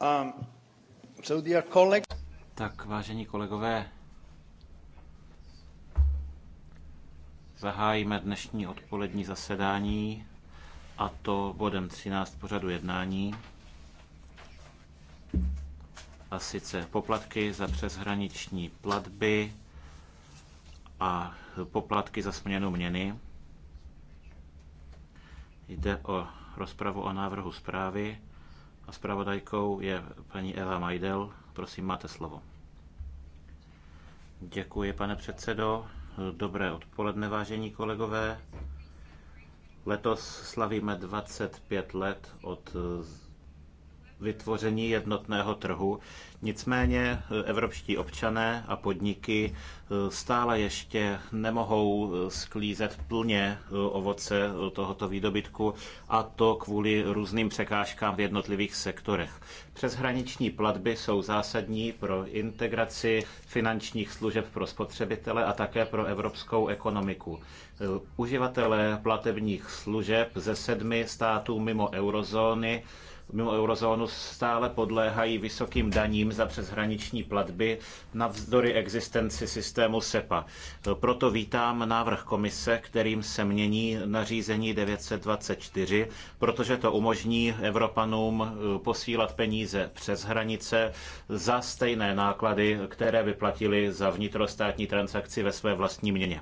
Um, tak, vážení kolegové, zahájíme dnešní odpolední zasedání a to bodem 13 pořadu jednání. A sice poplatky za přeshraniční platby a poplatky za směnu měny. Jde o rozpravu o návrhu zprávy a zpravodajkou je paní Eva Majdel. Prosím, máte slovo. Děkuji, pane předsedo. Dobré odpoledne, vážení kolegové. Letos slavíme 25 let od vytvoření jednotného trhu. Nicméně e, evropští občané a podniky e, stále ještě nemohou e, sklízet plně ovoce tohoto výdobytku a to kvůli různým překážkám v jednotlivých sektorech. Přeshraniční platby jsou zásadní pro integraci finančních služeb pro spotřebitele a také pro evropskou ekonomiku. Uživatelé platebních služeb ze sedmi států mimo eurozóny mimo eurozónu stále podléhají vysokým daním za přeshraniční platby navzdory existenci systému SEPA. Proto vítám návrh komise, kterým se mění nařízení 924, protože to umožní Evropanům eh, posílat peníze přes hranice za stejné náklady, které vyplatili za vnitrostátní transakci ve své vlastní měně.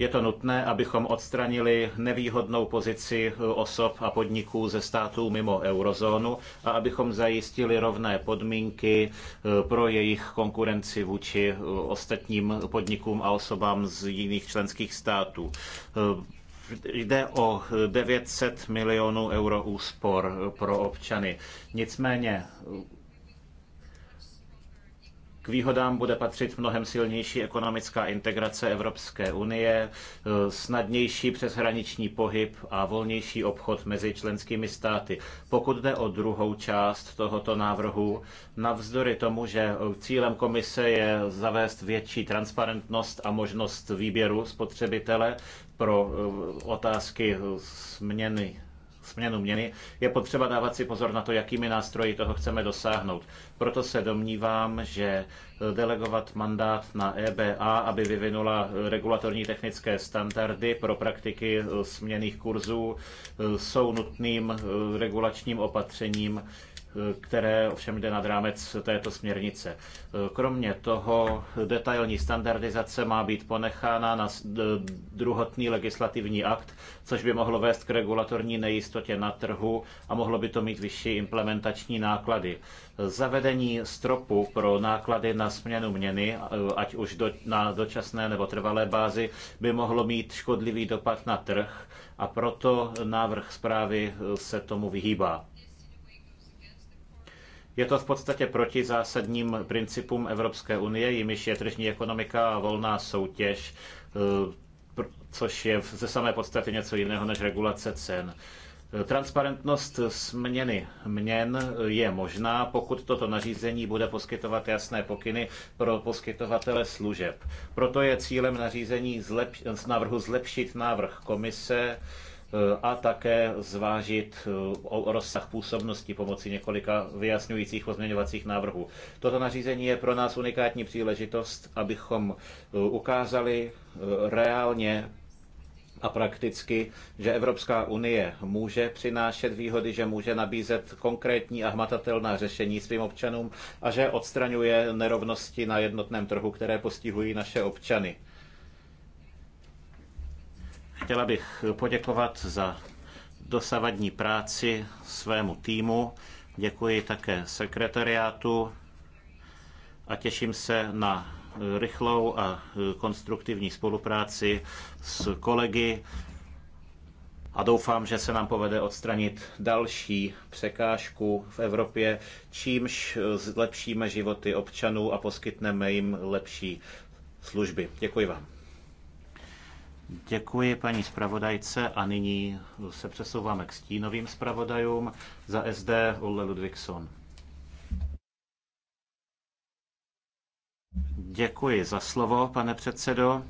Je to nutné, abychom odstranili nevýhodnou pozici osob a podniků ze států mimo eurozónu a abychom zajistili rovné podmínky eh, pro jejich konkurenci vůči eh, ostatním podnikům a osobám z jiných členských států. Eh, jde o 900 milionů euro úspor pro občany. Nicméně k výhodám bude patřit mnohem silnější ekonomická integrace Evropské unie, eh, snadnější přeshraniční pohyb a volnější obchod mezi členskými státy. Pokud jde o druhou část tohoto návrhu, navzdory tomu, že eh, cílem komise je zavést větší transparentnost a možnost výběru spotřebitele pro eh, otázky změny směnu měny, je potřeba dávat si pozor na to, jakými nástroji toho chceme dosáhnout. Proto se domnívám, že delegovat mandát na EBA, aby vyvinula regulatorní technické standardy pro praktiky směných kurzů, jsou nutným regulačním opatřením, které ovšem jde nad rámec této směrnice. Kromě toho detailní standardizace má být ponechána na druhotný legislativní akt, což by mohlo vést k regulatorní nejistotě na trhu a mohlo by to mít vyšší implementační náklady. Zavedení stropu pro náklady na směnu měny, ať už do, na dočasné nebo trvalé bázi, by mohlo mít škodlivý dopad na trh a proto návrh zprávy se tomu vyhýbá. Je to v podstatě proti zásadním principům Evropské unie, jimiž je tržní ekonomika a volná soutěž, eh, což je ze samé podstaty něco jiného než regulace cen. Eh, transparentnost směny měn je možná, pokud toto nařízení bude poskytovat jasné pokyny pro poskytovatele služeb. Proto je cílem nařízení z návrhu zlepšit návrh komise Eh, a také zvážit eh, o rozsah působnosti pomocí několika vyjasňujících pozměňovacích návrhů. Toto nařízení je pro nás unikátní příležitost, abychom eh, ukázali reálně a prakticky, že Evropská unie může přinášet výhody, že může nabízet konkrétní a hmatatelná řešení svým občanům a že odstraňuje nerovnosti na jednotném trhu, které postihují naše občany. Chtěla bych poděkovat za dosavadní práci svému týmu. Děkuji také sekretariátu a těším se na rychlou a konstruktivní spolupráci s kolegy a doufám, že se nám povede odstranit další překážku v Evropě, čímž zlepšíme životy občanů a poskytneme jim lepší služby. Děkuji vám. Děkuji paní zpravodajce a nyní se přesouváme k stínovým zpravodajům za SD Ulle Ludvíkson. Děkuji za slovo, pane předsedo.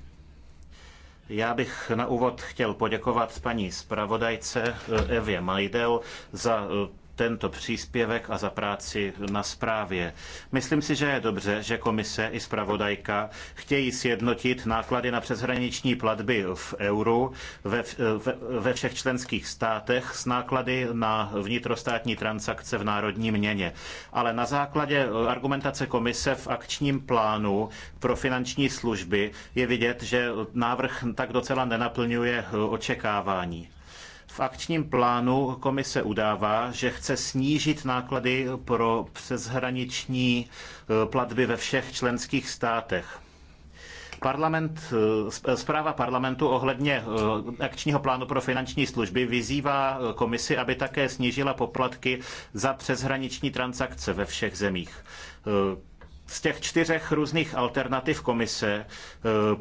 Já bych na úvod chtěl poděkovat paní zpravodajce eh, Evě Majdel za eh, tento příspěvek a za práci na zprávě. Myslím si, že je dobře, že komise i zpravodajka chtějí sjednotit náklady na přeshraniční platby v euru ve, ve, ve všech členských státech s náklady na vnitrostátní transakce v národní měně. Ale na základě eh, argumentace komise v akčním plánu pro finanční služby je vidět, že návrh tak docela nenaplňuje eh, očekávání. V akčním plánu komise udává, že chce snížit náklady pro přeshraniční eh, platby ve všech členských státech. Parlament, eh, zpráva parlamentu ohledně eh, akčního plánu pro finanční služby vyzývá komisi, aby také snížila poplatky za přeshraniční transakce ve všech zemích z těch čtyřech různých alternativ komise. E,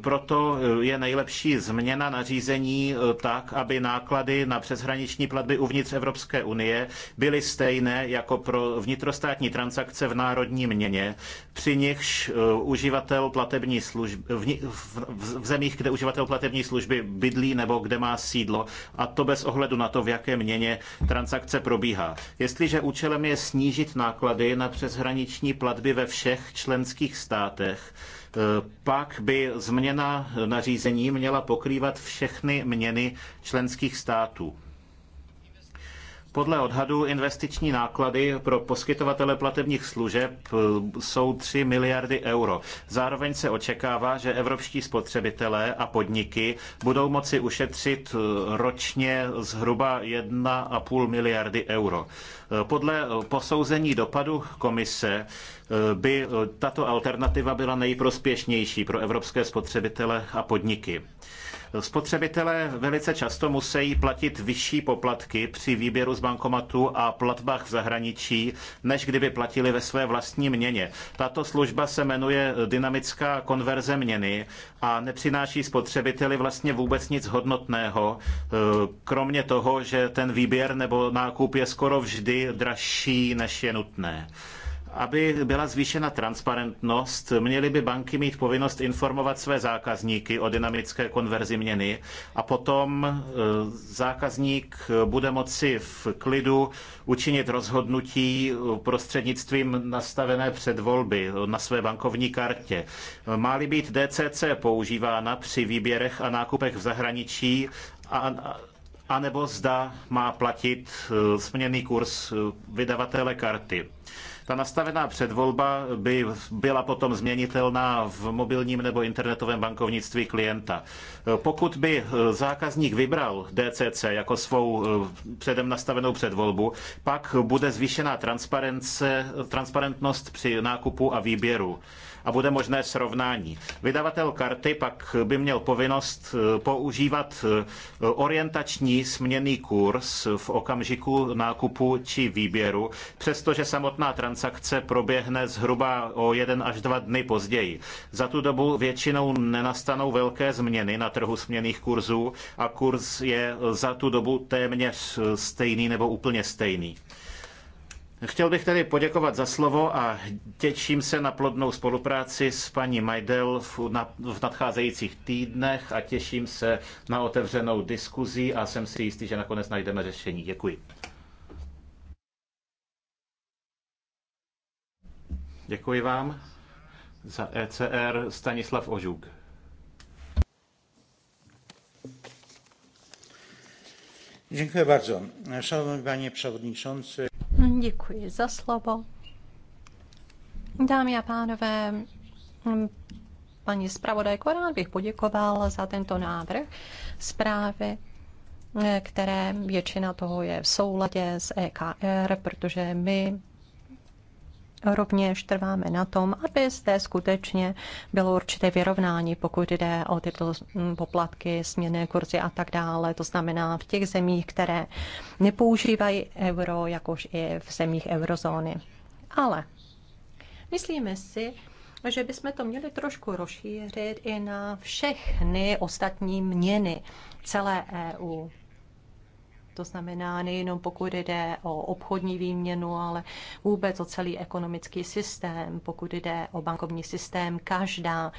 proto je nejlepší změna nařízení e, tak, aby náklady na přeshraniční platby uvnitř Evropské unie byly stejné jako pro vnitrostátní transakce v národní měně, při nichž e, uživatel platební služby, v, zemích, kde uživatel platební služby bydlí nebo kde má sídlo, a to bez ohledu na to, v jaké měně transakce probíhá. Jestliže účelem je snížit náklady na přeshraniční platby ve všech členských státech, eh, pak by změna nařízení měla pokrývat všechny měny členských států. Podle odhadu investiční náklady pro poskytovatele platebních služeb eh, jsou 3 miliardy euro. Zároveň se očekává, že evropští spotřebitelé a podniky budou moci ušetřit eh, ročně zhruba 1,5 miliardy euro. Eh, podle posouzení dopadu komise by tato alternativa byla nejprospěšnější pro evropské spotřebitele a podniky. Spotřebitelé velice často musí platit vyšší poplatky při výběru z bankomatu a platbách v zahraničí, než kdyby platili ve své vlastní měně. Tato služba se jmenuje dynamická konverze měny a nepřináší spotřebiteli vlastně vůbec nic hodnotného, e, kromě toho, že ten výběr nebo nákup je skoro vždy dražší, než je nutné aby byla zvýšena transparentnost, měly by banky mít povinnost informovat své zákazníky o dynamické konverzi měny a potom e, zákazník e, bude moci v klidu učinit rozhodnutí e, prostřednictvím nastavené předvolby na své bankovní kartě. Máli být DCC používána při výběrech a nákupech v zahraničí a anebo zda má platit směný kurz vydavatele karty. Ta nastavená předvolba by byla potom změnitelná v mobilním nebo internetovém bankovnictví klienta. Pokud by zákazník vybral DCC jako svou eh, předem nastavenou předvolbu, pak bude zvýšená transparentnost při nákupu a výběru a bude možné srovnání. Vydavatel karty pak by měl povinnost eh, používat eh, orientační směný kurz v okamžiku nákupu či výběru, přestože samotná transakce proběhne zhruba o jeden až dva dny později. Za tu dobu většinou nenastanou velké změny na trhu směných kurzů a kurz je eh, za tu dobu téměř stejný nebo úplně stejný. Chtěl bych tedy poděkovat za slovo a těším se na plodnou spolupráci s paní Majdel v nadcházejících týdnech a těším se na otevřenou diskuzi a jsem si jistý, že nakonec najdeme řešení. Děkuji. Děkuji vám za ECR Stanislav Ožuk. Dziękuję bardzo. Szanowny Panie Przewodniczący. Hm, děkuji za slovo. Dámy a pánové, hm, paní zpravodajko, rád bych poděkoval za tento návrh zprávy eh, které většina toho je v souladě s EKR, protože my rovněž trváme na tom, aby zde skutečně bylo určité vyrovnání, pokud jde o tyto poplatky, směny, kurzy a tak dále. To znamená v těch zemích, které nepoužívají euro, jakož i v zemích eurozóny. Ale myslíme si, že bychom to měli trošku rozšířit i na všechny ostatní měny celé EU. To znamená nejenom pokud jde o obchodní výměnu, ale vůbec o celý ekonomický systém. Pokud jde o bankovní systém, každá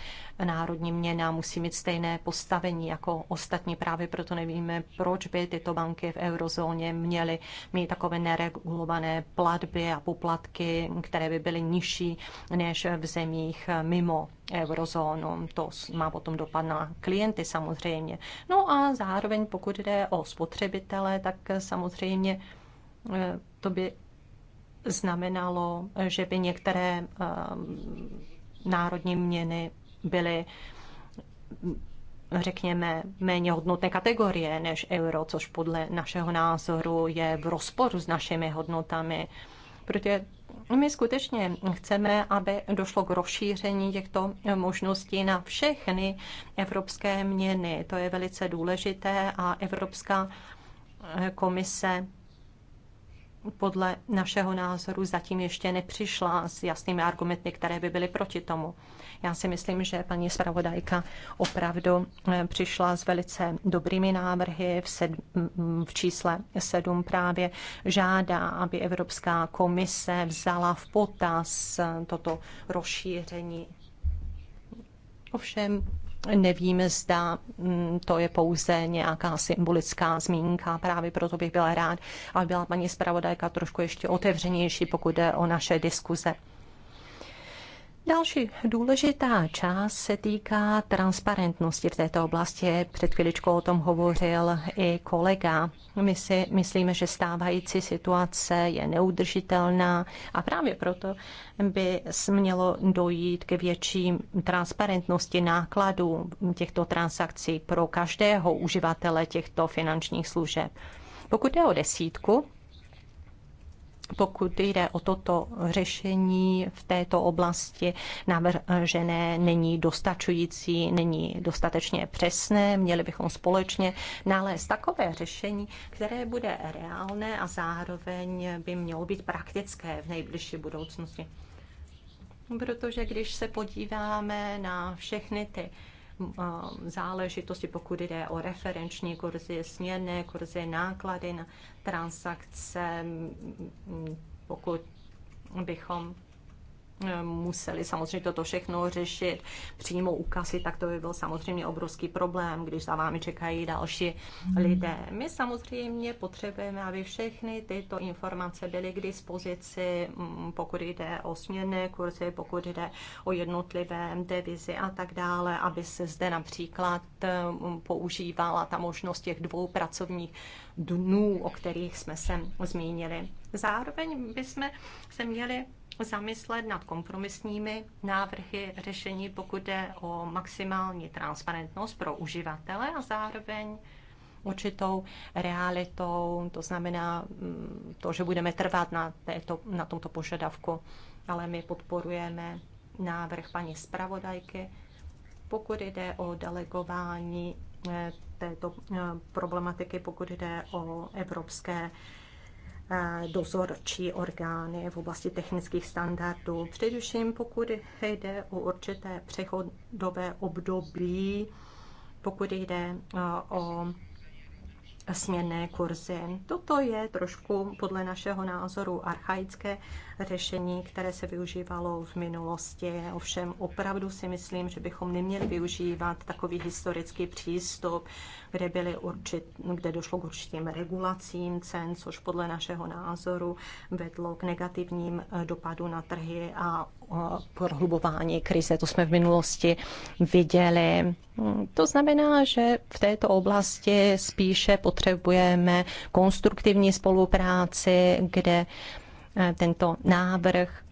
národní měna musí mít stejné postavení jako ostatní. Právě proto nevíme, proč by tyto banky v eurozóně měly mít takové neregulované platby a poplatky, které by byly nižší než v zemích mimo eurozónu. To má potom dopad na klienty samozřejmě. No a zároveň pokud jde o spotřebitele, tak samozřejmě eh, to by znamenalo, že by některé eh, národní měny byly hm, řekněme, méně hodnotné kategorie než euro, což podle našeho názoru je v rozporu s našimi hodnotami protože my skutečně chceme, aby došlo k rozšíření těchto možností na všechny evropské měny. To je velice důležité a Evropská komise podle našeho názoru zatím ještě nepřišla s jasnými argumenty, které by byly proti tomu. Já si myslím, že paní zpravodajka opravdu eh, přišla s velice dobrými návrhy v, sedm, mm, v čísle 7 právě žádá, aby Evropská komise vzala v potaz toto rozšíření. Ovšem Nevím, zda mm, to je pouze nějaká symbolická zmínka. Právě proto bych byla rád, aby byla paní zpravodajka trošku ještě otevřenější, pokud jde o naše diskuze. Další důležitá část se týká transparentnosti v této oblasti. Před chvíličkou o tom hovořil i kolega. My si myslíme, že stávající situace je neudržitelná a právě proto by smělo dojít k větší transparentnosti nákladů těchto transakcí pro každého uživatele těchto finančních služeb. Pokud jde o desítku, pokud jde o toto řešení v této oblasti navržené, není dostačující, není dostatečně přesné. Měli bychom společně nalézt takové řešení, které bude reálné a zároveň by mělo být praktické v nejbližší budoucnosti. Protože když se podíváme na všechny ty záležitosti, pokud jde o referenční kurzy, směrné kurzy, náklady na transakce, pokud bychom museli samozřejmě toto všechno řešit, přímo ukazy, tak to by byl samozřejmě obrovský problém, když za vámi čekají další mhm. lidé. My samozřejmě potřebujeme, aby všechny tyto informace byly k dispozici, mm, pokud jde o směrné kurzy, pokud jde o jednotlivé devizi a tak dále, aby se zde například mm, používala ta možnost těch dvou pracovních dnů, o kterých jsme se zmínili. Zároveň bychom se měli zamyslet nad kompromisními návrhy řešení, pokud jde o maximální transparentnost pro uživatele a zároveň určitou realitou, to znamená mm, to, že budeme trvat na, této, na tomto požadavku, ale my podporujeme návrh paní zpravodajky, pokud jde o delegování eh, této eh, problematiky, pokud jde o evropské Eh, dozorčí orgány v oblasti technických standardů. Především pokud jde o určité přechodové období, pokud jde eh, o směrné kurzy. Toto je trošku podle našeho názoru archaické řešení, které se využívalo v minulosti. Ovšem opravdu si myslím, že bychom neměli využívat takový historický přístup, kde, byly určit, kde došlo k určitým regulacím cen, což podle našeho názoru vedlo k negativním eh, dopadu na trhy a eh, prohlubování krize. To jsme v minulosti viděli. Hmm, to znamená, že v této oblasti spíše potřebujeme konstruktivní spolupráci, kde Eh, tento návrh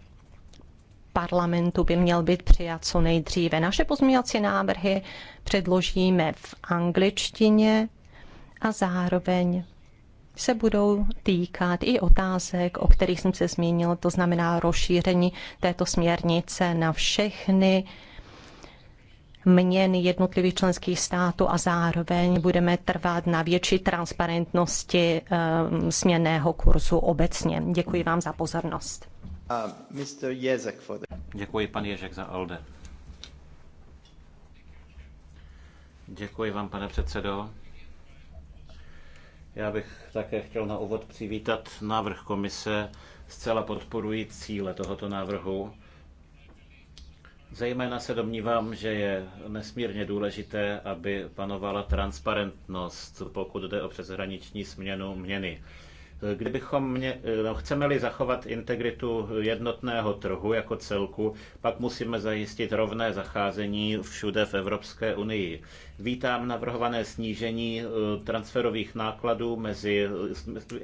parlamentu by měl být přijat co nejdříve. Naše pozměňovací návrhy předložíme v angličtině a zároveň se budou týkat i otázek, o kterých jsem se zmínil, to znamená rozšíření této směrnice na všechny měn jednotlivých členských států a zároveň budeme trvat na větší transparentnosti eh, směnného kurzu obecně. Děkuji vám za pozornost. Děkuji, pan Ježek, za ALDE. Děkuji vám, pane předsedo. Já bych také chtěl na úvod přivítat návrh komise, zcela podporuji cíle tohoto návrhu Zejména se domnívám, že je nesmírně důležité, aby panovala transparentnost, pokud jde o přeshraniční směnu měny. Kdybychom mě, no, chceme-li zachovat integritu jednotného trhu jako celku, pak musíme zajistit rovné zacházení všude v Evropské unii. Vítám navrhované snížení eh, transferových nákladů mezi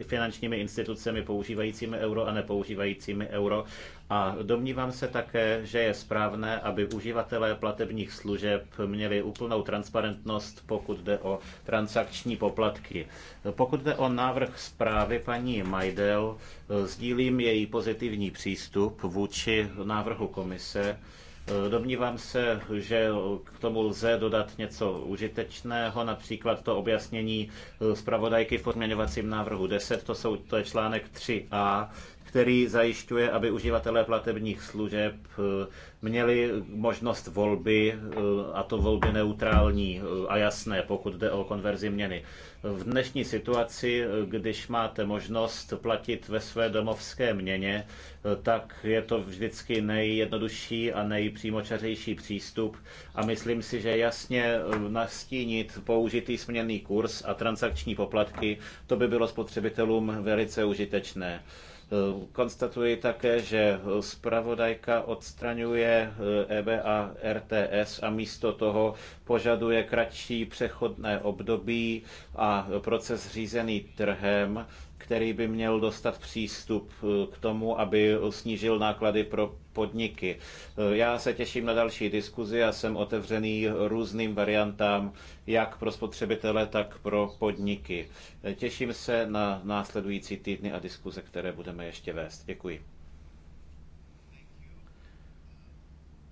eh, finančními institucemi používajícími euro a nepoužívajícími euro. A domnívám se také, že je správné, aby uživatelé platebních služeb měli úplnou transparentnost, pokud jde o transakční poplatky. Pokud jde o návrh zprávy paní Majdel, eh, sdílím její pozitivní přístup vůči návrhu komise. Eh, domnívám se, že k tomu lze dodat něco užitečného, například to objasnění eh, zpravodajky v pozměňovacím návrhu 10, to, jsou, to je článek 3a, který zajišťuje, aby uživatelé platebních služeb eh, měli možnost volby, eh, a to volby neutrální eh, a jasné, pokud jde o konverzi měny. V dnešní situaci, když máte možnost platit ve své domovské měně, tak je to vždycky nejjednodušší a nejpřímočařejší přístup a myslím si, že jasně nastínit použitý směnný kurz a transakční poplatky, to by bylo spotřebitelům velice užitečné. Eh, konstatuji také, že zpravodajka odstraňuje EBA eh, e RTS a místo toho požaduje kratší přechodné období a proces řízený trhem který by měl dostat přístup eh, k tomu, aby snížil náklady pro podniky. Eh, já se těším na další diskuzi a jsem otevřený různým variantám, jak pro spotřebitele, tak pro podniky. Eh, těším se na následující týdny a diskuze, které budeme ještě vést. Děkuji.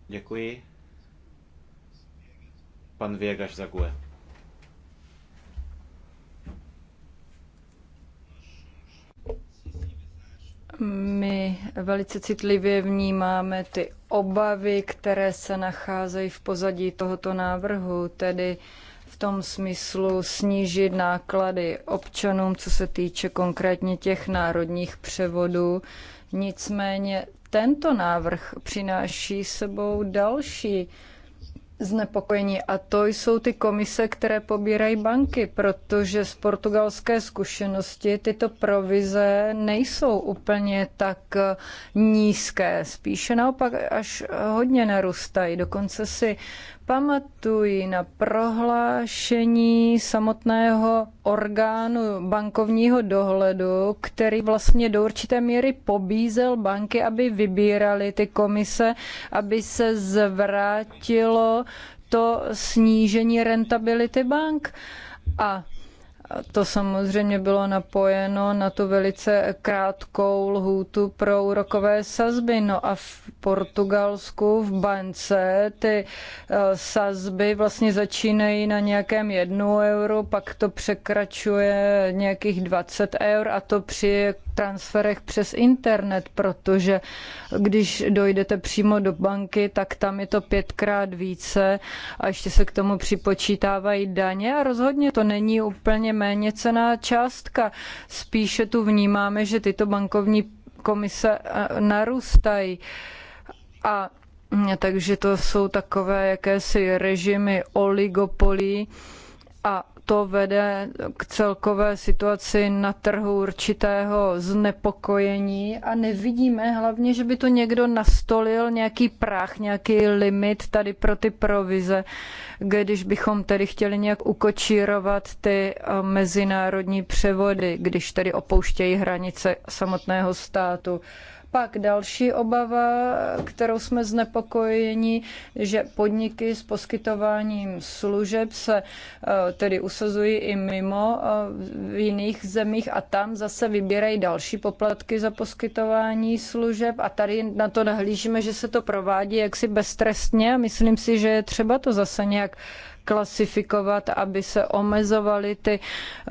Děkuji. Pan Věgaš Zague. My velice citlivě vnímáme ty obavy, které se nacházejí v pozadí tohoto návrhu, tedy v tom smyslu snížit náklady občanům, co se týče konkrétně těch národních převodů. Nicméně tento návrh přináší sebou další znepokojení a to jsou ty komise, které pobírají banky, protože z portugalské zkušenosti tyto provize nejsou úplně tak eh, nízké, spíše naopak až hodně narůstají. Dokonce si pamatuji na prohlášení samotného orgánu bankovního dohledu, který vlastně do určité míry pobízel banky, aby vybírali ty komise, aby se zvrátilo to snížení rentability bank. A to samozřejmě bylo napojeno na tu velice krátkou lhůtu pro úrokové sazby. No a v Portugalsku, v bance, ty eh, sazby vlastně začínají na nějakém jednu euro, pak to překračuje nějakých 20 eur a to při transferech přes internet, protože když dojdete přímo do banky, tak tam je to pětkrát více a ještě se k tomu připočítávají daně a rozhodně to není úplně méně cená částka. Spíše tu vnímáme, že tyto bankovní komise eh, narůstají. A mm, takže to jsou takové jakési režimy oligopolí a to vede k celkové situaci na trhu určitého znepokojení a nevidíme hlavně, že by to někdo nastolil nějaký práh, nějaký limit tady pro ty provize, když bychom tedy chtěli nějak ukočírovat ty eh, mezinárodní převody, když tedy opouštějí hranice samotného státu. Pak další obava, kterou jsme znepokojeni, že podniky s poskytováním služeb se eh, tedy usazují i mimo eh, v jiných zemích a tam zase vybírají další poplatky za poskytování služeb a tady na to nahlížíme, že se to provádí jaksi beztrestně a myslím si, že je třeba to zase nějak klasifikovat, aby se omezovaly ty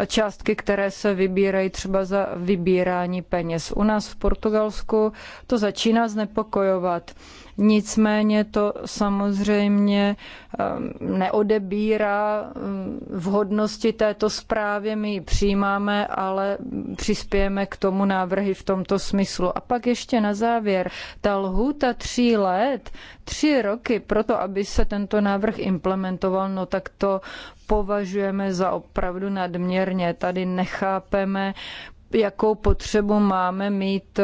částky, které se vybírají třeba za vybírání peněz. U nás v Portugalsku to začíná znepokojovat. Nicméně to samozřejmě ehm, neodebírá ehm, vhodnosti této zprávě, my ji přijímáme, ale přispějeme k tomu návrhy v tomto smyslu. A pak ještě na závěr, ta lhůta tří let, tři roky pro to, aby se tento návrh implementoval, no tak to považujeme za opravdu nadměrně. Tady nechápeme, jakou potřebu máme mít eh,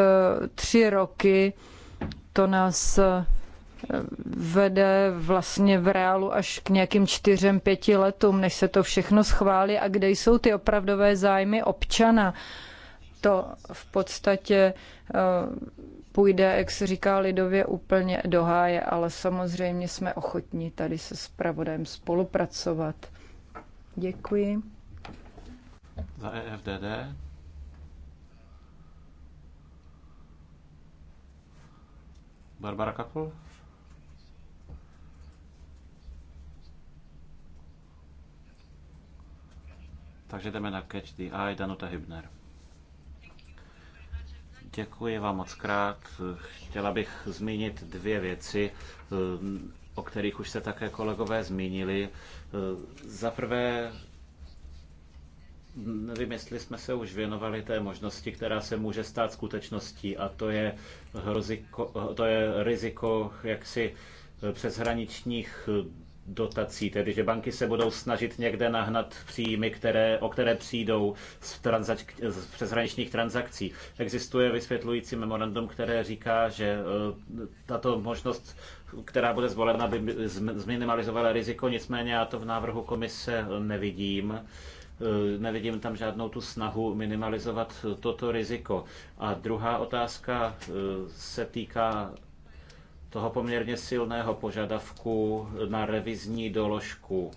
tři roky to nás eh, vede vlastně v reálu až k nějakým čtyřem, pěti letům, než se to všechno schválí a kde jsou ty opravdové zájmy občana. To v podstatě eh, půjde, jak se říká lidově, úplně do háje, ale samozřejmě jsme ochotní tady se spravodajem spolupracovat. Děkuji. Za EFDD Barbara Kapl? Takže jdeme na Catch the Eye, Danuta Hybner. Děkuji vám moc krát. Chtěla bych zmínit dvě věci, eh, o kterých už se také kolegové zmínili. Eh, za prvé nevím, jestli jsme se už věnovali té možnosti, která se může stát skutečností, a to je, hroziko, to je riziko jaksi přeshraničních dotací, tedy že banky se budou snažit někde nahnat příjmy, které, o které přijdou z, transač- z přeshraničních transakcí. Existuje vysvětlující memorandum, které říká, že e, tato možnost, která bude zvolena, by zminimalizovala riziko, nicméně já to v návrhu komise nevidím. Eh, nevidím tam žádnou tu snahu minimalizovat toto riziko. A druhá otázka eh, se týká toho poměrně silného požadavku na revizní doložku.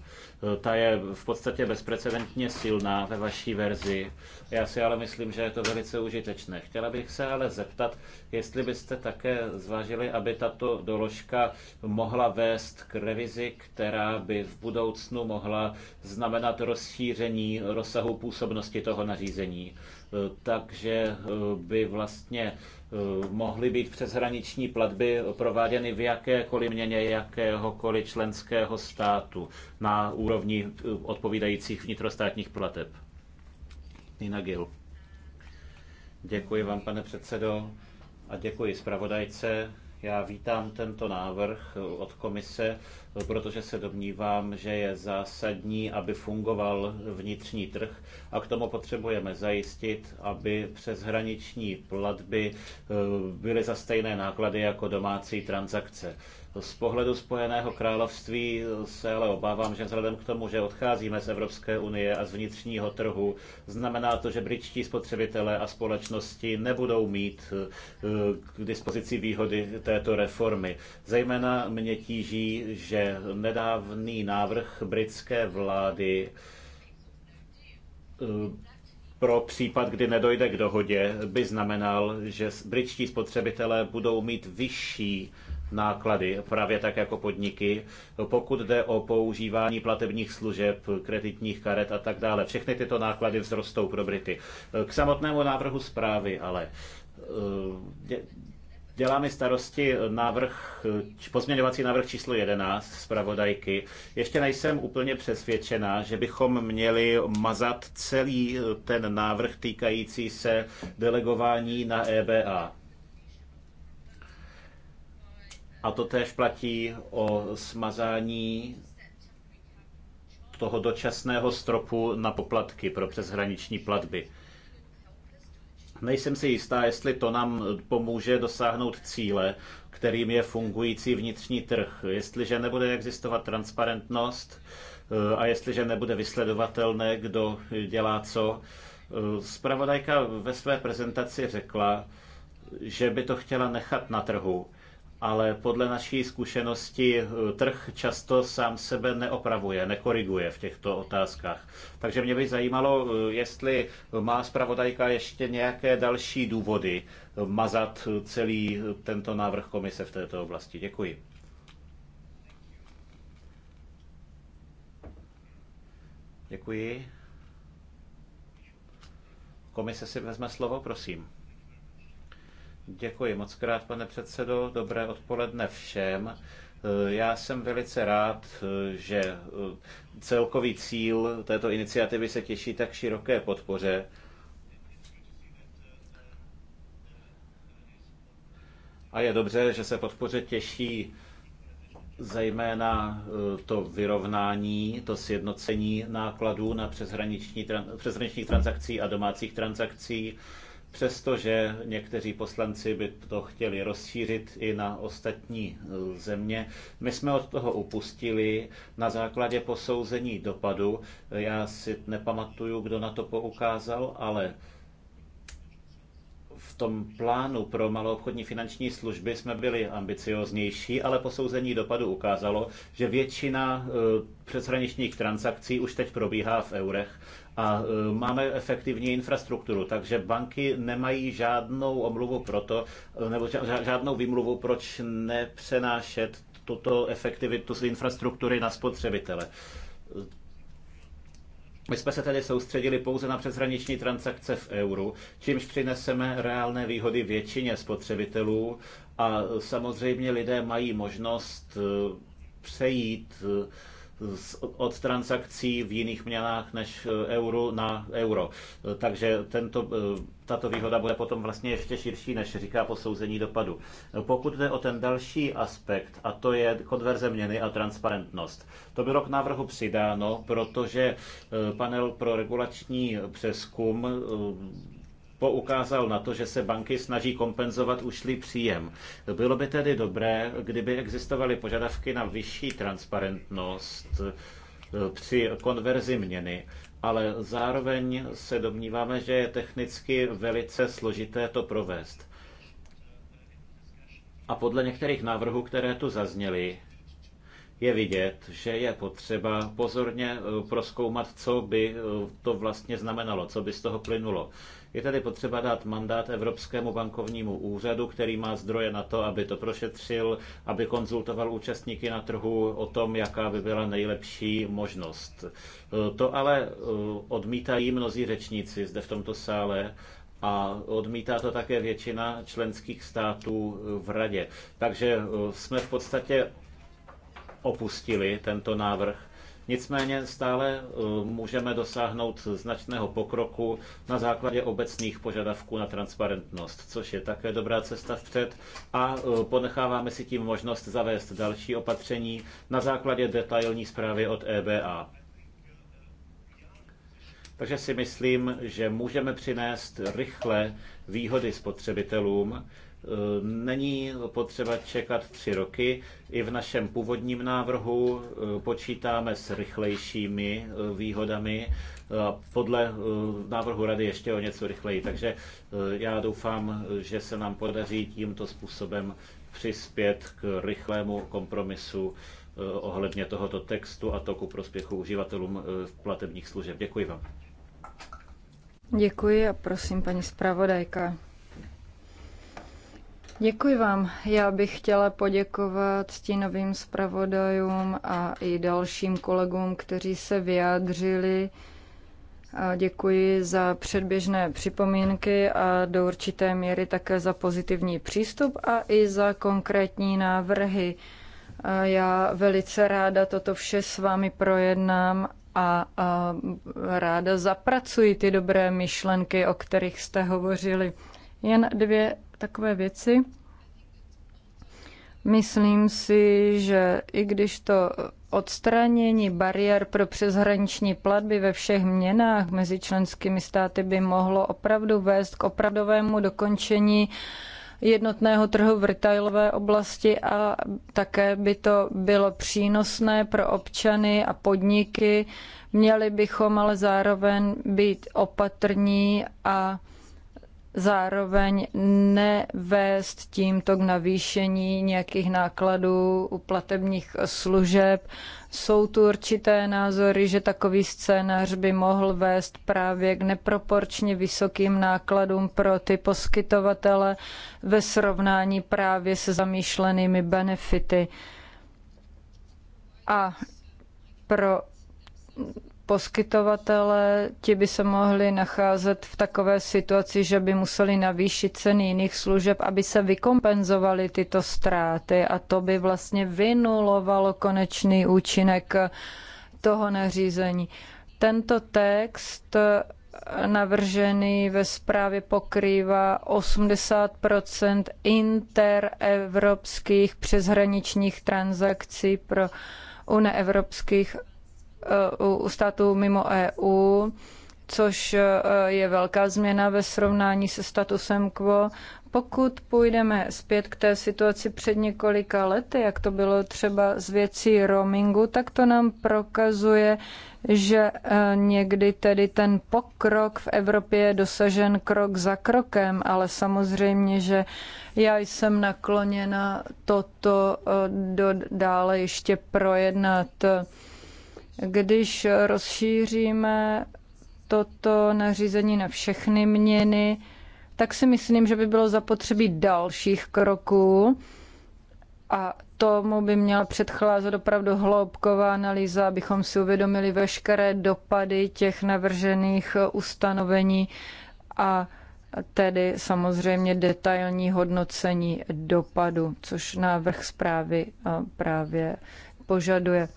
Ta je v podstatě bezprecedentně silná ve vaší verzi. Já si ale myslím, že je to velice užitečné. Chtěla bych se ale zeptat, jestli byste také zvážili, aby tato doložka mohla vést k revizi, která by v budoucnu mohla znamenat rozšíření rozsahu působnosti toho nařízení. Eh, takže eh, by vlastně eh, mohly být přeshraniční platby prováděny v jakékoliv měně jakéhokoliv členského státu na úrovni odpovídajících vnitrostátních plateb. Nina Gil. Děkuji vám, pane předsedo, a děkuji zpravodajce. Já vítám tento návrh od komise, protože se domnívám, že je zásadní, aby fungoval vnitřní trh a k tomu potřebujeme zajistit, aby přeshraniční platby eh, byly za stejné náklady jako domácí transakce. Z pohledu Spojeného království se ale obávám, že vzhledem k tomu, že odcházíme z Evropské unie a z vnitřního trhu, znamená to, že britští spotřebitelé a společnosti nebudou mít eh, k dispozici výhody této reformy. Zejména mě tíží, že nedávný návrh britské vlády eh, pro případ, kdy nedojde k dohodě, by znamenal, že britští spotřebitelé budou mít vyšší náklady, právě tak jako podniky, pokud jde o používání platebních služeb, kreditních karet a tak dále. Všechny tyto náklady vzrostou pro Brity. K samotnému návrhu zprávy ale eh, dělá mi starosti návrh, pozměňovací návrh číslo 11 pravodajky. Ještě nejsem úplně přesvědčená, že bychom měli mazat celý ten návrh týkající se delegování na EBA. A to též platí o smazání toho dočasného stropu na poplatky pro přeshraniční platby. Nejsem si jistá, jestli to nám pomůže dosáhnout cíle, kterým je fungující vnitřní trh. Jestliže nebude existovat transparentnost eh, a jestliže nebude vysledovatelné, kdo dělá co. Spravodajka eh, ve své prezentaci řekla, že by to chtěla nechat na trhu ale podle naší zkušenosti eh, trh často sám sebe neopravuje, nekoriguje v těchto otázkách. Takže mě by zajímalo, eh, jestli má zpravodajka ještě nějaké další důvody eh, mazat celý tento návrh komise v této oblasti. Děkuji. Děkuji. Komise si vezme slovo, prosím. Děkuji moc krát, pane předsedo. Dobré odpoledne všem. Já jsem velice rád, že eh, celkový cíl této iniciativy se těší tak široké podpoře. A je dobře, že se podpoře těší zejména eh, to vyrovnání, to sjednocení nákladů na přeshraniční, přeshraničních transakcí a domácích transakcí Přestože někteří poslanci by to chtěli rozšířit i na ostatní země, my jsme od toho upustili na základě posouzení dopadu. Já si nepamatuju, kdo na to poukázal, ale v tom plánu pro maloobchodní finanční služby jsme byli ambicioznější, ale posouzení dopadu ukázalo, že většina e, přeshraničních transakcí už teď probíhá v eurech a e, máme efektivní infrastrukturu, takže banky nemají žádnou omluvu pro to, e, nebo žádnou výmluvu, proč nepřenášet tuto efektivitu z infrastruktury na spotřebitele my jsme se tedy soustředili pouze na přeshraniční transakce v euru, čímž přineseme reálné výhody většině spotřebitelů a samozřejmě lidé mají možnost eh, přejít eh, od transakcí v jiných měnách než eh, euro na euro. Takže tento, eh, tato výhoda bude potom vlastně ještě širší, než říká posouzení dopadu. Pokud jde o ten další aspekt, a to je konverze měny a transparentnost. To bylo k návrhu přidáno, protože eh, panel pro regulační přeskum poukázal na to, že se banky snaží kompenzovat ušlý příjem. Bylo by tedy dobré, kdyby existovaly požadavky na vyšší transparentnost eh, při konverzi měny, ale zároveň se domníváme, že je technicky velice složité to provést. A podle některých návrhů, které tu zazněly, je vidět, že je potřeba pozorně eh, proskoumat, co by eh, to vlastně znamenalo, co by z toho plynulo. Je tedy potřeba dát mandát Evropskému bankovnímu úřadu, který má zdroje na to, aby to prošetřil, aby konzultoval účastníky na trhu o tom, jaká by byla nejlepší možnost. To ale eh, odmítají mnozí řečníci zde v tomto sále a odmítá to také většina členských států eh, v radě. Takže eh, jsme v podstatě opustili tento návrh Nicméně stále eh, můžeme dosáhnout značného pokroku na základě obecných požadavků na transparentnost, což je také dobrá cesta vpřed a eh, ponecháváme si tím možnost zavést další opatření na základě detailní zprávy od EBA. Takže si myslím, že můžeme přinést rychle výhody spotřebitelům, Eh, není potřeba čekat tři roky. I v našem původním návrhu eh, počítáme s rychlejšími eh, výhodami. Podle návrhu rady ještě o něco rychleji. Takže já doufám, že se nám podaří tímto způsobem přispět k rychlému kompromisu ohledně tohoto textu a to ku prospěchu uživatelům platebních služeb. Děkuji vám. Děkuji a prosím paní zpravodajka. Děkuji vám. Já bych chtěla poděkovat stínovým zpravodajům a i dalším kolegům, kteří se vyjádřili. A děkuji za předběžné připomínky a do určité míry také za pozitivní přístup a i za konkrétní návrhy. A já velice ráda toto vše s vámi projednám a, a ráda zapracuji ty dobré myšlenky, o kterých jste hovořili. Jen dvě takové věci. Myslím si, že i když to odstranění bariér pro přeshraniční platby ve všech měnách mezi členskými státy by mohlo opravdu vést k opravdovému dokončení jednotného trhu v retailové oblasti a také by to bylo přínosné pro občany a podniky. Měli bychom ale zároveň být opatrní a zároveň nevést tímto k navýšení nějakých nákladů u platebních služeb. Jsou tu určité názory, že takový scénář by mohl vést právě k neproporčně vysokým nákladům pro ty poskytovatele ve srovnání právě se zamýšlenými benefity. A pro poskytovatele, ti by se mohli nacházet v takové situaci, že by museli navýšit ceny jiných služeb, aby se vykompenzovaly tyto ztráty a to by vlastně vynulovalo konečný účinek toho nařízení. Tento text navržený ve zprávě pokrývá 80 interevropských přeshraničních transakcí pro u neevropských u států mimo EU, což e, je velká změna ve srovnání se statusem quo. Pokud půjdeme zpět k té situaci před několika lety, jak to bylo třeba z věcí roamingu, tak to nám prokazuje, že e, někdy tedy ten pokrok v Evropě je dosažen krok za krokem, ale samozřejmě, že já jsem nakloněna toto e, dále ještě projednat. Když rozšíříme toto nařízení na všechny měny, tak si myslím, že by bylo zapotřebí dalších kroků a tomu by měla předcházet opravdu hloubková analýza, abychom si uvědomili veškeré dopady těch navržených ustanovení a tedy samozřejmě detailní hodnocení dopadu, což návrh zprávy eh, právě požaduje.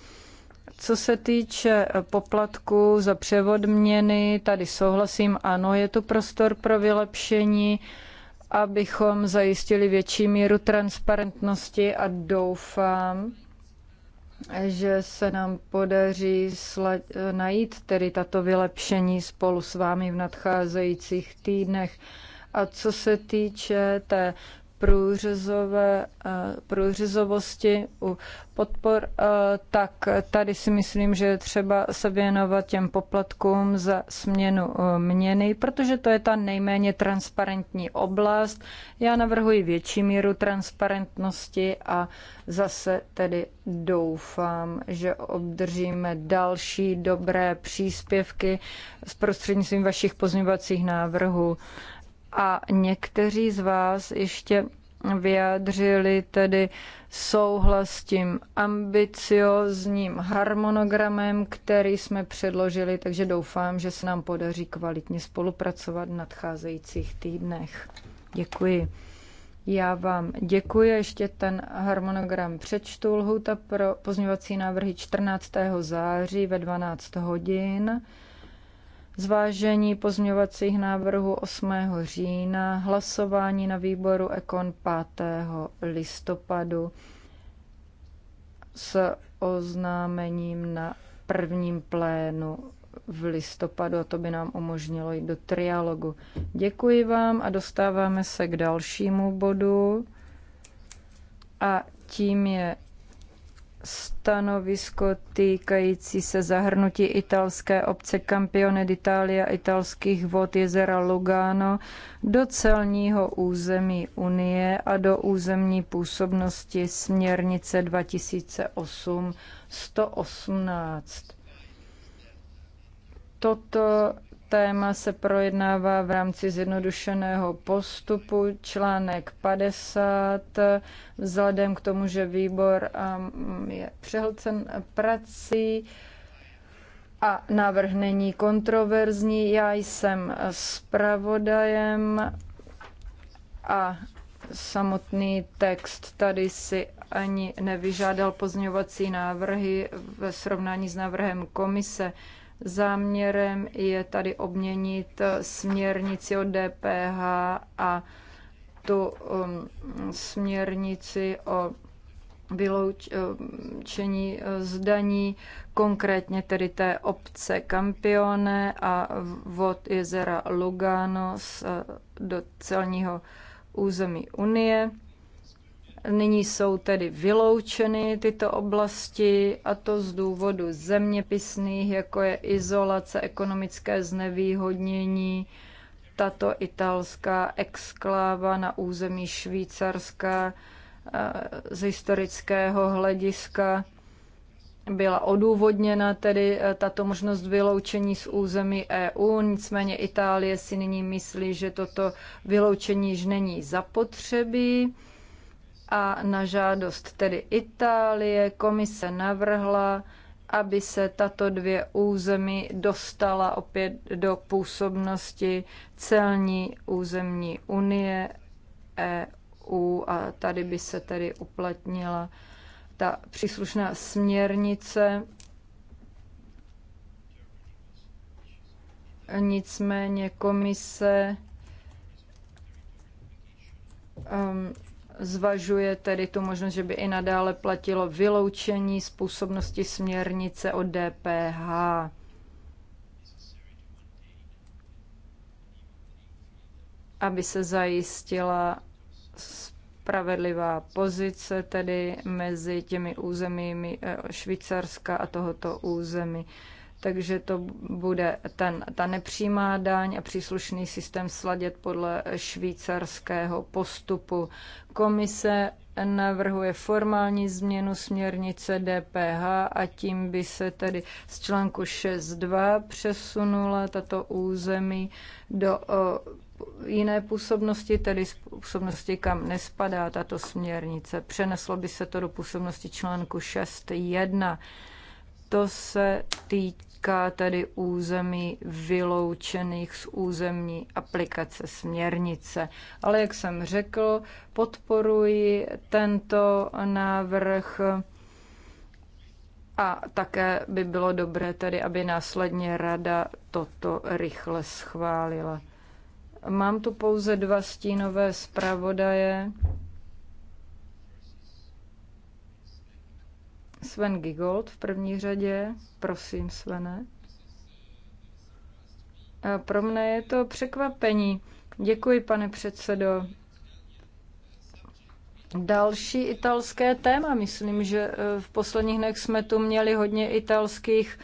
Co se týče eh, poplatku za převod měny, tady souhlasím, ano, je tu prostor pro vylepšení, abychom zajistili větší míru transparentnosti a doufám, že se nám podaří eh, najít tedy tato vylepšení spolu s vámi v nadcházejících týdnech. A co se týče té průřezové, eh, průřezovosti u podpor, eh, tak tady si myslím, že je třeba se věnovat těm poplatkům za směnu eh, měny, protože to je ta nejméně transparentní oblast. Já navrhuji větší míru transparentnosti a zase tedy doufám, že obdržíme další dobré příspěvky s prostřednictvím vašich pozměňovacích návrhů a někteří z vás ještě vyjádřili tedy souhlas s tím ambiciozním harmonogramem, který jsme předložili, takže doufám, že se nám podaří kvalitně spolupracovat v nadcházejících týdnech. Děkuji. Já vám děkuji. Ještě ten harmonogram přečtu. Lhuta pro pozměňovací návrhy 14. září ve 12 hodin. Zvážení pozměňovacích návrhů 8. října, hlasování na výboru Ekon 5. listopadu s oznámením na prvním plénu v listopadu a to by nám umožnilo jít do trialogu. Děkuji vám a dostáváme se k dalšímu bodu a tím je stanovisko týkající se zahrnutí italské obce Campione d'Italia italských vod jezera Lugano do celního území Unie a do územní působnosti směrnice 2008-118. Toto téma se projednává v rámci zjednodušeného postupu, článek 50. Vzhledem k tomu, že výbor um, je přehlcen prací a návrh není kontroverzní, já jsem zpravodajem a samotný text tady si ani nevyžádal pozměňovací návrhy ve srovnání s návrhem komise. Záměrem je tady obměnit eh, směrnici o DPH a tu um, směrnici o vyloučení eh, um, eh, zdaní, konkrétně tedy té obce Campione a vod jezera Lugano do celního území Unie. Nyní jsou tedy vyloučeny tyto oblasti a to z důvodu zeměpisných, jako je izolace, ekonomické znevýhodnění, tato italská exkláva na území Švýcarska eh, z historického hlediska byla odůvodněna tedy eh, tato možnost vyloučení z území EU, nicméně Itálie si nyní myslí, že toto vyloučení již není zapotřebí a na žádost tedy Itálie komise navrhla, aby se tato dvě území dostala opět do působnosti celní územní unie EU a tady by se tedy uplatnila ta příslušná směrnice. Nicméně komise um, zvažuje tedy tu možnost, že by i nadále platilo vyloučení způsobnosti směrnice o DPH. aby se zajistila spravedlivá pozice tedy mezi těmi územími eh, Švýcarska a tohoto území takže to bude ten, ta nepřímá daň a příslušný systém sladět podle švýcarského postupu. Komise navrhuje formální změnu směrnice DPH a tím by se tedy z článku 6.2 přesunula tato území do jiné působnosti, tedy z působnosti, kam nespadá tato směrnice. Přeneslo by se to do působnosti článku 6.1. To se týká týká tady území vyloučených z územní aplikace směrnice. Ale jak jsem řekl, podporuji tento návrh a také by bylo dobré tedy, aby následně rada toto rychle schválila. Mám tu pouze dva stínové zpravodaje. Sven Gigold v první řadě. Prosím, Svene. A pro mne je to překvapení. Děkuji, pane předsedo. Další italské téma. Myslím, že eh, v posledních dnech jsme tu měli hodně italských uh,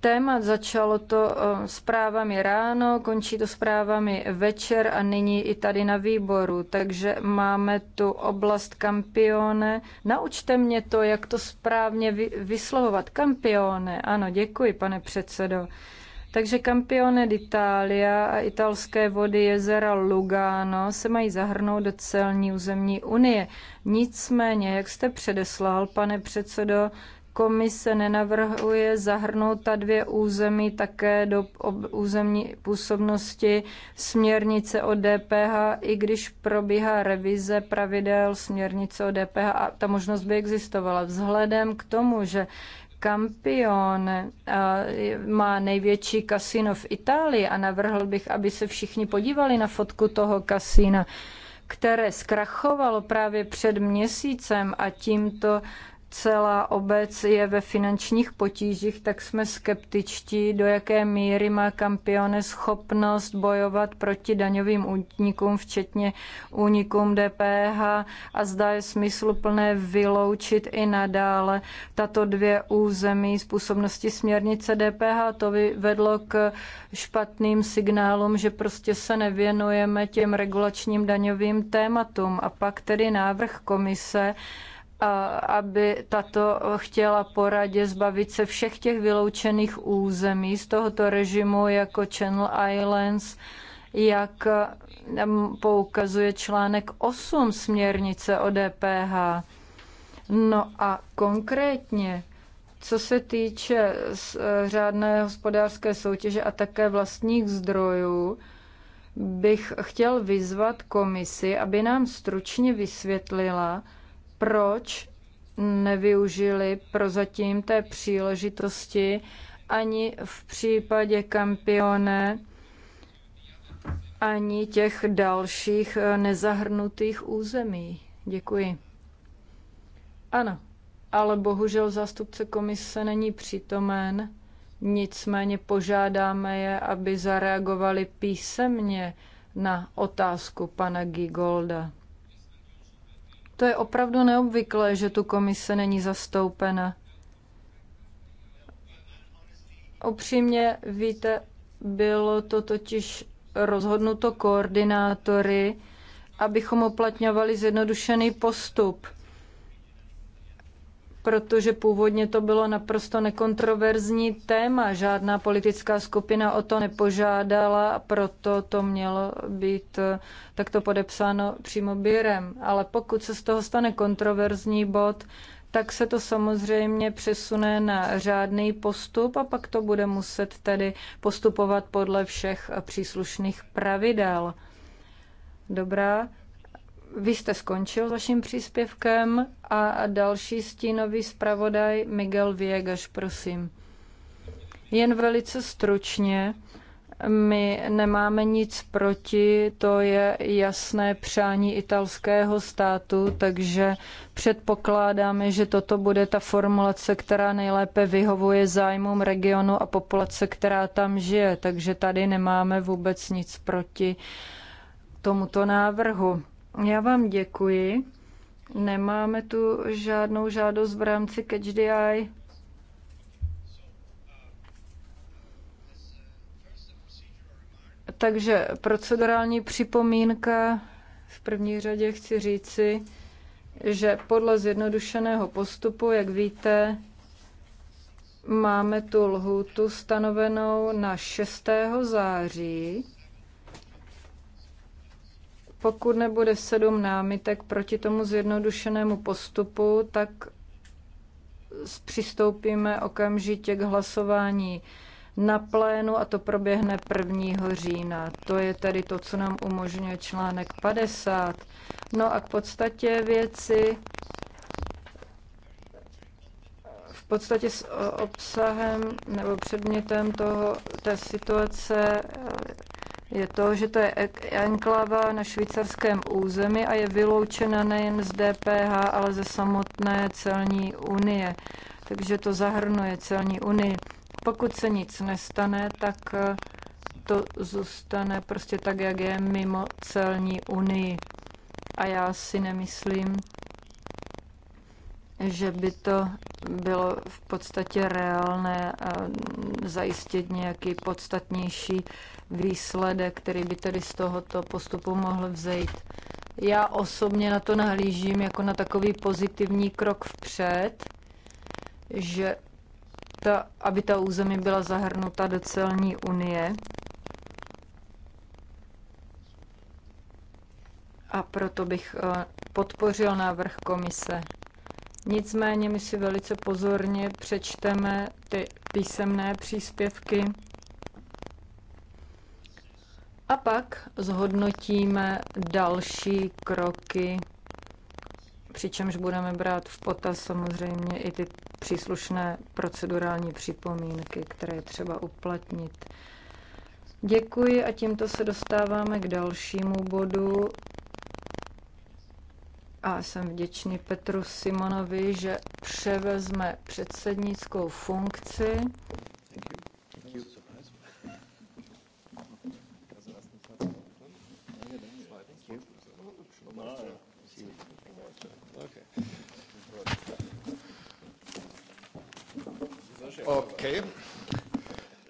témat. Začalo to eh, zprávami ráno, končí to zprávami večer a nyní i tady na výboru. Takže máme tu oblast kampione. Naučte mě to, jak to správně vyslovovat. Kampione, ano, děkuji, pane předsedo. Takže kampione d'Italia a italské vody jezera Lugano se mají zahrnout do celní územní unie. Nicméně, jak jste předeslal, pane předsedo, komise nenavrhuje zahrnout ta dvě území také do územní působnosti směrnice o DPH, i když probíhá revize pravidel směrnice o DPH a ta možnost by existovala. Vzhledem k tomu, že kampion má největší kasino v Itálii a navrhl bych, aby se všichni podívali na fotku toho kasína, které zkrachovalo právě před měsícem a tímto celá obec je ve finančních potížích, tak jsme skeptičtí, do jaké míry má kampione schopnost bojovat proti daňovým únikům, včetně únikům DPH a zda je smysluplné vyloučit i nadále tato dvě území z působnosti směrnice DPH. To by vedlo k špatným signálům, že prostě se nevěnujeme těm regulačním daňovým tématům. A pak tedy návrh komise, aby tato chtěla poradě zbavit se všech těch vyloučených území z tohoto režimu jako Channel Islands, jak poukazuje článek 8 směrnice o DPH. No a konkrétně, co se týče eh, řádné hospodářské soutěže a také vlastních zdrojů, bych chtěl vyzvat komisi, aby nám stručně vysvětlila, proč nevyužili prozatím té příležitosti ani v případě kampione, ani těch dalších eh, nezahrnutých území. Děkuji. Ano, ale bohužel zástupce komise není přítomen. Nicméně požádáme je, aby zareagovali písemně na otázku pana Gigolda. To je opravdu neobvyklé, že tu komise není zastoupena. Opřímně, víte, bylo to totiž rozhodnuto koordinátory, abychom uplatňovali zjednodušený postup – protože původně to bylo naprosto nekontroverzní téma. Žádná politická skupina o to nepožádala, proto to mělo být eh, takto podepsáno přímo Birem. Ale pokud se z toho stane kontroverzní bod, tak se to samozřejmě přesune na řádný postup a pak to bude muset tedy postupovat podle všech eh, příslušných pravidel. Dobrá. Vy jste skončil s vaším příspěvkem a další stínový zpravodaj Miguel Viegas, prosím. Jen velice stručně, my nemáme nic proti, to je jasné přání italského státu, takže předpokládáme, že toto bude ta formulace, která nejlépe vyhovuje zájmům regionu a populace, která tam žije. Takže tady nemáme vůbec nic proti tomuto návrhu. Já vám děkuji. Nemáme tu žádnou žádost v rámci Catch the Eye. Takže procedurální připomínka. V první řadě chci říci, že podle zjednodušeného postupu, jak víte, máme tu lhůtu stanovenou na 6. září pokud nebude sedm námitek proti tomu zjednodušenému postupu, tak přistoupíme okamžitě k hlasování na plénu a to proběhne 1. října. To je tedy to, co nám umožňuje článek 50. No a k podstatě věci v podstatě s obsahem nebo předmětem toho, té situace je to, že to je enklava na švýcarském území a je vyloučena nejen z DPH, ale ze samotné celní unie. Takže to zahrnuje celní unii. Pokud se nic nestane, tak eh, to zůstane prostě tak, jak je mimo celní unii. A já si nemyslím, že by to bylo v podstatě reálné mm, zajistit nějaký podstatnější výsledek, který by tedy z tohoto postupu mohl vzejít. Já osobně na to nahlížím jako na takový pozitivní krok vpřed, že ta, aby ta území byla zahrnuta do celní unie. A proto bych podpořil návrh komise. Nicméně my si velice pozorně přečteme ty písemné příspěvky a pak zhodnotíme další kroky, přičemž budeme brát v potaz samozřejmě i ty příslušné procedurální připomínky, které je třeba uplatnit. Děkuji a tímto se dostáváme k dalšímu bodu a jsem vděčný Petru Simonovi, že převezme předsednickou funkci. Okay.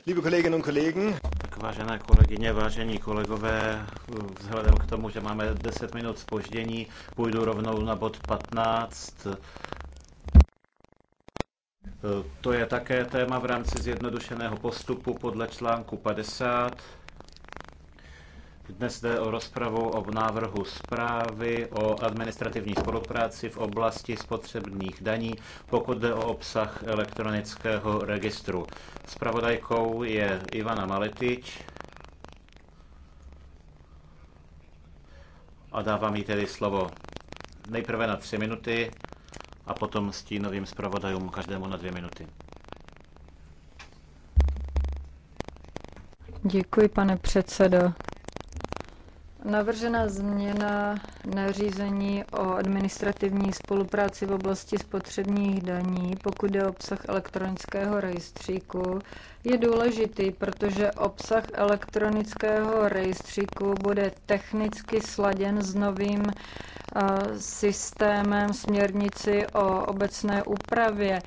Liebe Kolleginnen und Kollegen, vážené kolegyně, vážení kolegové, vzhledem k tomu, že máme 10 minut spoždění, půjdu rovnou na bod 15. To je také téma v rámci zjednodušeného postupu podle článku 50. Dnes jde o rozpravu o návrhu zprávy o administrativní spolupráci v oblasti spotřebních daní, pokud jde o obsah elektronického registru. Spravodajkou je Ivana Maletič. A dávám jí tedy slovo nejprve na tři minuty a potom stínovým zpravodajům každému na dvě minuty. Děkuji, pane předsedo. Navržená změna nařízení o administrativní spolupráci v oblasti spotřebních daní, pokud je obsah elektronického rejstříku, je důležitý, protože obsah elektronického rejstříku bude technicky sladěn s novým eh, systémem směrnici o obecné úpravě.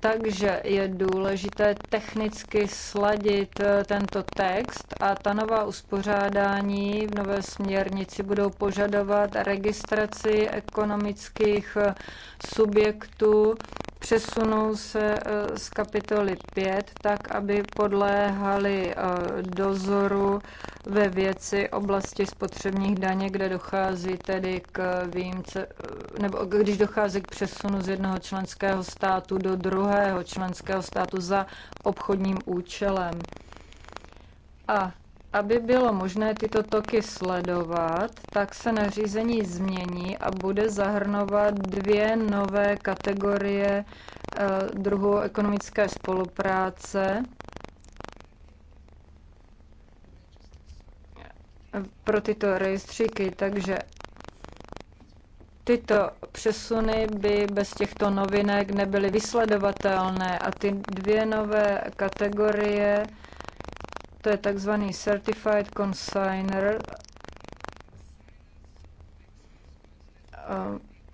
Takže je důležité technicky sladit eh, tento text a ta nová uspořádání v nové směrnici budou požadovat registraci ekonomických eh, subjektů přesunou se eh, z kapitoly 5, tak aby podléhali eh, dozoru ve věci oblasti spotřebních daně, kde dochází tedy k výjimce, eh, nebo když dochází k přesunu z jednoho členského státu do druhého členského státu za obchodním účelem. A aby bylo možné tyto toky sledovat, tak se nařízení změní a bude zahrnovat dvě nové kategorie eh, druhů ekonomické spolupráce. Eh, pro tyto rejstříky, takže tyto přesuny by bez těchto novinek nebyly vysledovatelné a ty dvě nové kategorie to je takzvaný Certified Consigner.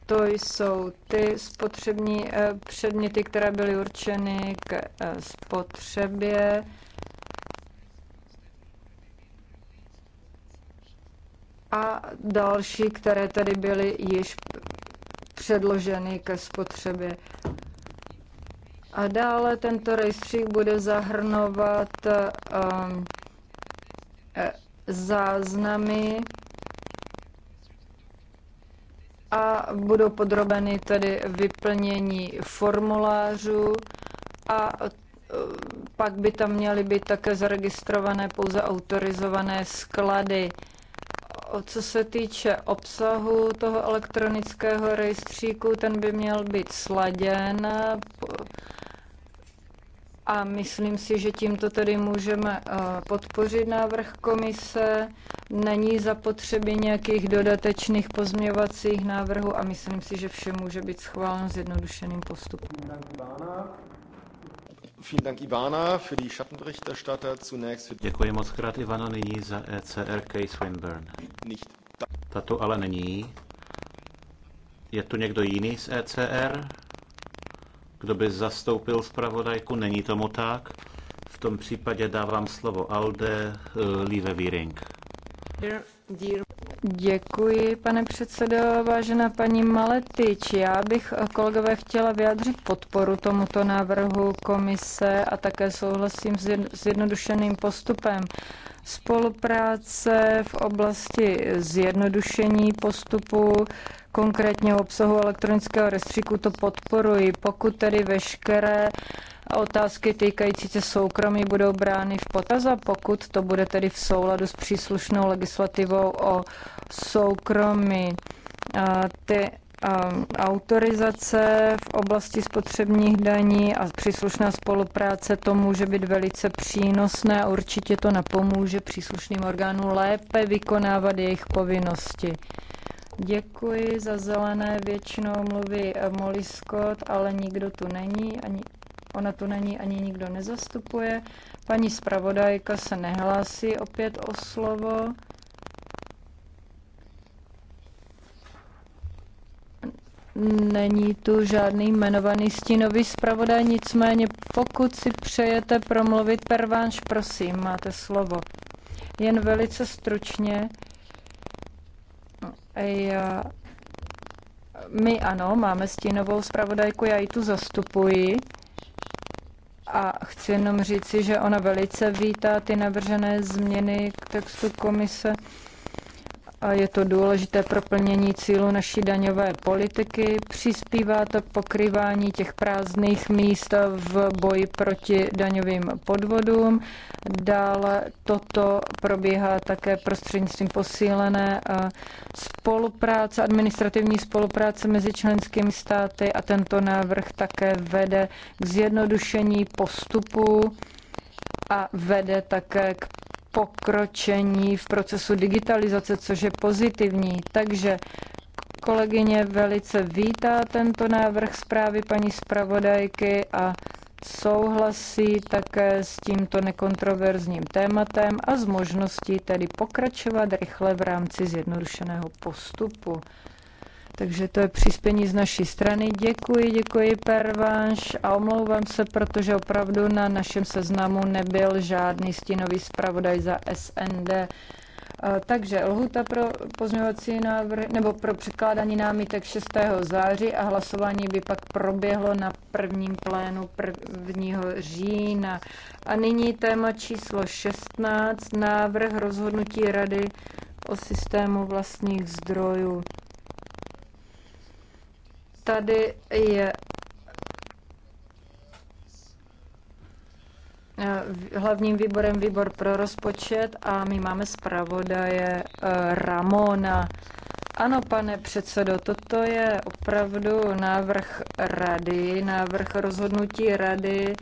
To jsou ty spotřební eh, předměty, které byly určeny k eh, spotřebě. A další, které tady byly již předloženy ke spotřebě. A dále tento rejstřík bude zahrnovat um, e, záznamy a budou podrobeny tedy vyplnění formulářů a e, pak by tam měly být také zaregistrované pouze autorizované sklady. Co se týče obsahu toho elektronického rejstříku, ten by měl být sladěn a myslím si, že tímto tedy můžeme eh, podpořit návrh komise. Není zapotřebí nějakých dodatečných pozměvacích návrhů a myslím si, že vše může být schváleno zjednodušeným postupem. Vielen Dank, Ivana, für die Schattenberichterstatter. Zunächst für Děkuji moc krát, Ivana, nyní za ECR Case Swinburne. Tato ale není. Je tu někdo jiný z ECR? kdo by zastoupil zpravodajku. Není tomu tak. V tom případě dávám slovo Alde eh, Lieve Wiering. Děkuji, pane předsedo. Vážená paní Maletič, já bych eh, kolegové chtěla vyjádřit podporu tomuto návrhu komise a také souhlasím s jednodušeným postupem spolupráce v oblasti zjednodušení postupu konkrétního obsahu elektronického rejstříku, to podporuji. Pokud tedy veškeré otázky týkající se soukromí budou brány v potaz a pokud to bude tedy v souladu s příslušnou legislativou o soukromí. Ty autorizace v oblasti spotřebních daní a příslušná spolupráce, to může být velice přínosné a určitě to napomůže příslušným orgánům lépe vykonávat jejich povinnosti. Děkuji za zelené, většinou mluví eh, Molly Scott, ale nikdo tu není, ani, ona tu není, ani nikdo nezastupuje. Paní zpravodajka se nehlásí opět o slovo. Není tu žádný jmenovaný stínový zpravodaj, nicméně pokud si přejete promluvit pervánš, prosím, máte slovo. Jen velice stručně já, my ano, máme stínovou zpravodajku, já ji tu zastupuji. A chci jenom říci, že ona velice vítá ty navržené změny k textu komise a je to důležité pro plnění cílu naší daňové politiky. Přispívá to k pokrývání těch prázdných míst v boji proti daňovým podvodům. Dále toto probíhá také prostřednictvím posílené eh, spolupráce, administrativní spolupráce mezi členskými státy a tento návrh také vede k zjednodušení postupu a vede také k pokročení v procesu digitalizace, což je pozitivní. Takže kolegyně velice vítá tento návrh zprávy paní zpravodajky a souhlasí také s tímto nekontroverzním tématem a s možností tedy pokračovat rychle v rámci zjednodušeného postupu. Takže to je přispění z naší strany. Děkuji, děkuji Pervanš a omlouvám se, protože opravdu na našem seznamu nebyl žádný stínový zpravodaj za SND. Eh, takže lhuta pro pozměňovací návrh nebo pro překládání námitek 6. září a hlasování by pak proběhlo na prvním plénu 1. října. A nyní téma číslo 16, návrh rozhodnutí Rady o systému vlastních zdrojů. Tady je eh, hlavním výborem výbor pro rozpočet a my máme zpravodaje eh, Ramona. Ano, pane předsedo, toto je opravdu návrh rady, návrh rozhodnutí rady,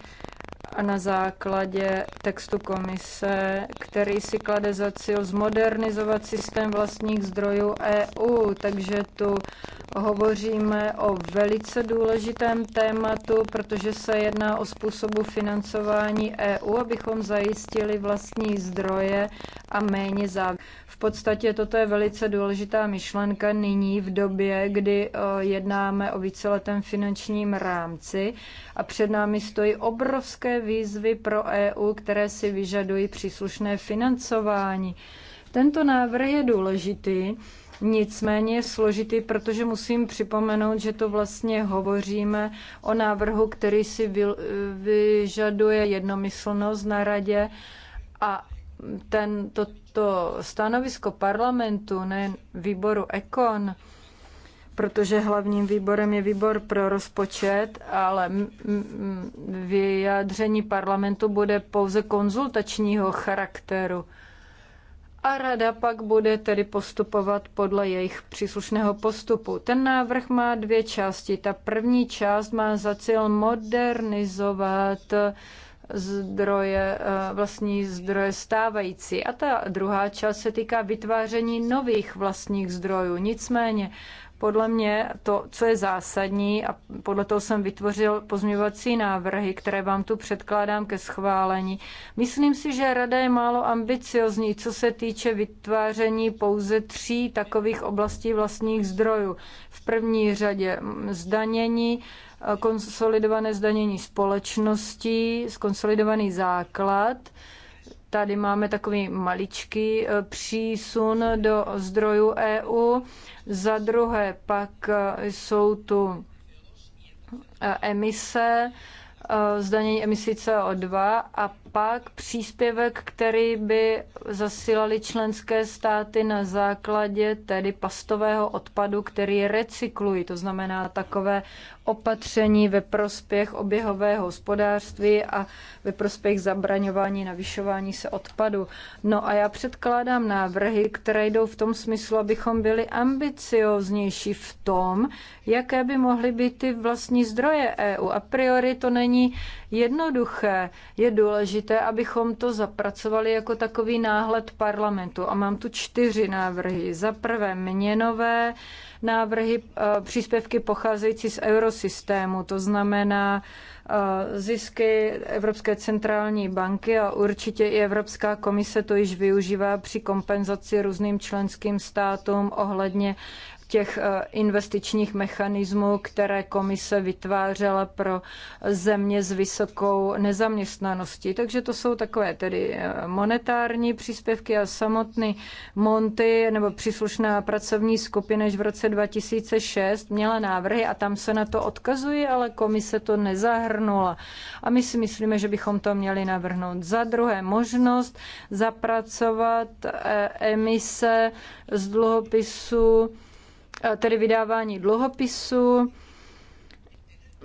na základě textu komise, který si klade za cíl zmodernizovat systém vlastních zdrojů EU. Takže tu hovoříme o velice důležitém tématu, protože se jedná o způsobu financování EU, abychom zajistili vlastní zdroje a méně závislé. V podstatě toto je velice důležitá myšlenka nyní v době, kdy eh, jednáme o víceletém finančním rámci a před námi stojí obrovské výzvy pro EU, které si vyžadují příslušné financování. Tento návrh je důležitý, Nicméně je složitý, protože musím připomenout, že to vlastně hovoříme o návrhu, který si eh, vyžaduje jednomyslnost na radě a ten, toto stanovisko parlamentu, ne výboru Ekon, protože hlavním výborem je výbor pro rozpočet, ale vyjádření parlamentu bude pouze konzultačního charakteru. A rada pak bude tedy postupovat podle jejich příslušného postupu. Ten návrh má dvě části. Ta první část má za cíl modernizovat zdroje, eh, vlastní zdroje stávající. A ta druhá část se týká vytváření nových vlastních zdrojů. Nicméně podle mě to, co je zásadní, a podle toho jsem vytvořil pozměňovací návrhy, které vám tu předkládám ke schválení. Myslím si, že rada je málo ambiciozní, co se týče vytváření pouze tří takových oblastí vlastních zdrojů. V první řadě zdanění, konsolidované zdanění společností, skonsolidovaný základ. Tady máme takový maličký eh, přísun do zdrojů EU. Za druhé pak eh, jsou tu eh, emise, zdanění emisí CO2 a pak příspěvek, který by zasílaly členské státy na základě tedy pastového odpadu, který recyklují, to znamená takové opatření ve prospěch oběhového hospodářství a ve prospěch zabraňování navyšování se odpadu. No a já předkládám návrhy, které jdou v tom smyslu, abychom byli ambicioznější v tom, jaké by mohly být ty vlastní zdroje EU. A priori to není jednoduché. Je důležité, abychom to zapracovali jako takový náhled parlamentu. A mám tu čtyři návrhy. Za prvé měnové návrhy eh, příspěvky pocházející z eurosystému, to znamená eh, zisky Evropské centrální banky a určitě i Evropská komise to již využívá při kompenzaci různým členským státům ohledně těch eh, investičních mechanismů, které komise vytvářela pro země s vysokou nezaměstnaností. Takže to jsou takové tedy eh, monetární příspěvky a samotný Monty nebo příslušná pracovní skupina než v roce 2006 měla návrhy a tam se na to odkazuje, ale komise to nezahrnula. A my si myslíme, že bychom to měli navrhnout. Za druhé možnost zapracovat eh, emise z dluhopisu Eh, tedy vydávání dluhopisů.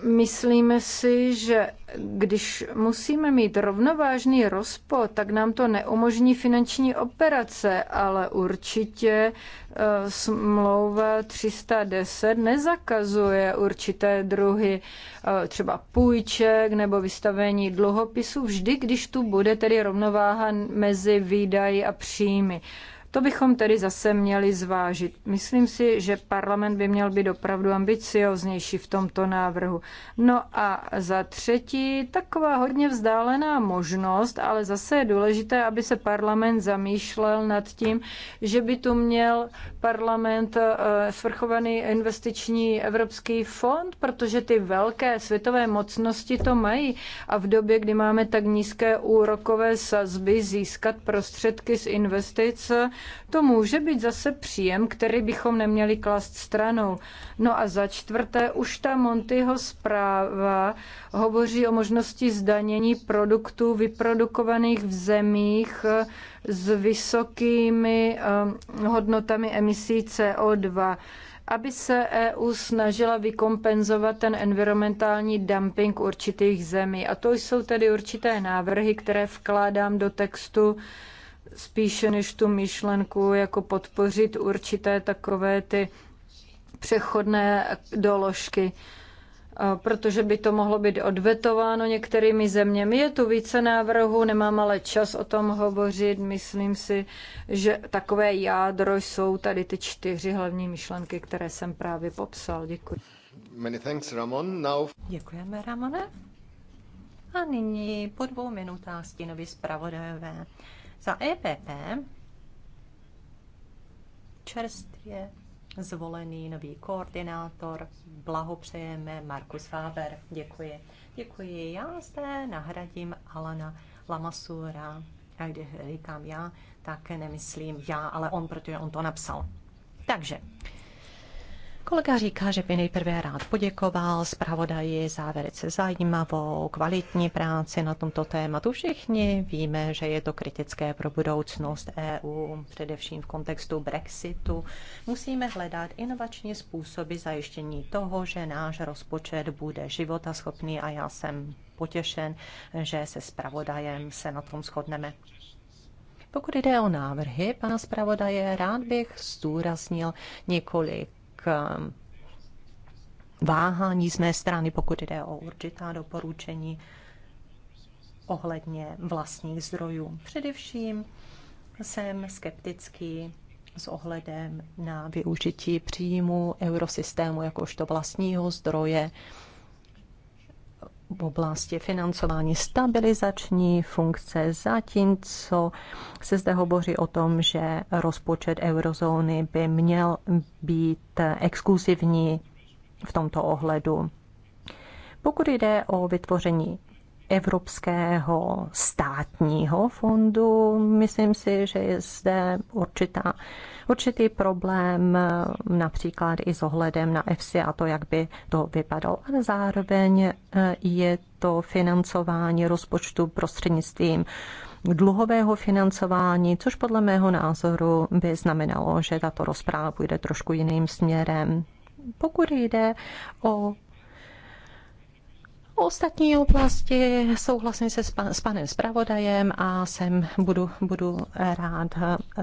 Myslíme si, že když musíme mít rovnovážný rozpo, tak nám to neumožní finanční operace, ale určitě eh, smlouva 310 nezakazuje určité druhy eh, třeba půjček nebo vystavení dluhopisů vždy, když tu bude tedy rovnováha mezi výdaji a příjmy. To bychom tedy zase měli zvážit. Myslím si, že parlament by měl být opravdu ambicioznější v tomto návrhu. No a za třetí, taková hodně vzdálená možnost, ale zase je důležité, aby se parlament zamýšlel nad tím, že by tu měl parlament eh, svrchovaný investiční evropský fond, protože ty velké světové mocnosti to mají a v době, kdy máme tak nízké úrokové sazby, získat prostředky z investic, to může být zase příjem, který bychom neměli klást stranou. No a za čtvrté, už ta Montyho zpráva hovoří o možnosti zdanění produktů vyprodukovaných v zemích eh, s vysokými eh, hodnotami emisí CO2 aby se EU snažila vykompenzovat ten environmentální dumping určitých zemí. A to jsou tedy určité návrhy, které vkládám do textu spíše než tu myšlenku jako podpořit určité takové ty přechodné doložky, protože by to mohlo být odvetováno některými zeměmi. Je tu více návrhů, nemám ale čas o tom hovořit. Myslím si, že takové jádro jsou tady ty čtyři hlavní myšlenky, které jsem právě popsal. Děkuji. Many thanks, Ramon. Now... Děkujeme, Ramone. A nyní po dvou minutách stínovi zpravodajové. Za EPP čerstvě zvolený nový koordinátor. Blahopřejeme Markus Faber. Děkuji. Děkuji. Já zde nahradím Alana Lamasura. A když říkám já, tak nemyslím já, ale on, protože on to napsal. Takže Kolega říká, že by nejprve rád poděkoval zpravodaji za velice zajímavou, kvalitní práci na tomto tématu. Všichni víme, že je to kritické pro budoucnost EU, především v kontextu Brexitu. Musíme hledat inovační způsoby zajištění toho, že náš rozpočet bude životaschopný a já jsem potěšen, že se zpravodajem se na tom shodneme. Pokud jde o návrhy pana zpravodaje, rád bych zdůraznil několik váhání z mé strany, pokud jde o určitá doporučení ohledně vlastních zdrojů. Především jsem skeptický s ohledem na využití příjmu eurosystému jakožto vlastního zdroje v oblasti financování stabilizační funkce, zatímco se zde hovoří o tom, že rozpočet eurozóny by měl být exkluzivní v tomto ohledu. Pokud jde o vytvoření Evropského státního fondu, myslím si, že je zde určitá určitý problém eh, například i s ohledem na FC a to, jak by to vypadalo. Ale zároveň eh, je to financování rozpočtu prostřednictvím dluhového financování, což podle mého názoru by znamenalo, že tato rozpráva půjde trošku jiným směrem. Pokud jde o Ostatní oblasti souhlasím se s, s panem zpravodajem a jsem budu, budu rád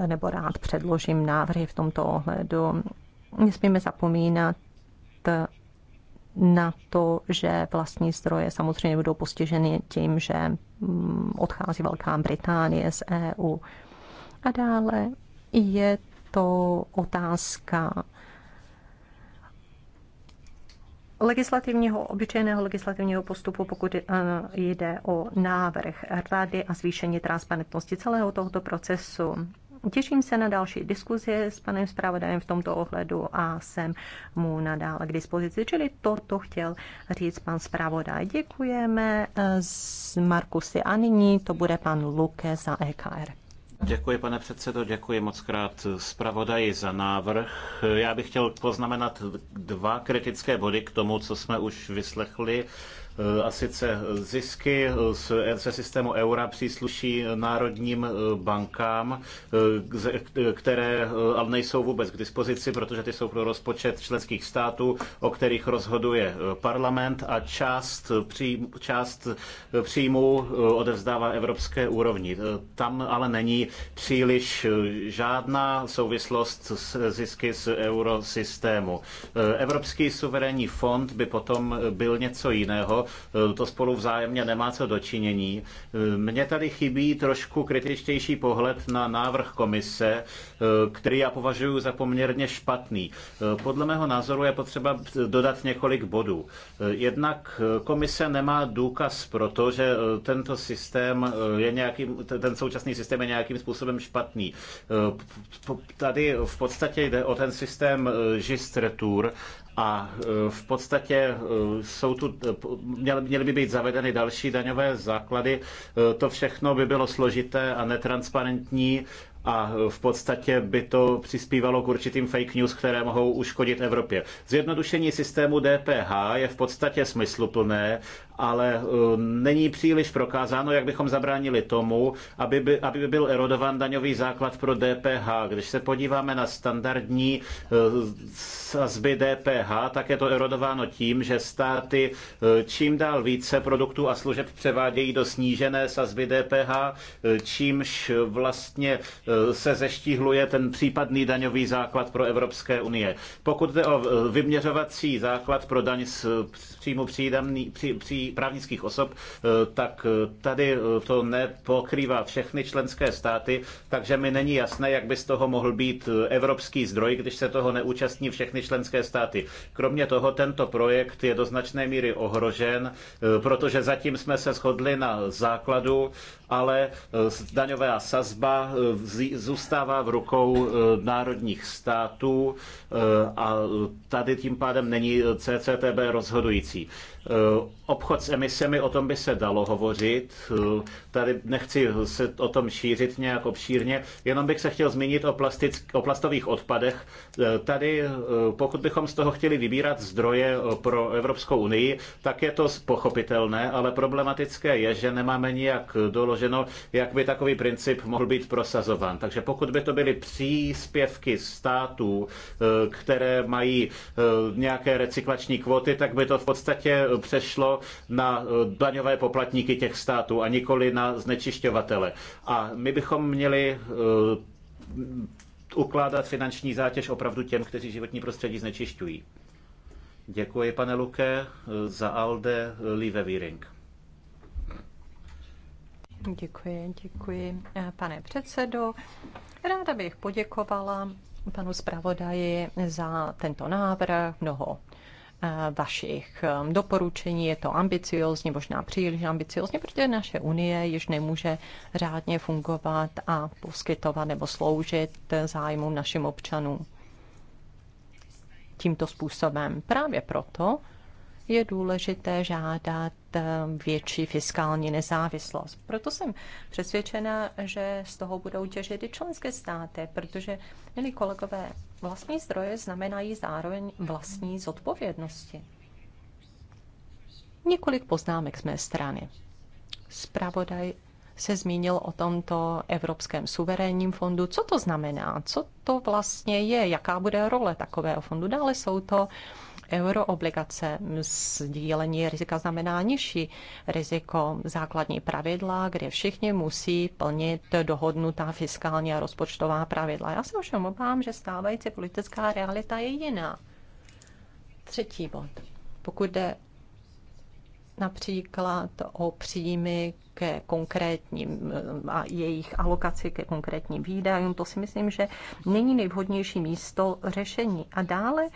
nebo rád předložím návrhy v tomto ohledu. Nesmíme zapomínat na to, že vlastní zdroje samozřejmě budou postiženy tím, že mm, odchází Velká Británie z EU. A dále je to otázka legislativního, obyčejného legislativního postupu, pokud eh, jde o návrh rady a zvýšení transparentnosti celého tohoto procesu. Těším se na další diskuzi s panem zpravodajem v tomto ohledu a jsem mu nadále k dispozici. Čili toto chtěl říct pan zpravodaj. Děkujeme eh, z Markusy a nyní to bude pan Luke za EKR. Děkuji, pane předsedo, děkuji moc krát zpravodaji za návrh. Já bych chtěl poznamenat dva kritické body k tomu, co jsme už vyslechli Eh, a sice zisky ERCE eh, systému eura přísluší národním eh, bankám, které ale nejsou vůbec k dispozici, protože ty jsou pro rozpočet členských států, o kterých rozhoduje parlament a část, příjm, část příjmů odevzdává evropské úrovni. Tam ale není příliš žádná souvislost s zisky z eurosystému. Evropský suverénní fond by potom byl něco jiného, Eh, to spolu vzájemně nemá co dočinění. Eh, mně tady chybí trošku kritičtější pohled na návrh komise, eh, který já považuji za poměrně špatný. Podle mého názoru je potřeba dodat několik bodů. Jednak komise nemá důkaz pro to, že tento systém je nějakým, ten současný systém je nějakým způsobem špatný. Tady v podstatě jde o ten systém žistretur, a eh, v podstatě eh, jsou tu, eh, měly by být zavedeny další daňové základy. To všechno by bylo složité a netransparentní a v podstatě by to přispívalo k určitým fake news, které mohou uškodit Evropě. Zjednodušení systému DPH je v podstatě smysluplné, ale e, není příliš prokázáno, jak bychom zabránili tomu, aby by, aby by byl erodován daňový základ pro DPH. Když se podíváme na standardní e, sazby DPH, tak je to erodováno tím, že státy e, čím dál více produktů a služeb převádějí do snížené sazby DPH, čímž vlastně Eh, se zeštíhluje ten případný daňový základ pro Evropské unie. Pokud jde o eh, vyměřovací základ pro daň z eh, příjmu při, při právnických osob, tak tady to nepokrývá všechny členské státy, takže mi není jasné, jak by z toho mohl být evropský zdroj, když se toho neúčastní všechny členské státy. Kromě toho tento projekt je do značné míry ohrožen, protože zatím jsme se shodli na základu, ale eh, daňová sazba eh, zůstává v rukou eh, národních států a tady tím pádem není CCTB rozhodující. Eh, obchod s emisemi, o tom by se dalo hovořit. Eh, tady nechci se o tom šířit nějak obšírně, jenom bych se chtěl zmínit o, plastick, o plastových odpadech. Eh, tady, pokud bychom z toho chtěli vybírat zdroje pro Evropskou unii, tak je to pochopitelné, ale problematické je, že nemáme nijak doloženo, jak by takový princip mohl být prosazován. Takže pokud by to byly příspěvky států, které mají nějaké recyklační kvóty, tak by to v podstatě přešlo na eh, daňové poplatníky těch států a nikoli na znečišťovatele. A my bychom měli eh, ukládat finanční zátěž opravdu těm, kteří životní prostředí znečišťují. Děkuji, pane Luke, eh, za Alde Live Viring. Děkuji, děkuji, pane předsedo. Ráda bych poděkovala panu zpravodaji za tento návrh. Mnoho Eh, vašich eh, doporučení. Je to ambiciozní, možná příliš ambiciozní, protože naše unie již nemůže řádně fungovat a poskytovat nebo sloužit zájmům našim občanům tímto způsobem. Právě proto je důležité žádat eh, větší fiskální nezávislost. Proto jsem přesvědčena, že z toho budou těžit i členské státy, protože, milí kolegové, Vlastní zdroje znamenají zároveň vlastní zodpovědnosti. Několik poznámek z mé strany. Spravodaj se zmínil o tomto Evropském suverénním fondu. Co to znamená? Co to vlastně je? Jaká bude role takového fondu? Dále jsou to uh, euroobligace. Sdílení rizika znamená nižší riziko. Základní pravidla, kde všichni musí plnit dohodnutá fiskální a rozpočtová pravidla. Já se ovšem obávám, že stávající politická realita je jiná. Třetí bod. Pokud jde například o příjmy ke konkrétním eh, a jejich alokaci ke konkrétním výdajům. To si myslím, že není nejvhodnější místo řešení. A dále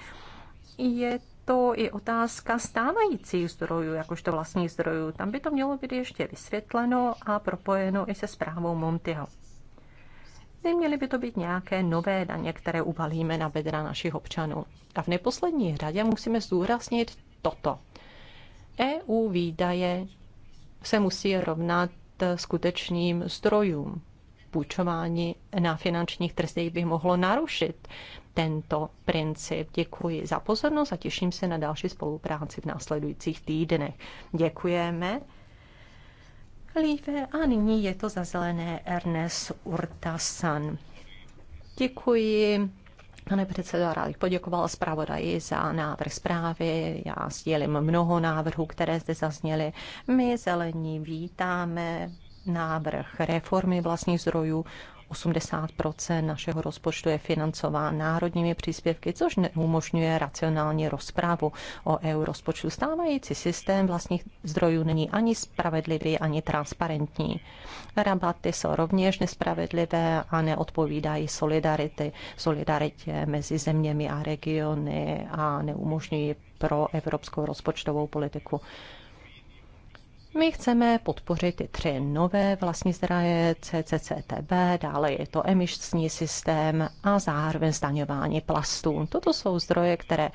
je to i otázka stávajících zdrojů, jakožto vlastních zdrojů. Tam by to mělo být ještě vysvětleno a propojeno i se zprávou Montyho. Neměly by to být nějaké nové daně, které uvalíme na bedra našich občanů. A v neposlední řadě musíme zdůraznit toto. EU výdaje se musí rovnat skutečným zdrojům. Půjčování na finančních trzích by mohlo narušit tento princip. Děkuji za pozornost a těším se na další spolupráci v následujících týdnech. Děkujeme. Líve a nyní je to za zelené Ernest Urtasan. Děkuji. Pane předsedo, rád bych poděkovala zpravodaji za návrh zprávy. Já sdělím mnoho návrhů, které zde zazněly. My zelení vítáme návrh reformy vlastních zdrojů 80 našeho rozpočtu je financován národními příspěvky, což neumožňuje racionální rozprávu o EU rozpočtu. Stávající systém vlastních zdrojů není ani spravedlivý, ani transparentní. Rabaty jsou rovněž nespravedlivé a neodpovídají solidarity, solidaritě mezi zeměmi a regiony a neumožňují pro evropskou rozpočtovou politiku. My chceme podpořit i tři nové vlastní zdroje CCCTB, dále je to emisní systém a zároveň zdaňování plastů. Toto jsou zdroje, které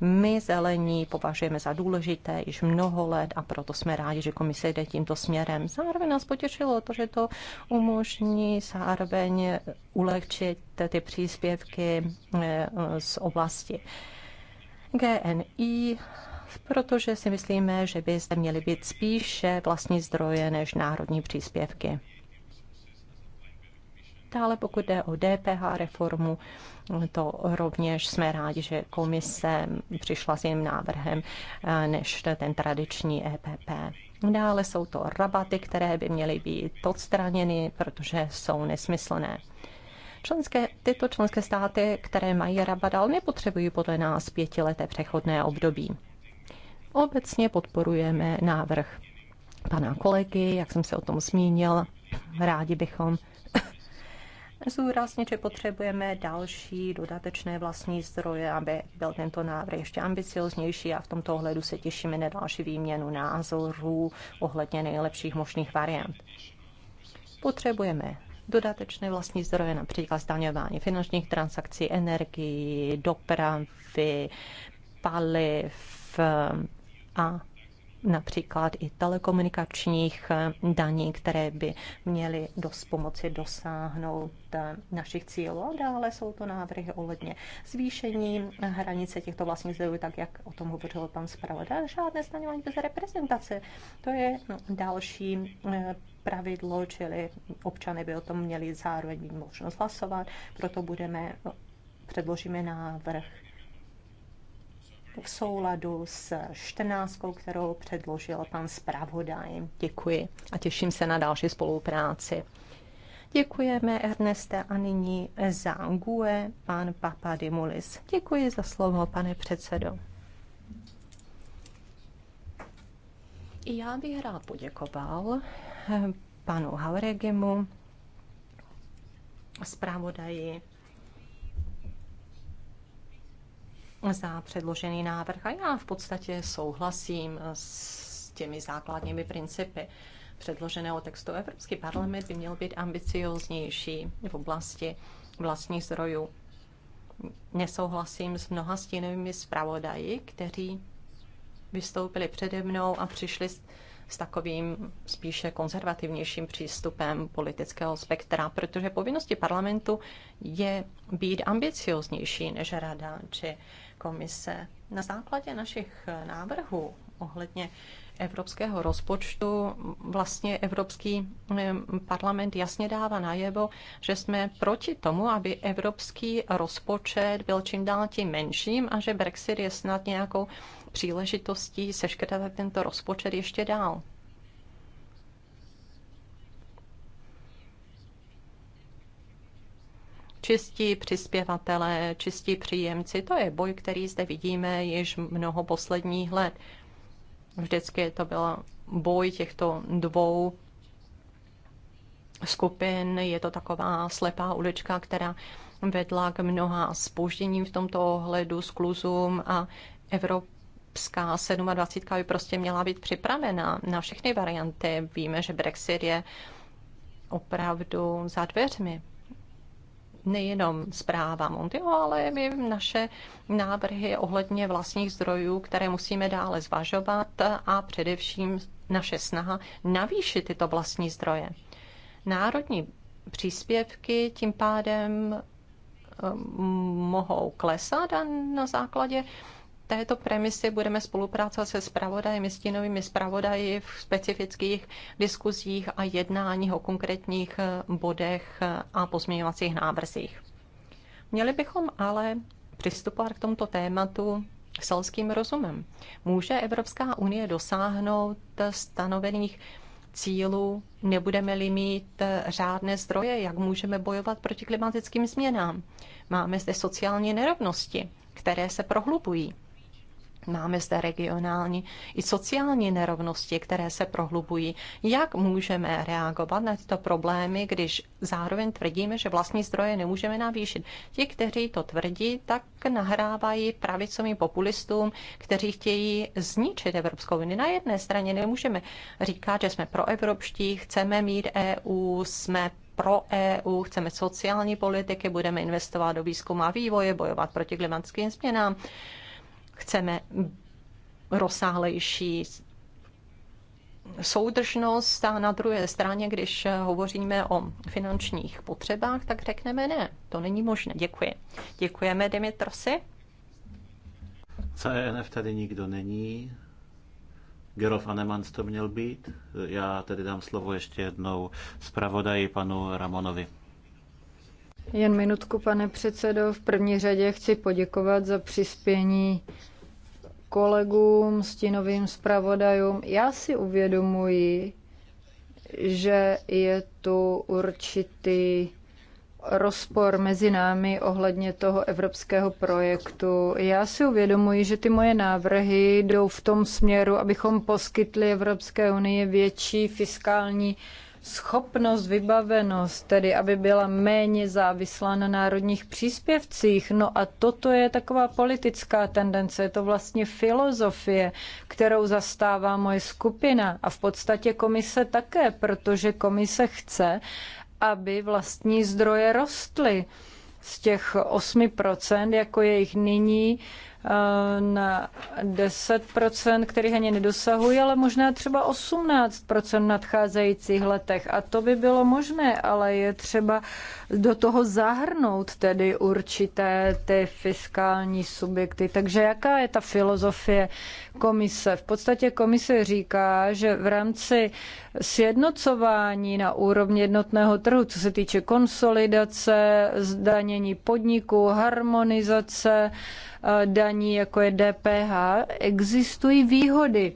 my zelení považujeme za důležité již mnoho let a proto jsme rádi, že komise jde tímto směrem. Zároveň nás potěšilo to, že to umožní zároveň ulehčit ty příspěvky eh, z oblasti GNI protože si myslíme, že by zde měly být spíše vlastní zdroje než národní příspěvky. Dále pokud jde o DPH reformu, to rovněž jsme rádi, že komise přišla s jiným návrhem eh, než ten tradiční EPP. Dále jsou to rabaty, které by měly být odstraněny, protože jsou nesmyslné. Členské, tyto členské státy, které mají rabat, ale nepotřebují podle nás pětileté přechodné období. Obecně podporujeme návrh pana kolegy, jak jsem se o tom zmínil. Rádi bychom Zúraznit, že potřebujeme další dodatečné vlastní zdroje, aby byl tento návrh ještě ambicioznější a v tomto ohledu se těšíme na další výměnu názorů ohledně nejlepších možných variant. Potřebujeme dodatečné vlastní zdroje, například zdaňování finančních transakcí, energii, dopravy, paliv, a například i telekomunikačních eh, daní, které by měly dost pomoci dosáhnout eh, našich cílů. A dále jsou to návrhy ohledně zvýšení hranice těchto vlastních zdrojů, tak jak o tom hovořil pan zpravodaj. Žádné zdaňování bez reprezentace. To je no, další eh, pravidlo, čili občany by o tom měli zároveň mít možnost hlasovat, proto budeme no, předložíme návrh v souladu s 14, kterou předložil pan zpravodaj. Děkuji a těším se na další spolupráci. Děkujeme Erneste a nyní za Angue, pan Papadimulis. Děkuji za slovo, pane předsedo. já bych rád poděkoval eh, panu Hauregemu, zpravodaji za předložený návrh a já v podstatě souhlasím s těmi základními principy předloženého textu. Evropský parlament by měl být ambicioznější v oblasti vlastních zdrojů. Nesouhlasím s mnoha stínovými zpravodaji, kteří vystoupili přede mnou a přišli s, s takovým spíše konzervativnějším přístupem politického spektra, protože povinnosti parlamentu je být ambicioznější než rada či komise. Na základě našich návrhů ohledně evropského rozpočtu vlastně Evropský eh, parlament jasně dává najevo, že jsme proti tomu, aby evropský rozpočet byl čím dál tím menším a že Brexit je snad nějakou příležitostí seškrtat tento rozpočet ještě dál. čistí přispěvatelé, čistí příjemci. To je boj, který zde vidíme již mnoho posledních let. Vždycky to byl boj těchto dvou skupin. Je to taková slepá ulička, která vedla k mnoha spožděním v tomto ohledu, skluzům a Evropská 27 by prostě měla být připravena na všechny varianty. Víme, že Brexit je opravdu za dveřmi nejenom zpráva Montyho, ale i naše návrhy ohledně vlastních zdrojů, které musíme dále zvažovat a především naše snaha navýšit tyto vlastní zdroje. Národní příspěvky tím pádem eh, mohou klesat a na základě této premisy budeme spolupracovat se zpravodaji, stínovými zpravodaji v specifických diskuzích a jednáních o konkrétních eh, bodech eh, a pozměňovacích návrzích. Měli bychom ale přistupovat k tomuto tématu selským rozumem. Může Evropská unie dosáhnout stanovených cílů, nebudeme-li mít eh, řádné zdroje, jak můžeme bojovat proti klimatickým změnám. Máme zde sociální nerovnosti, které se prohlubují. Máme zde regionální i sociální nerovnosti, které se prohlubují. Jak můžeme reagovat na tyto problémy, když zároveň tvrdíme, že vlastní zdroje nemůžeme navýšit? Ti, kteří to tvrdí, tak nahrávají pravicovým populistům, kteří chtějí zničit Evropskou unii. Na jedné straně nemůžeme říkat, že jsme proevropští, chceme mít EU, jsme pro EU, chceme sociální politiky, budeme investovat do výzkumu a vývoje, bojovat proti klimatickým změnám. Chceme rozsáhlejší soudržnost a na druhé straně, když hovoříme o finančních potřebách, tak řekneme ne, to není možné. Děkuji. Děkujeme, Dimitrosi. CNF tady nikdo není. Gerov Anemans to měl být. Já tedy dám slovo ještě jednou zpravodaji panu Ramonovi. Jen minutku, pane předsedo. V první řadě chci poděkovat za přispění kolegům, stínovým zpravodajům. Já si uvědomuji, že je tu určitý rozpor mezi námi ohledně toho evropského projektu. Já si uvědomuji, že ty moje návrhy jdou v tom směru, abychom poskytli Evropské unii větší fiskální schopnost, vybavenost, tedy aby byla méně závislá na národních příspěvcích. No a toto je taková politická tendence, je to vlastně filozofie, kterou zastává moje skupina a v podstatě komise také, protože komise chce, aby vlastní zdroje rostly z těch 8%, jako je jich nyní, Eh, na 10%, kterých ani nedosahují, ale možná třeba 18% v nadcházejících letech. A to by bylo možné, ale je třeba do toho zahrnout tedy určité ty fiskální subjekty. Takže jaká je ta filozofie komise? V podstatě komise říká, že v rámci sjednocování na úrovni jednotného trhu, co se týče konsolidace, zdanění podniků, harmonizace, Eh, daní, jako je DPH, existují výhody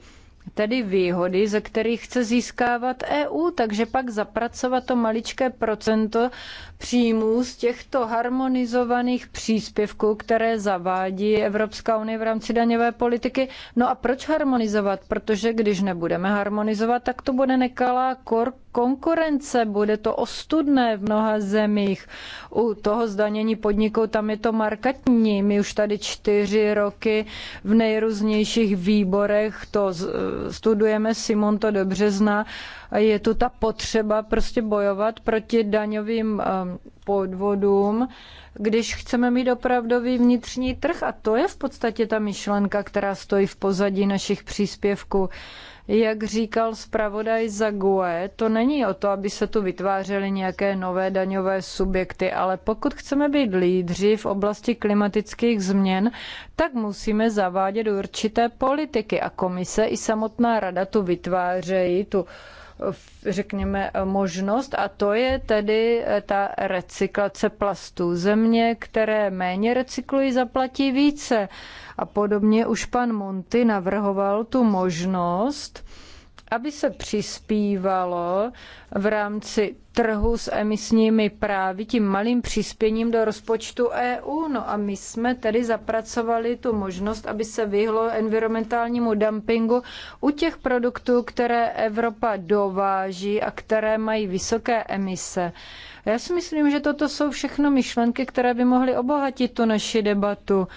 tedy výhody, ze kterých chce získávat EU, takže pak zapracovat to maličké procento příjmů z těchto harmonizovaných příspěvků, které zavádí Evropská unie v rámci daňové politiky. No a proč harmonizovat? Protože když nebudeme harmonizovat, tak to bude nekalá kor- konkurence, bude to ostudné v mnoha zemích. U toho zdanění podniků tam je to markatní. My už tady čtyři roky v nejrůznějších výborech to studujeme, Simon to dobře zná. Je tu ta potřeba prostě bojovat proti daňovým um, podvodům, když chceme mít opravdový vnitřní trh. A to je v podstatě ta myšlenka, která stojí v pozadí našich příspěvků. Jak říkal zpravodaj Zague, to není o to, aby se tu vytvářely nějaké nové daňové subjekty, ale pokud chceme být lídři v oblasti klimatických změn, tak musíme zavádět určité politiky a komise i samotná rada tu vytvářejí tu řekněme, možnost a to je tedy ta recyklace plastů. Země, které méně recyklují, zaplatí více. A podobně už pan Monty navrhoval tu možnost, aby se přispívalo v rámci trhu s emisními právy tím malým přispěním do rozpočtu EU. No a my jsme tedy zapracovali tu možnost, aby se vyhlo environmentálnímu dumpingu u těch produktů, které Evropa dováží a které mají vysoké emise. Já si myslím, že toto jsou všechno myšlenky, které by mohly obohatit tu naši debatu.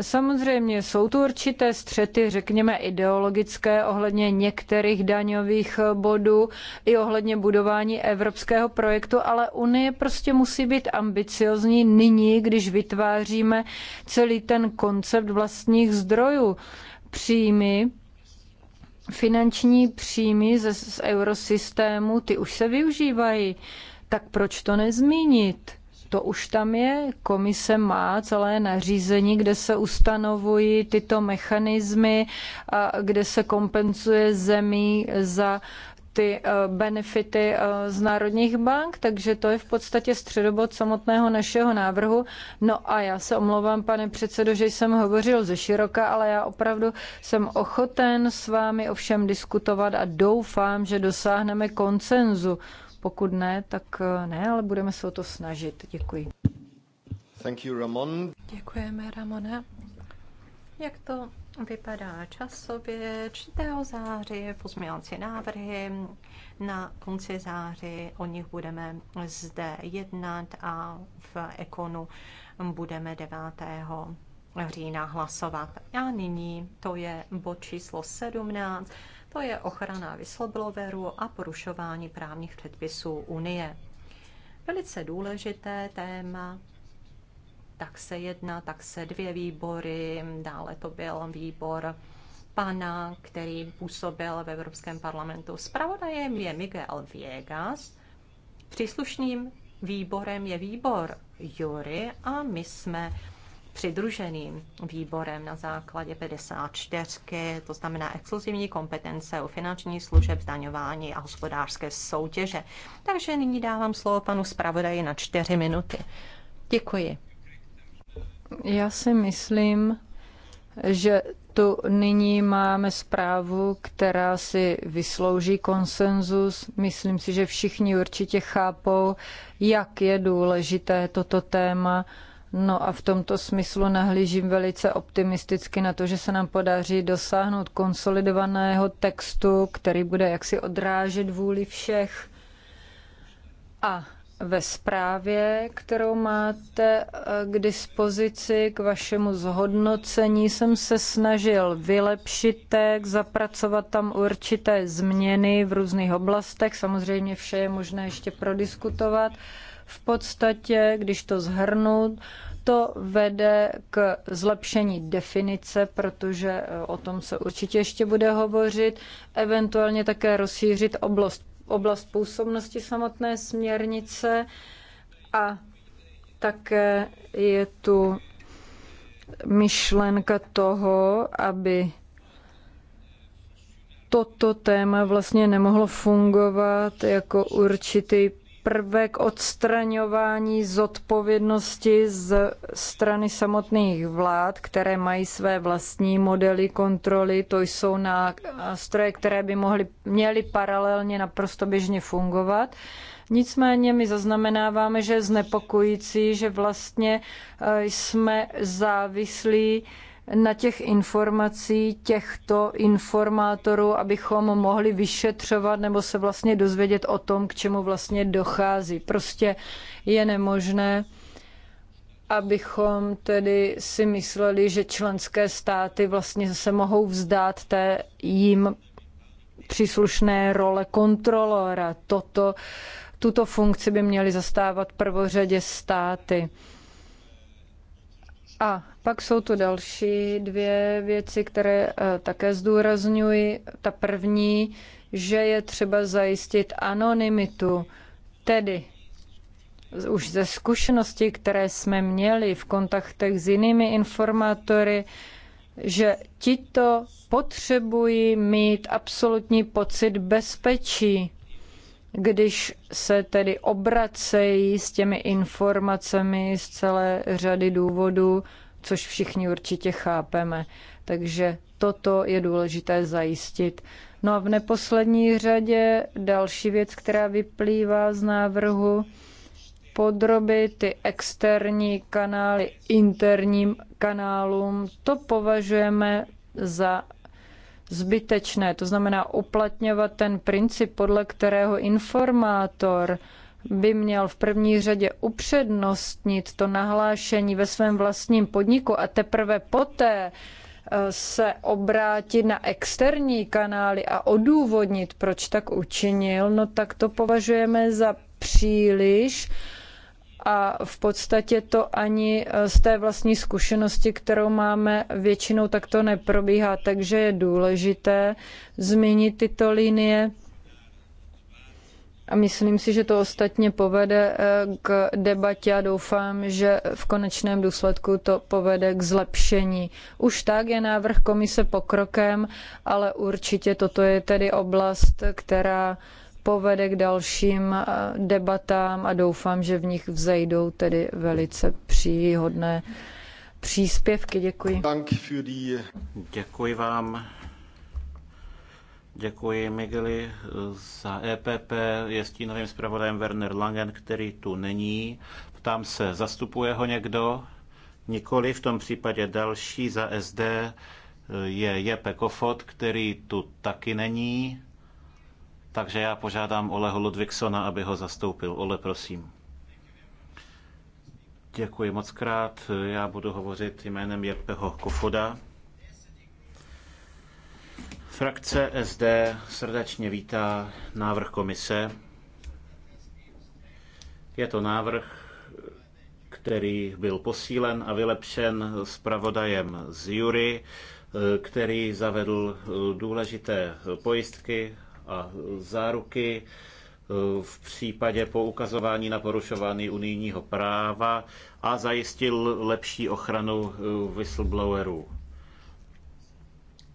Samozřejmě jsou tu určité střety, řekněme ideologické, ohledně některých daňových eh, bodů i ohledně budování evropského projektu, ale Unie prostě musí být ambiciozní nyní, když vytváříme celý ten koncept vlastních zdrojů. Příjmy, finanční příjmy ze, z eurosystému, ty už se využívají. Tak proč to nezmínit? To už tam je. Komise má celé nařízení, kde se ustanovují tyto mechanismy, kde se kompenzuje zemí za ty eh, benefity eh, z národních bank, takže to je v podstatě středobod samotného našeho návrhu. No a já se omlouvám, pane předsedo, že jsem hovořil ze široka, ale já opravdu jsem ochoten s vámi ovšem diskutovat a doufám, že dosáhneme koncenzu pokud ne, tak eh, ne, ale budeme se o to snažit. Děkuji. Thank you, Ramon. Děkujeme, Ramone. Jak to vypadá časově? 4. září pozměňovací návrhy. Na konci září o nich budeme zde jednat a v Ekonu budeme 9 října hlasovat. A nyní to je bod číslo 17. To je ochrana whistleblowerů a porušování právních předpisů Unie. Velice důležité téma, tak se jedna, tak se dvě výbory, dále to byl výbor pana, který působil v Evropském parlamentu. Spravodajem je Miguel Viegas, příslušným výborem je výbor Jury a my jsme přidruženým výborem na základě 54, to znamená exkluzivní kompetence o finanční služeb, zdaňování a hospodářské soutěže. Takže nyní dávám slovo panu zpravodaji na čtyři minuty. Děkuji. Já si myslím, že tu nyní máme zprávu, která si vyslouží konsenzus. Myslím si, že všichni určitě chápou, jak je důležité toto téma No a v tomto smyslu nahlížím velice optimisticky na to, že se nám podaří dosáhnout konsolidovaného textu, který bude jaksi odrážet vůli všech. A ve zprávě, kterou máte eh, k dispozici k vašemu zhodnocení, jsem se snažil vylepšit text, zapracovat tam určité změny v různých oblastech. Samozřejmě vše je možné ještě prodiskutovat v podstatě, když to zhrnu, to vede k zlepšení definice, protože e, o tom se určitě ještě bude hovořit, eventuálně také rozšířit oblast, oblast působnosti samotné směrnice a také je tu myšlenka toho, aby toto téma vlastně nemohlo fungovat jako určitý prvek odstraňování zodpovědnosti z strany samotných vlád, které mají své vlastní modely kontroly. To jsou nástroje, které by mohly, měly paralelně naprosto běžně fungovat. Nicméně my zaznamenáváme, že je znepokojící, že vlastně eh, jsme závislí na těch informací těchto informátorů, abychom mohli vyšetřovat nebo se vlastně dozvědět o tom, k čemu vlastně dochází. Prostě je nemožné, abychom tedy si mysleli, že členské státy vlastně se mohou vzdát té jim příslušné role kontrolora. Toto, tuto funkci by měly zastávat prvořadě státy. A pak jsou tu další dvě věci, které eh, také zdůrazňuji. Ta první, že je třeba zajistit anonymitu, tedy už ze zkušenosti, které jsme měli v kontaktech s jinými informátory, že tito potřebují mít absolutní pocit bezpečí když se tedy obracejí s těmi informacemi z celé řady důvodů, což všichni určitě chápeme. Takže toto je důležité zajistit. No a v neposlední řadě další věc, která vyplývá z návrhu, podrobit ty externí kanály interním kanálům, to považujeme za zbytečné. To znamená uplatňovat ten princip, podle kterého informátor by měl v první řadě upřednostnit to nahlášení ve svém vlastním podniku a teprve poté eh, se obrátit na externí kanály a odůvodnit, proč tak učinil, no tak to považujeme za příliš uh, a v podstatě to ani eh, z té vlastní zkušenosti, kterou máme, většinou takto neprobíhá, takže je důležité změnit tyto linie. A myslím si, že to ostatně povede eh, k debatě a doufám, že v konečném důsledku to povede k zlepšení. Už tak je návrh komise pokrokem, ale určitě toto je tedy oblast, která povede k dalším eh, debatám a doufám, že v nich vzejdou tedy velice příhodné příspěvky. Děkuji. Děkuji vám. Děkuji Migueli za EPP, je stínovým zpravodajem Werner Langen, který tu není. Ptám se, zastupuje ho někdo? Nikoli, v tom případě další za SD je Jepe Kofot, který tu taky není. Takže já požádám Oleho Ludvíksona, aby ho zastoupil. Ole, prosím. Děkuji moc krát. Já budu hovořit jménem Jepeho Kofoda. Frakce SD srdečně vítá návrh komise. Je to návrh, který byl posílen a vylepšen zpravodajem z Jury, který zavedl důležité pojistky a záruky e, v případě poukazování na porušování unijního práva a zajistil lepší ochranu e, whistleblowerů.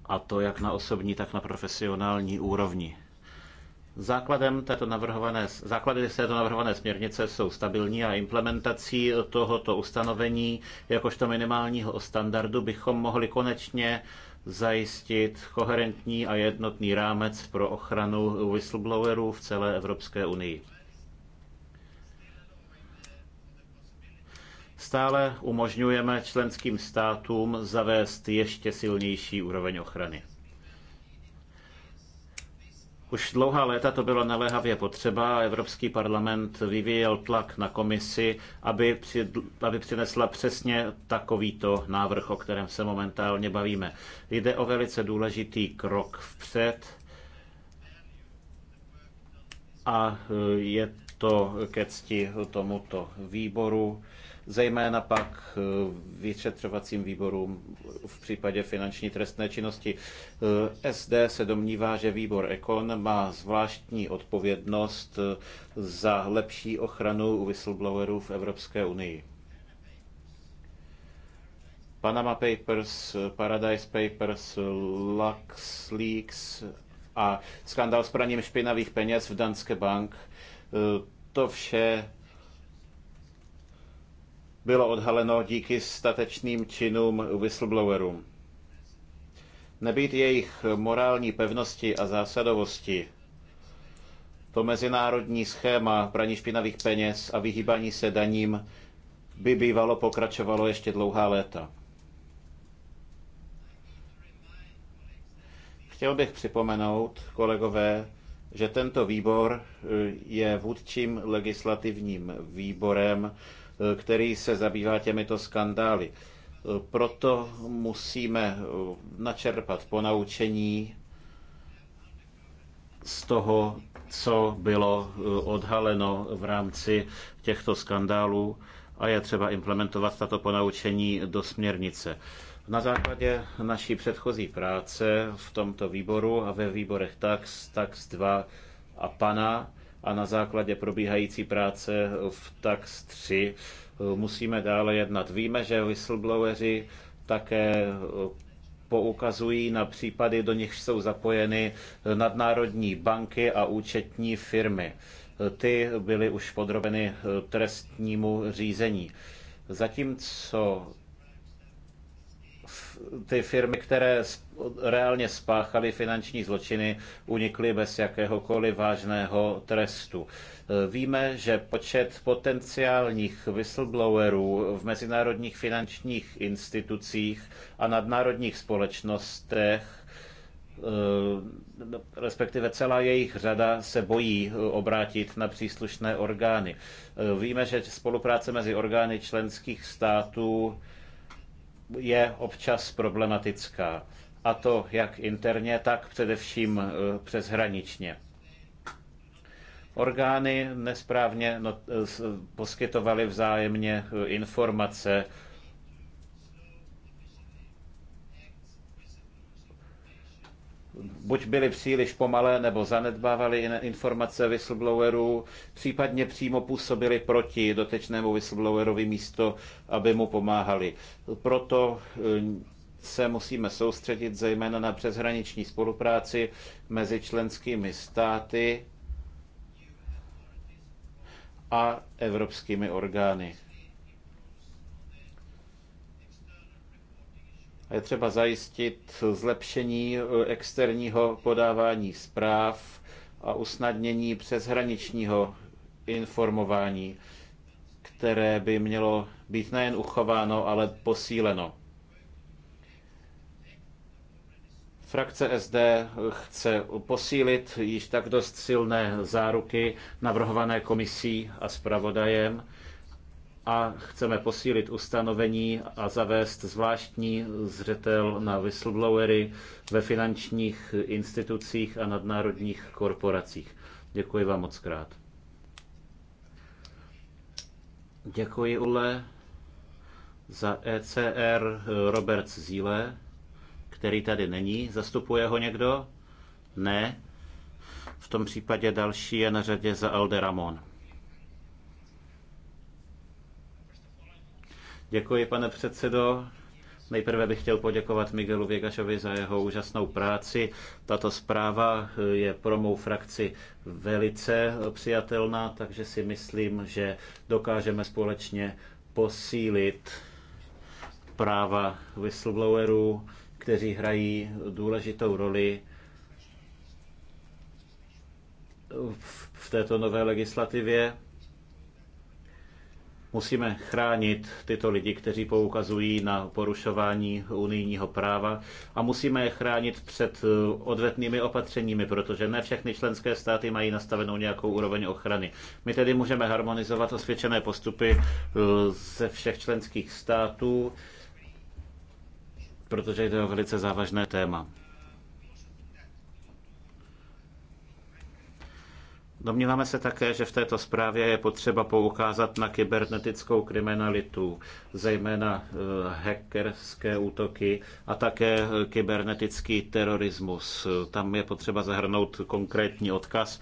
A to jak na osobní, tak na profesionální úrovni. Základem této navrhované, základy této navrhované směrnice jsou stabilní a implementací tohoto ustanovení jakožto minimálního standardu bychom mohli konečně zajistit koherentní a jednotný rámec pro ochranu whistleblowerů v celé Evropské unii. Stále umožňujeme členským státům zavést ještě silnější úroveň ochrany. Už dlouhá léta to bylo naléhavě potřeba Evropský parlament vyvíjel tlak na komisi, aby, při, aby přinesla přesně takovýto návrh, o kterém se momentálně bavíme. Jde o velice důležitý krok vpřed a e, je to ke cti tomuto výboru zejména pak eh, vyšetřovacím výborům v případě finanční trestné činnosti. Eh, SD se domnívá, že výbor Ekon má zvláštní odpovědnost eh, za lepší ochranu whistleblowerů v Evropské unii. Panama Papers, Paradise Papers, Lux leaks a skandál s praním špinavých peněz v Danske Bank. To vše bylo odhaleno díky statečným činům whistleblowerům. Nebýt jejich morální pevnosti a zásadovosti, to mezinárodní schéma praní špinavých peněz a vyhýbání se daním by bývalo pokračovalo ještě dlouhá léta. Chtěl bych připomenout, kolegové, že tento výbor eh, je vůdčím legislativním výborem Eh, který se zabývá těmito skandály. Eh, proto musíme eh, načerpat ponaučení z toho, co bylo odhaleno v rámci těchto skandálů a je třeba implementovat tato ponaučení do směrnice. Na základě naší předchozí práce v tomto výboru a ve výborech TAX, TAX 2 a PANA a na základě probíhající práce v TAX 3 eh, musíme dále jednat. Víme, že whistlebloweri také eh, poukazují na případy, do nichž jsou zapojeny eh, nadnárodní banky a účetní firmy. Ty byly už podrobeny trestnímu řízení. Zatímco ty firmy, které reálně spáchaly finanční zločiny, unikly bez jakéhokoliv vážného trestu. E, víme, že počet potenciálních whistleblowerů v mezinárodních finančních institucích a nadnárodních společnostech e, respektive celá jejich řada se bojí obrátit na příslušné orgány. E, víme, že spolupráce mezi orgány členských států je občas problematická. A to jak interně, tak především eh, přeshraničně. Orgány nesprávně eh, poskytovaly vzájemně eh, informace buď byly příliš pomalé nebo zanedbávali informace whistleblowerů, případně přímo působili proti dotečnému whistleblowerovi místo, aby mu pomáhali. Proto eh, se musíme soustředit zejména na přeshraniční spolupráci mezi členskými státy a evropskými orgány. je třeba zajistit zlepšení eh, externího podávání zpráv a usnadnění přeshraničního informování, které by mělo být nejen uchováno, ale posíleno. Frakce SD chce posílit již tak dost silné záruky navrhované komisí a zpravodajem a chceme posílit ustanovení a zavést zvláštní zřetel na whistleblowery ve finančních institucích a nadnárodních korporacích. Děkuji vám moc krát. Děkuji, Ule. Za ECR Robert Zíle, který tady není. Zastupuje ho někdo? Ne. V tom případě další je na řadě za Alde Ramon. Děkuji, pane předsedo. Nejprve bych chtěl poděkovat Miguelu Věgašovi za jeho úžasnou práci. Tato zpráva eh, je pro mou frakci velice eh, přijatelná, takže si myslím, že dokážeme společně posílit práva whistleblowerů, kteří hrají důležitou roli v této nové legislativě Musíme chránit tyto lidi, kteří poukazují na porušování unijního práva a musíme je chránit před eh, odvetnými opatřeními, protože ne všechny členské státy mají nastavenou nějakou úroveň ochrany. My tedy můžeme harmonizovat osvědčené postupy eh, ze všech členských států, protože jde o velice závažné téma. Domníváme se také, že v této zprávě je potřeba poukázat na kybernetickou kriminalitu, zejména eh, hackerské útoky a také eh, kybernetický terorismus. Tam je potřeba zahrnout konkrétní odkaz,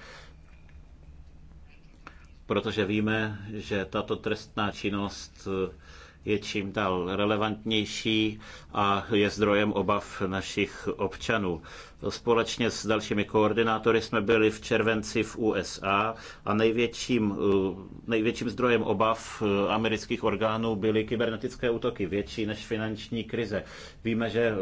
protože víme, že tato trestná činnost eh, je čím dál relevantnější a je zdrojem obav našich občanů. Společně s dalšími koordinátory jsme byli v červenci v USA a největším, eh, největším zdrojem obav eh, amerických orgánů byly kybernetické útoky, větší než finanční krize. Víme, že eh,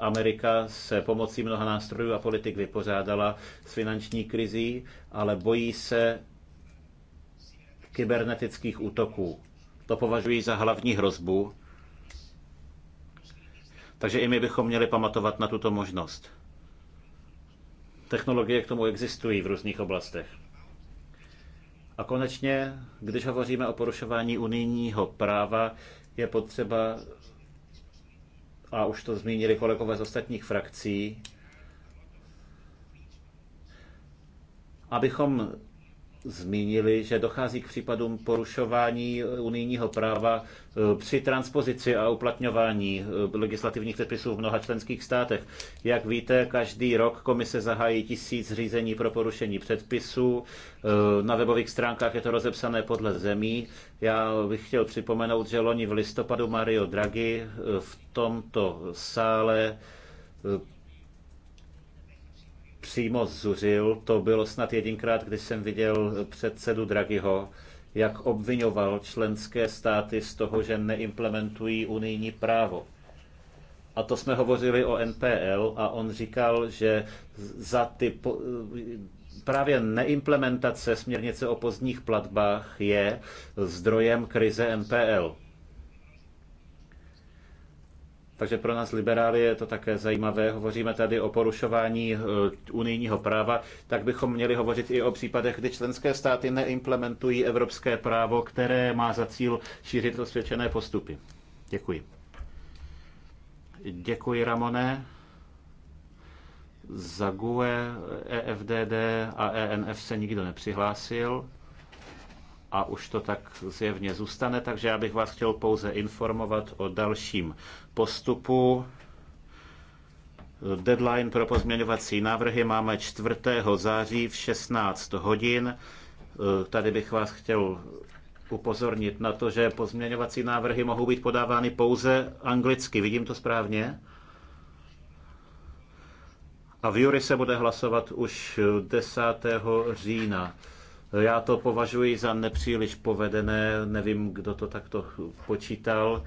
Amerika se pomocí mnoha nástrojů a politik vypořádala s finanční krizí, ale bojí se kybernetických útoků to považují za hlavní hrozbu. Takže i my bychom měli pamatovat na tuto možnost. Technologie k tomu existují v různých oblastech. A konečně, když hovoříme o porušování unijního práva, je potřeba, a už to zmínili kolegové z ostatních frakcí, abychom zmínili, že dochází k případům porušování eh, unijního práva eh, při transpozici a uplatňování eh, legislativních předpisů v mnoha členských státech. Jak víte, každý rok komise zahájí tisíc řízení pro porušení předpisů. Na webových stránkách je to rozepsané podle zemí. Já bych chtěl připomenout, že loni v listopadu Mario Draghi v tomto sále přímo zuřil. To bylo snad jedinkrát, když jsem viděl předsedu Draghiho, jak obvinoval členské státy z toho, že neimplementují unijní právo. A to jsme hovořili o NPL a on říkal, že za ty právě neimplementace směrnice o pozdních platbách je zdrojem krize NPL. Takže pro nás liberály je to také zajímavé. Hovoříme tady o porušování eh, unijního práva, tak bychom měli hovořit i o případech, kdy členské státy neimplementují evropské právo, které má za cíl šířit osvědčené postupy. Děkuji. Děkuji, Ramone. Za GUE, EFDD a ENF se nikdo nepřihlásil a už to tak zjevně zůstane, takže já bych vás chtěl pouze informovat o dalším postupu. Deadline pro pozměňovací návrhy máme 4. září v 16 hodin. Tady bych vás chtěl upozornit na to, že pozměňovací návrhy mohou být podávány pouze anglicky. Vidím to správně? A v Jury se bude hlasovat už 10. října. Já to považuji za nepříliš povedené, nevím, kdo to takto počítal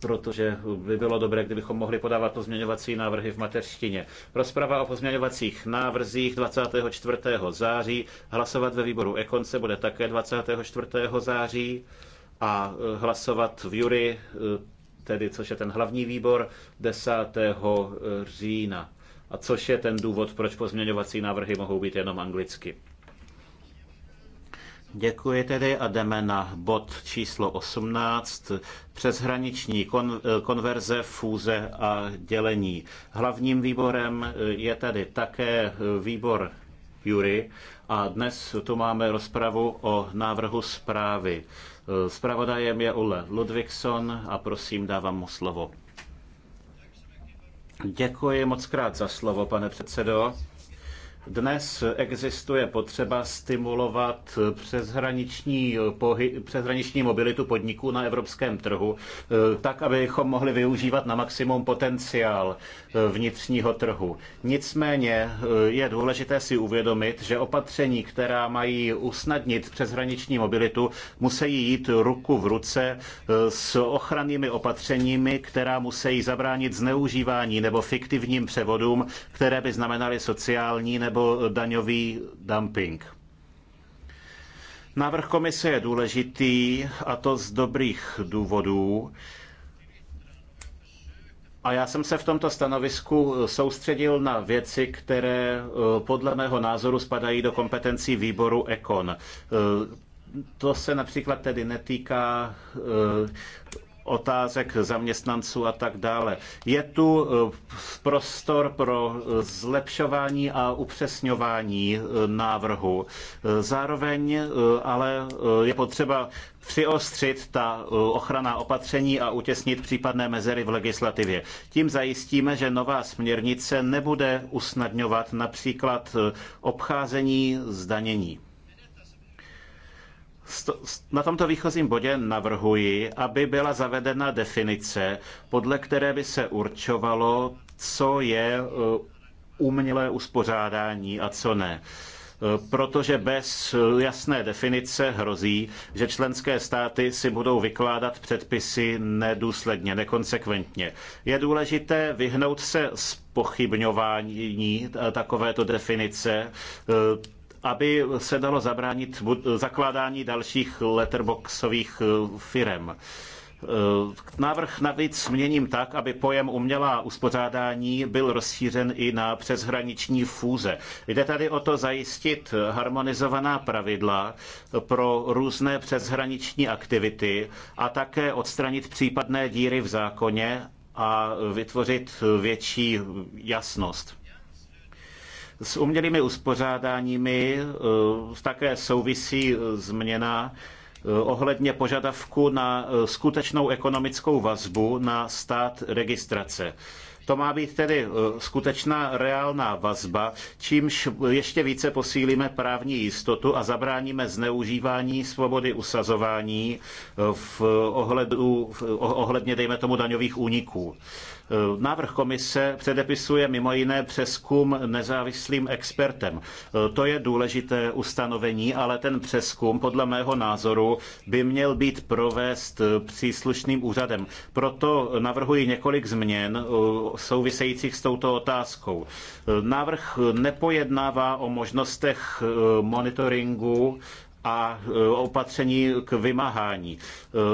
protože by bylo dobré, kdybychom mohli podávat pozměňovací návrhy v mateřštině. Rozprava o pozměňovacích návrzích 24. září, hlasovat ve výboru Ekonce bude také 24. září a hlasovat v jury, tedy což je ten hlavní výbor, 10. října a což je ten důvod, proč pozměňovací návrhy mohou být jenom anglicky. Děkuji tedy a jdeme na bod číslo 18. Přeshraniční kon, konverze, fůze a dělení. Hlavním výborem je tedy také výbor Jury a dnes tu máme rozpravu o návrhu zprávy. Spravodajem je Ule Ludvigson a prosím, dávám mu slovo. Děkuji moc krát za slovo, pane předsedo. Dnes existuje potřeba stimulovat přeshraniční, pohy, přeshraniční mobilitu podniků na evropském trhu, eh, tak, abychom mohli využívat na maximum potenciál eh, vnitřního trhu. Nicméně eh, je důležité si uvědomit, že opatření, která mají usnadnit přeshraniční mobilitu, musí jít ruku v ruce s ochrannými opatřeními, která musí zabránit zneužívání nebo fiktivním převodům, které by znamenaly sociální nebo nebo daňový dumping. Návrh komise je důležitý a to z dobrých důvodů. A já jsem se v tomto stanovisku soustředil na věci, které eh, podle mého názoru spadají do kompetencí výboru ECON. Eh, to se například tedy netýká eh, otázek zaměstnanců a tak dále. Je tu eh, prostor pro zlepšování a upřesňování eh, návrhu. Eh, zároveň ale je potřeba přiostřit ta ochrana opatření a utěsnit případné mezery v legislativě. Tím zajistíme, že nová směrnice nebude usnadňovat například obcházení zdanění na tomto výchozím bodě navrhuji, aby byla zavedena definice, podle které by se určovalo, co je uh, umělé uspořádání a co ne uh, protože bez uh, jasné definice hrozí, že členské státy si budou vykládat předpisy nedůsledně, nekonsekventně. Je důležité vyhnout se z pochybňování takovéto definice, aby se dalo zabránit zakládání dalších letterboxových eh, firem. Eh, návrh navíc měním tak, aby pojem umělá uspořádání byl rozšířen i na přeshraniční fúze. Jde tady o to zajistit harmonizovaná pravidla pro různé přeshraniční aktivity a také odstranit případné díry v zákoně a vytvořit větší jasnost. S umělými uspořádáními eh, také souvisí eh, změna eh, ohledně požadavku na skutečnou ekonomickou vazbu na stát registrace. To má být tedy skutečná reálná vazba, čímž ještě více posílíme právní jistotu a zabráníme zneužívání svobody usazování v ohledu, ohledně, dejme tomu, daňových úniků. Eh, návrh komise předepisuje mimo jiné přeskum nezávislým expertem. Eh, to je důležité ustanovení, ale ten přeskum podle mého názoru by měl být provést eh, příslušným úřadem. Proto navrhuji několik změn souvisejících s touto otázkou. Návrh nepojednává o možnostech monitoringu a opatření k vymáhání.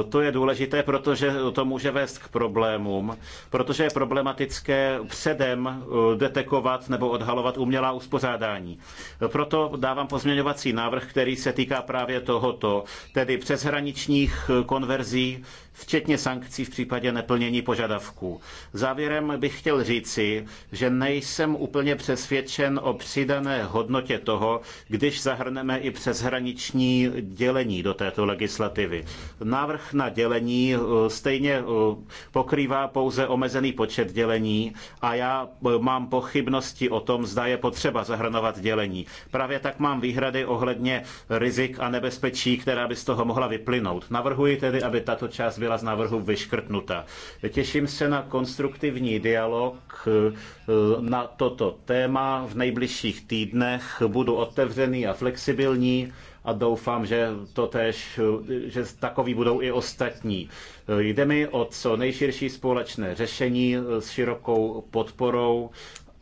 Eh, to je důležité, protože to může vést k problémům, protože je problematické předem eh, detekovat nebo odhalovat umělá uspořádání. Eh, proto dávám pozměňovací návrh, který se týká právě tohoto, tedy přeshraničních konverzí, včetně sankcí v případě neplnění požadavků. Závěrem bych chtěl říci, že nejsem úplně přesvědčen o přidané hodnotě toho, když zahrneme i přeshraniční dělení do této legislativy. Návrh návrh na dělení eh, stejně eh, pokrývá pouze omezený počet dělení a já eh, mám pochybnosti o tom, zda je potřeba zahrnovat dělení. Právě tak mám výhrady ohledně rizik a nebezpečí, která by z toho mohla vyplynout. Navrhuji tedy, aby tato část byla z návrhu vyškrtnuta. Těším se na konstruktivní dialog na toto téma v nejbližších týdnech. Budu otevřený a flexibilní a doufám, že to tež, že takový budou i ostatní. Jde mi o co nejširší společné řešení s širokou podporou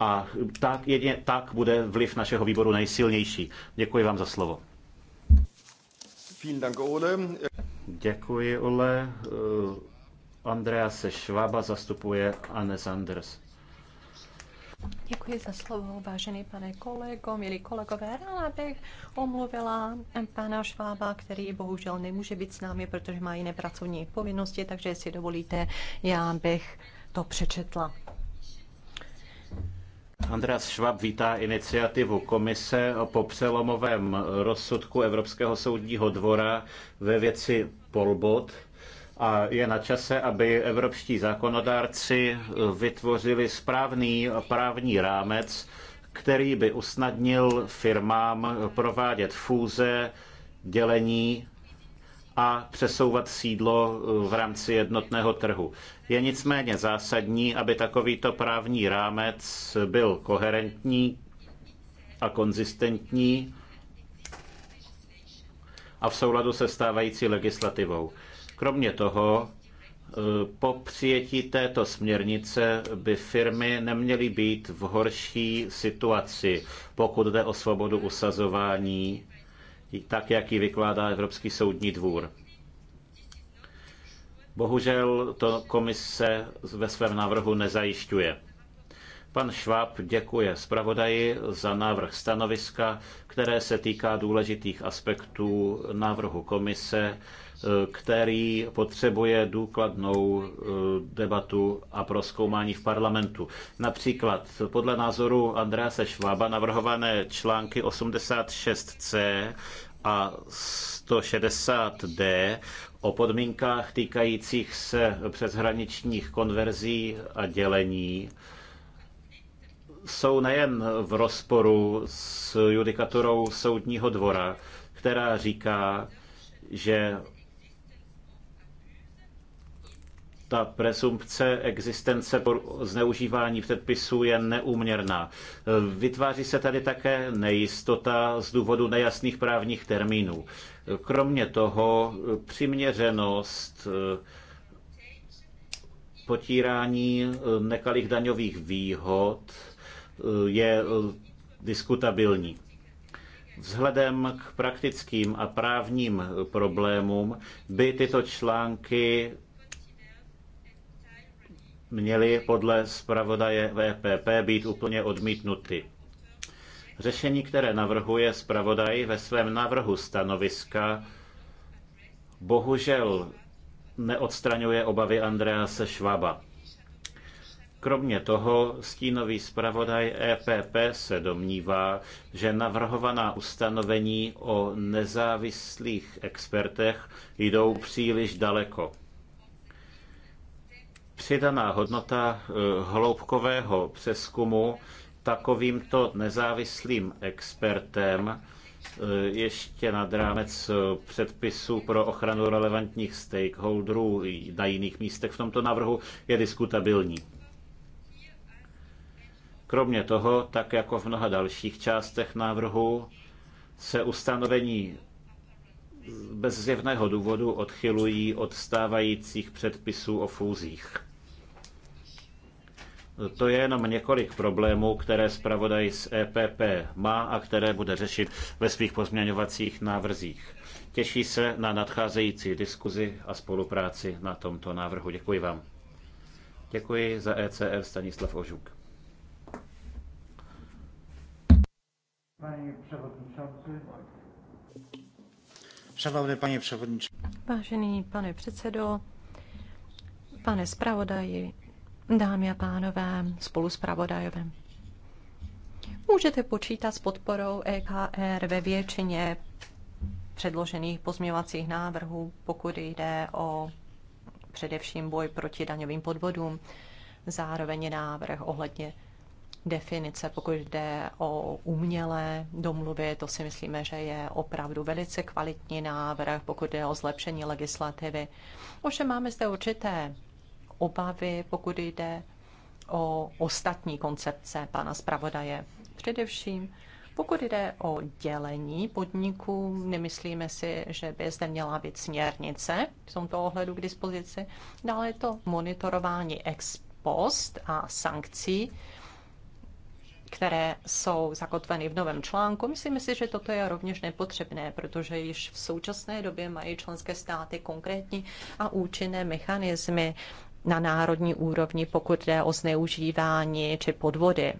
a tak, jedině tak bude vliv našeho výboru nejsilnější. Děkuji vám za slovo. Děkuji, Ole. Andreas Švába zastupuje Anne Sanders. Děkuji za slovo, vážený pane kolego, milí kolegové. Ráda bych omluvila pana Švába, který bohužel nemůže být s námi, protože má jiné pracovní povinnosti, takže jestli dovolíte, já bych to přečetla. Andreas Schwab vítá iniciativu komise po přelomovém rozsudku Evropského soudního dvora ve věci Polbot a je na čase, aby evropští zákonodárci vytvořili správný právní rámec, který by usnadnil firmám provádět fúze, dělení a přesouvat sídlo v rámci jednotného trhu. Je nicméně zásadní, aby takovýto právní rámec byl koherentní a konzistentní a v souladu se stávající legislativou. Kromě toho, eh, po přijetí této směrnice by firmy neměly být v horší situaci, pokud jde o svobodu usazování, tak jak ji vykládá Evropský soudní dvůr. Bohužel to komise ve svém návrhu nezajišťuje. Pan Šváb děkuje zpravodaji za návrh stanoviska, které se týká důležitých aspektů návrhu komise který potřebuje důkladnou eh, debatu a proskoumání v parlamentu. Například podle názoru Andrease Švába navrhované články 86c a 160d o podmínkách týkajících se přeshraničních konverzí a dělení jsou nejen v rozporu s judikaturou soudního dvora, která říká, že ta presumpce existence zneužívání předpisů je neuměrná. Vytváří se tady také nejistota z důvodu nejasných právních termínů. Kromě toho přiměřenost eh, potírání eh, nekalých daňových výhod eh, je diskutabilní. Vzhledem k praktickým a právním problémům by tyto články měly podle zpravodaje VPP být úplně odmítnuty. Řešení, které navrhuje zpravodaj ve svém návrhu stanoviska, bohužel neodstraňuje obavy Andrease Švaba. Kromě toho stínový zpravodaj EPP se domnívá, že navrhovaná ustanovení o nezávislých expertech jdou příliš daleko. Přidaná hodnota eh, hloubkového přeskumu takovýmto nezávislým expertem eh, ještě nad rámec eh, předpisů pro ochranu relevantních stakeholderů na jiných místech v tomto návrhu je diskutabilní. Kromě toho, tak jako v mnoha dalších částech návrhu, se ustanovení bez zjevného důvodu odchylují od stávajících předpisů o fúzích. To je jenom několik problémů, které zpravodaj z EPP má a které bude řešit ve svých pozměňovacích návrzích. Těší se na nadcházející diskuzi a spolupráci na tomto návrhu. Děkuji vám. Děkuji za ECR Stanislav Ožuk. Panie Przewodniczący. Szanowny panie przewodniczący. Vážený pane předsedo, pane zpravodaji, dámy a pánové, spolu zpravodajové. Můžete počítat s podporou EKR ve většině předložených pozměvacích návrhů, pokud jde o především boj proti daňovým podvodům. Zároveň návrh ohledně definice, pokud jde o umělé domluvy, to si myslíme, že je opravdu velice kvalitní návrh, pokud jde o zlepšení legislativy. Ovšem máme zde určité obavy, pokud jde o ostatní koncepce pana zpravodaje. Především pokud jde o dělení podniků, nemyslíme si, že by zde měla být směrnice v tomto ohledu k dispozici. Dále je to monitorování ex post a sankcí které jsou zakotveny v novém článku. Myslím si, že toto je rovněž nepotřebné, protože již v současné době mají členské státy konkrétní a účinné mechanismy na národní úrovni, pokud jde o zneužívání či podvody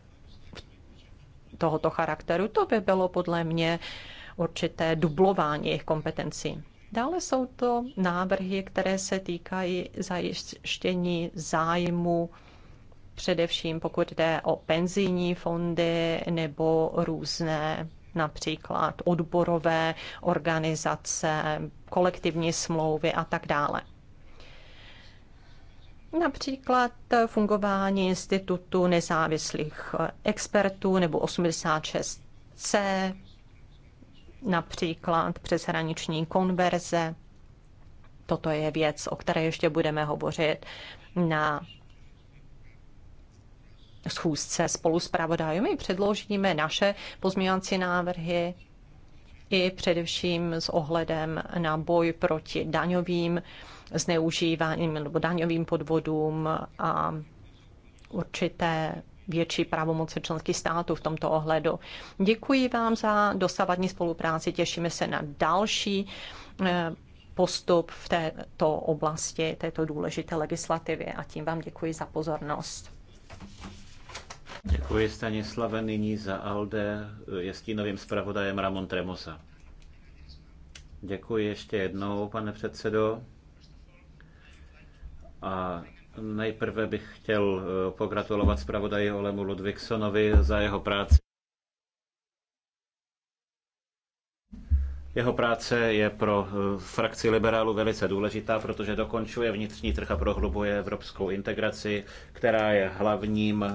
tohoto charakteru. To by bylo podle mě určité dublování jejich kompetencí. Dále jsou to návrhy, které se týkají zajištění zájmu především pokud jde o penzijní fondy nebo různé například odborové organizace, kolektivní smlouvy a tak dále. Například fungování institutu nezávislých expertů nebo 86C, například přeshraniční konverze. Toto je věc, o které ještě budeme hovořit na schůzce spolu s pravodajmi předložíme naše pozměňovací návrhy i především s ohledem na boj proti daňovým zneužíváním nebo daňovým podvodům a určité větší pravomoci členských států v tomto ohledu. Děkuji vám za dosavadní spolupráci, těšíme se na další eh, postup v této oblasti, této důležité legislativě a tím vám děkuji za pozornost. Děkuji Stanislave nyní za Alde, je stínovým zpravodajem Ramon Tremosa. Děkuji ještě jednou, pane předsedo. A nejprve bych chtěl eh, pogratulovat zpravodaji Olemu Ludvíksonovi za jeho práci. Jeho práce je pro eh, frakci liberálů velice důležitá, protože dokončuje vnitřní trh a prohlubuje evropskou integraci, která je hlavním eh,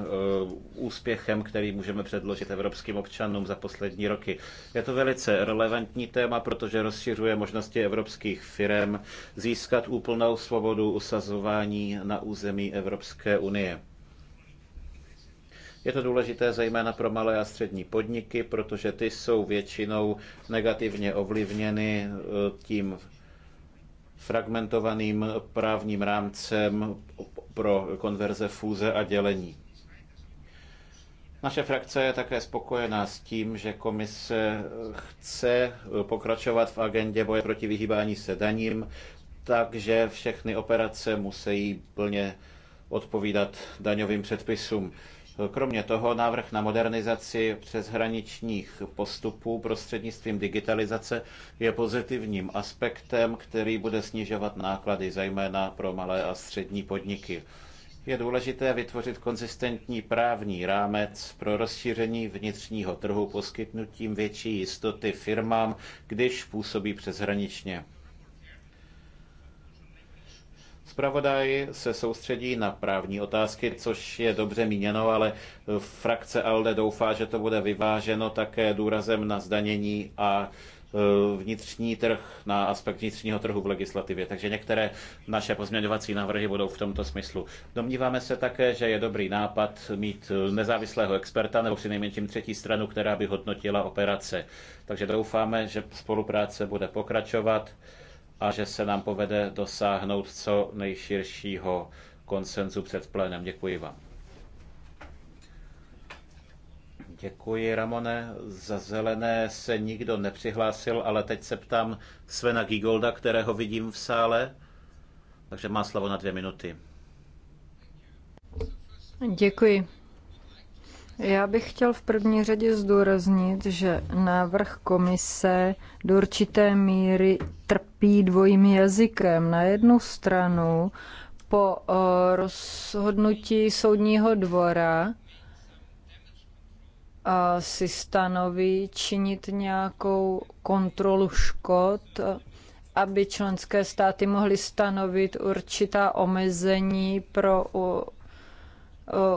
úspěchem, který můžeme předložit evropským občanům za poslední roky. Je to velice relevantní téma, protože rozšiřuje možnosti evropských firm získat úplnou svobodu usazování na území Evropské unie. Je to důležité zejména pro malé a střední podniky, protože ty jsou většinou negativně ovlivněny eh, tím fragmentovaným právním rámcem pro konverze fúze a dělení. Naše frakce je také spokojená s tím, že komise chce pokračovat v agendě boje proti vyhýbání se daním, takže všechny operace musí plně odpovídat daňovým předpisům. Kromě toho návrh na modernizaci přeshraničních postupů prostřednictvím digitalizace je pozitivním aspektem, který bude snižovat náklady, zejména pro malé a střední podniky. Je důležité vytvořit konzistentní právní rámec pro rozšíření vnitřního trhu poskytnutím větší jistoty firmám, když působí přeshraničně zpravodaj se soustředí na právní otázky, což je dobře míněno, ale frakce ALDE doufá, že to bude vyváženo také důrazem na zdanění a e, vnitřní trh, na aspekt vnitřního trhu v legislativě. Takže některé naše pozměňovací návrhy budou v tomto smyslu. Domníváme se také, že je dobrý nápad mít nezávislého experta nebo přinejmenším třetí stranu, která by hodnotila operace. Takže doufáme, že spolupráce bude pokračovat a že se nám povede dosáhnout co nejširšího konsenzu před plénem. Děkuji vám. Děkuji, Ramone. Za zelené se nikdo nepřihlásil, ale teď se ptám Svena Gigolda, kterého vidím v sále. Takže má slovo na dvě minuty. Děkuji. Já bych chtěl v první řadě zdůraznit, že návrh komise do určité míry trpí dvojím jazykem. Na jednu stranu po eh, rozhodnutí soudního dvora eh, si stanoví činit nějakou kontrolu škod, aby členské státy mohly stanovit určitá omezení pro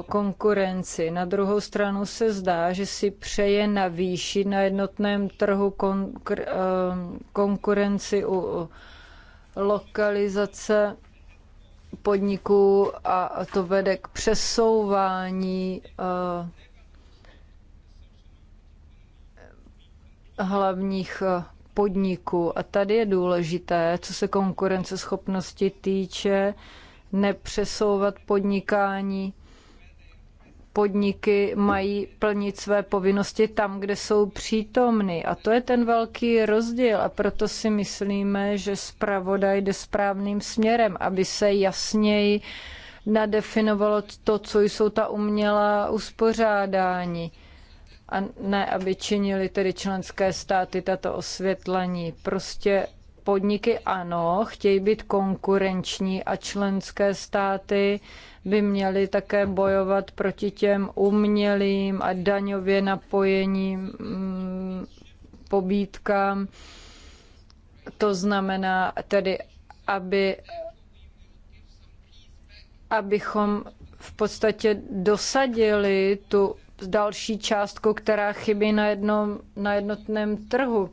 konkurenci. Na druhou stranu se zdá, že si přeje navýšit na jednotném trhu konkur, eh, konkurenci u lokalizace podniků a to vede k přesouvání eh, hlavních eh, podniků. A tady je důležité, co se konkurenceschopnosti týče, nepřesouvat podnikání podniky mají plnit své povinnosti tam, kde jsou přítomny. A to je ten velký rozdíl a proto si myslíme, že zpravodaj jde správným směrem, aby se jasněji nadefinovalo to, co jsou ta umělá uspořádání a ne, aby činili tedy členské státy tato osvětlení. Prostě podniky ano, chtějí být konkurenční a členské státy by měly také bojovat proti těm umělým a daňově napojením mm, pobítkám. To znamená tedy, aby, abychom v podstatě dosadili tu další částku, která chybí na, jednom, na jednotném trhu.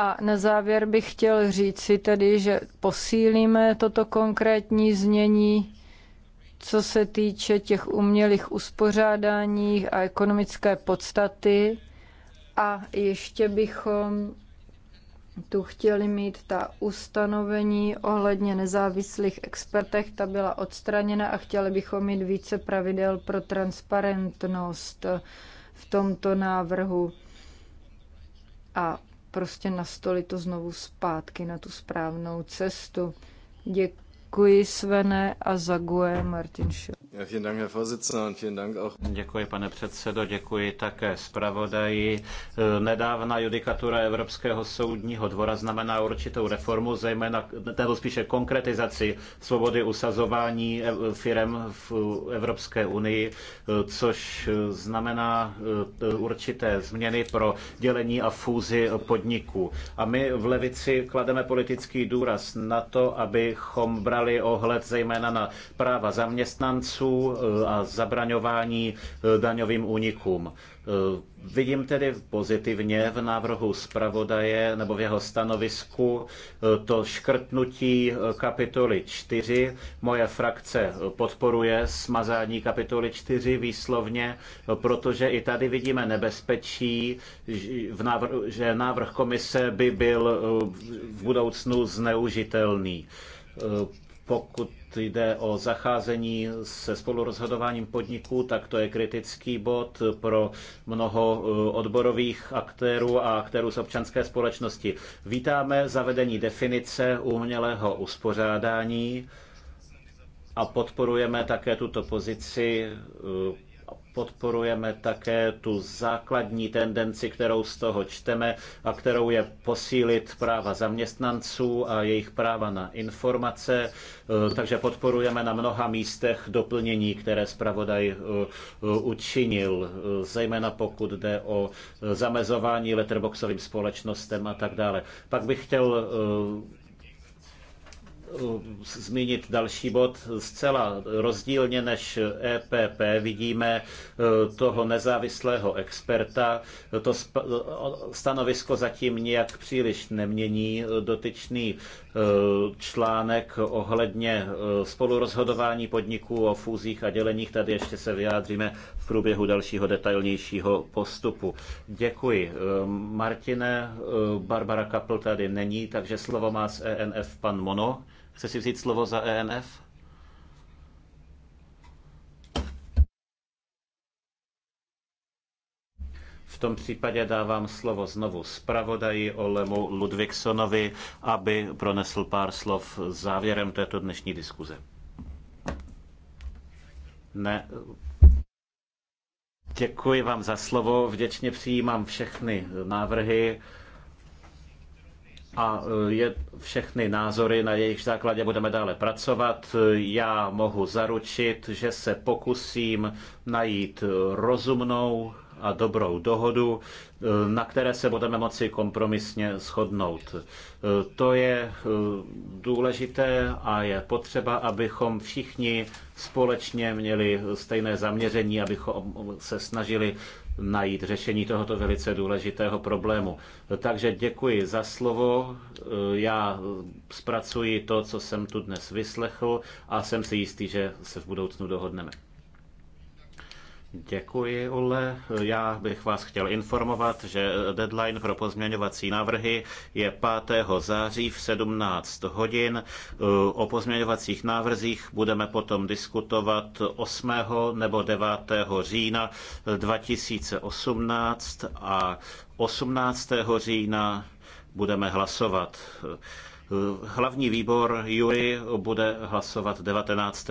A na závěr bych chtěl říci tedy, že posílíme toto konkrétní znění, co se týče těch umělých uspořádání a ekonomické podstaty. A ještě bychom tu chtěli mít ta ustanovení ohledně nezávislých expertech, ta byla odstraněna a chtěli bychom mít více pravidel pro transparentnost v tomto návrhu. A prostě nastolit to znovu zpátky na tu správnou cestu. Děkuji Děkuji Svene a Zague Martin Děkuji, pane předsedo, děkuji také zpravodaji. Nedávna judikatura Evropského soudního dvora znamená určitou reformu, zejména nebo spíše konkretizaci svobody usazování firem v Evropské unii, což znamená e, určité změny pro dělení a fúzi podniků. A my v levici klademe politický důraz na to, abychom brali jednali ohled zejména na práva zaměstnanců eh, a zabraňování eh, daňovým únikům. Eh, vidím tedy pozitivně v návrhu zpravodaje nebo v jeho stanovisku to škrtnutí kapitoly 4. Moje frakce podporuje smazání kapitoly 4 výslovně, protože i tady vidíme nebezpečí, že návrh komise by byl v budoucnu zneužitelný pokud jde o zacházení se spolurozhodováním podniků, tak to je kritický bod pro mnoho eh, odborových aktérů a aktérů z občanské společnosti. Vítáme zavedení definice umělého uspořádání a podporujeme také tuto pozici eh, podporujeme také tu základní tendenci, kterou z toho čteme a kterou je posílit práva zaměstnanců a jejich práva na informace. Eh, takže podporujeme na mnoha místech doplnění, které zpravodaj eh, eh, učinil, zejména pokud jde o zamezování letterboxovým společnostem a tak dále. Pak bych chtěl Eh, zmínit další bod. Zcela rozdílně než EPP vidíme eh, toho nezávislého experta. To stanovisko zatím nijak příliš nemění. Dotyčný eh, článek ohledně spolurozhodování podniků o fúzích a děleních. Tady ještě se vyjádříme v průběhu dalšího detailnějšího postupu. Děkuji. Martine, Barbara Kapl tady není, takže slovo má z ENF pan Mono. Chce si vzít slovo za ENF? V tom případě dávám slovo znovu zpravodaji Olemu Ludvigsonovi, aby pronesl pár slov závěrem této dnešní diskuze. Ne. Děkuji vám za slovo, vděčně přijímám všechny návrhy a e, je všechny názory, na jejich základě budeme dále pracovat. Já mohu zaručit, že se pokusím najít rozumnou a dobrou dohodu, e, na které se budeme moci kompromisně shodnout. E, to je důležité a je potřeba, abychom všichni společně měli stejné zaměření, abychom se snažili najít řešení tohoto velice důležitého problému. Takže děkuji za slovo. Já zpracuji to, co jsem tu dnes vyslechl a jsem si jistý, že se v budoucnu dohodneme. Děkuji, Ole. Já bych vás chtěl informovat, že deadline pro pozměňovací návrhy je 5. září v 17 hodin. O pozměňovacích návrzích budeme potom diskutovat 8. nebo 9. října 2018 a 18. října budeme hlasovat. Hlavní výbor Jury bude hlasovat 19.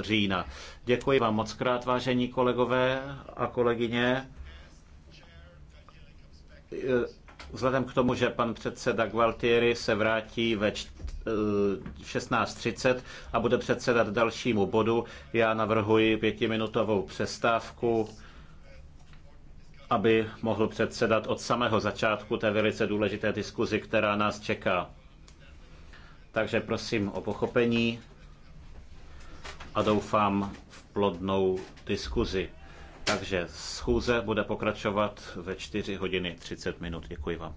října. Děkuji vám moc krát, vážení kolegové a kolegyně. Vzhledem k tomu, že pan předseda Gualtieri se vrátí ve 16.30 eh, a bude předsedat dalšímu bodu, já navrhuji pětiminutovou přestávku aby mohl předsedat od samého začátku té velice důležité diskuzi, která nás čeká. Takže prosím o pochopení a doufám v plodnou diskuzi. Takže schůze bude pokračovat ve 4 hodiny 30 minut. Děkuji vám.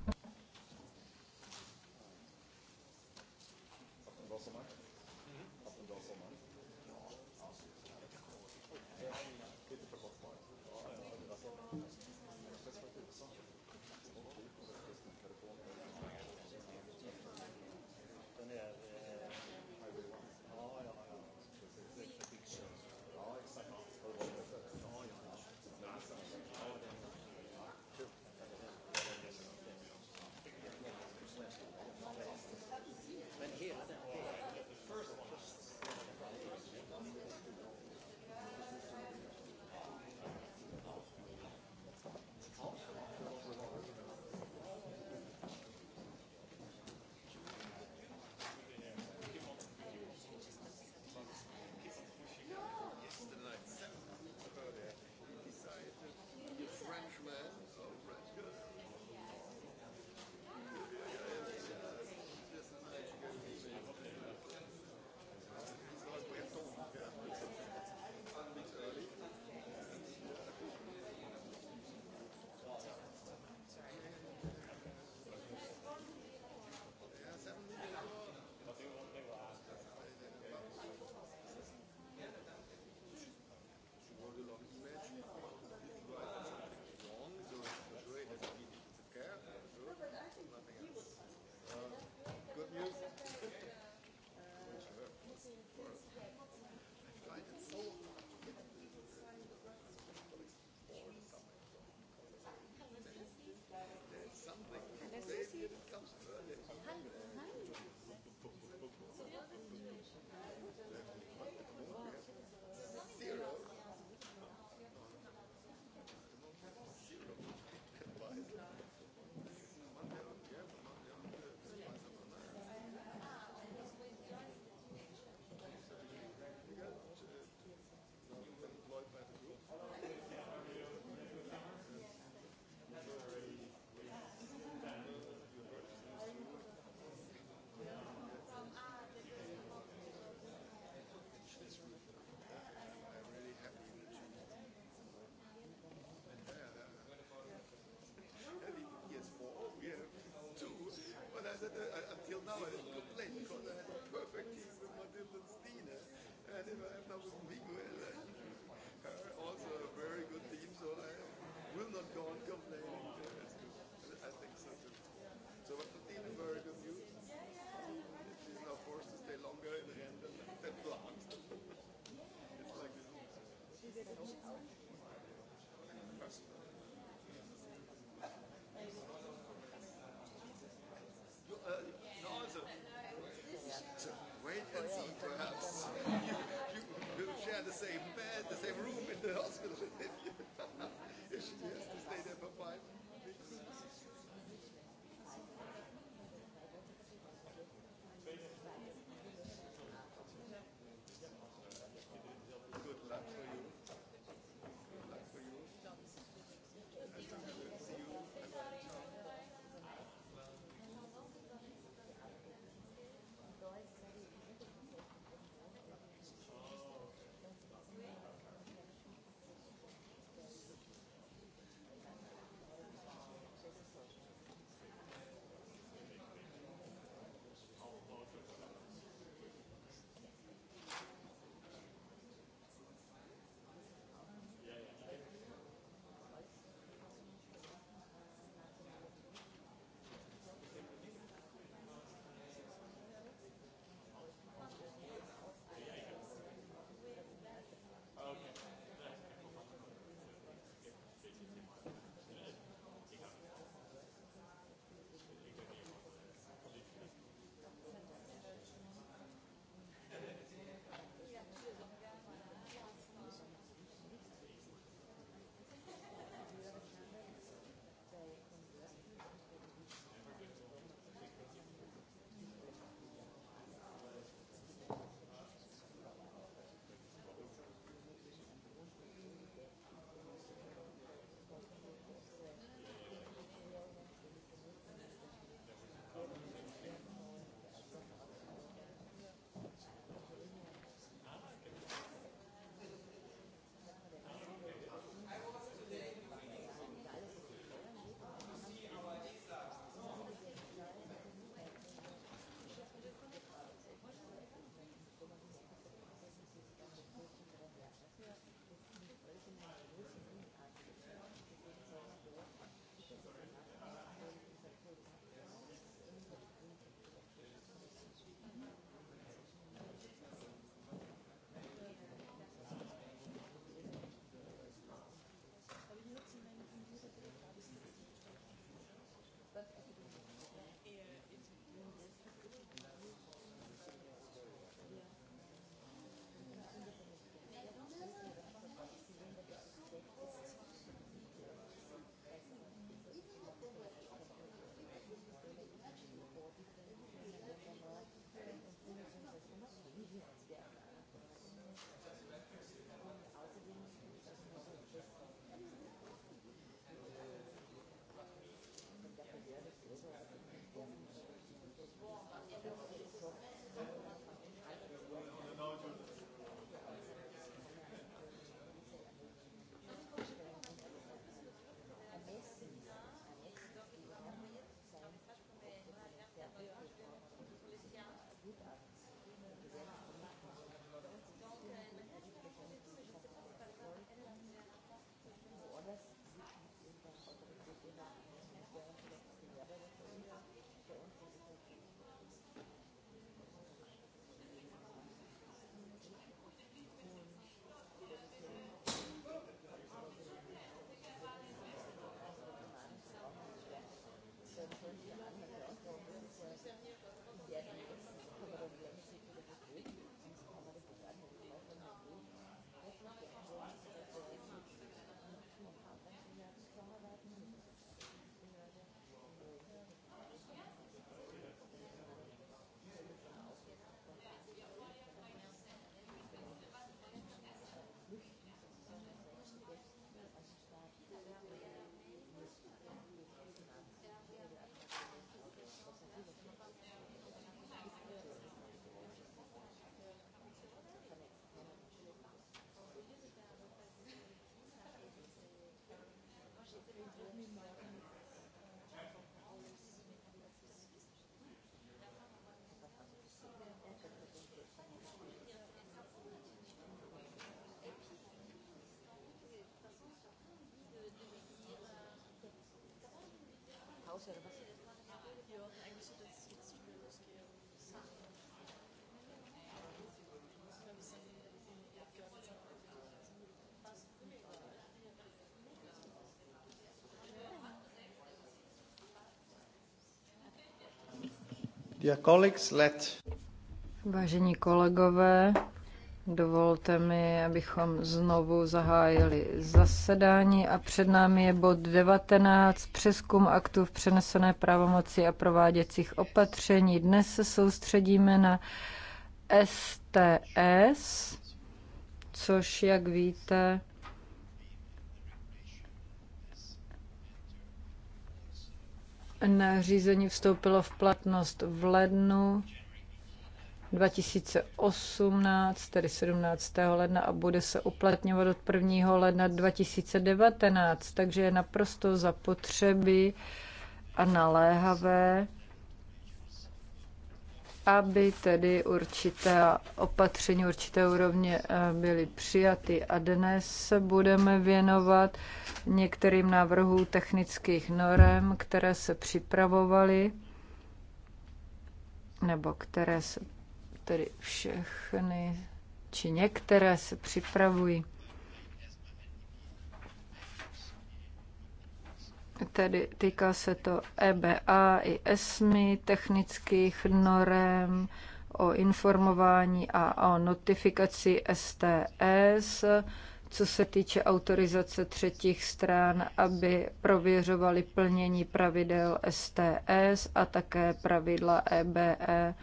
right now with Miguel. And uh, also eh? a very good team, so I will not go on complaining. Uh, it's good. I think so too. So, but the team is very good news. She's now forced to stay longer in Rennes than planned. it's like this. země Gracias. Vážení kolegové, dovolte mi, abychom znovu zahájili zasedání a před námi je bod 19, přeskum aktů v přenesené pravomoci a prováděcích opatření. Dnes se soustředíme na STS, což, jak víte, Nařízení vstoupilo v platnost v lednu 2018, tedy 17. ledna, a bude se uplatňovat od 1. ledna 2019, takže je naprosto zapotřebí a naléhavé aby tedy určité opatření, určité úrovně eh, byly přijaty. A dnes se budeme věnovat některým návrhům technických norem, které se připravovaly, nebo které se tedy všechny, či některé se připravují. Tedy týká se to EBA i ESMI, technických norem, o informování a o notifikaci STS, co se týče autorizace třetích stran, aby prověřovali plnění pravidel STS a také pravidla EBE e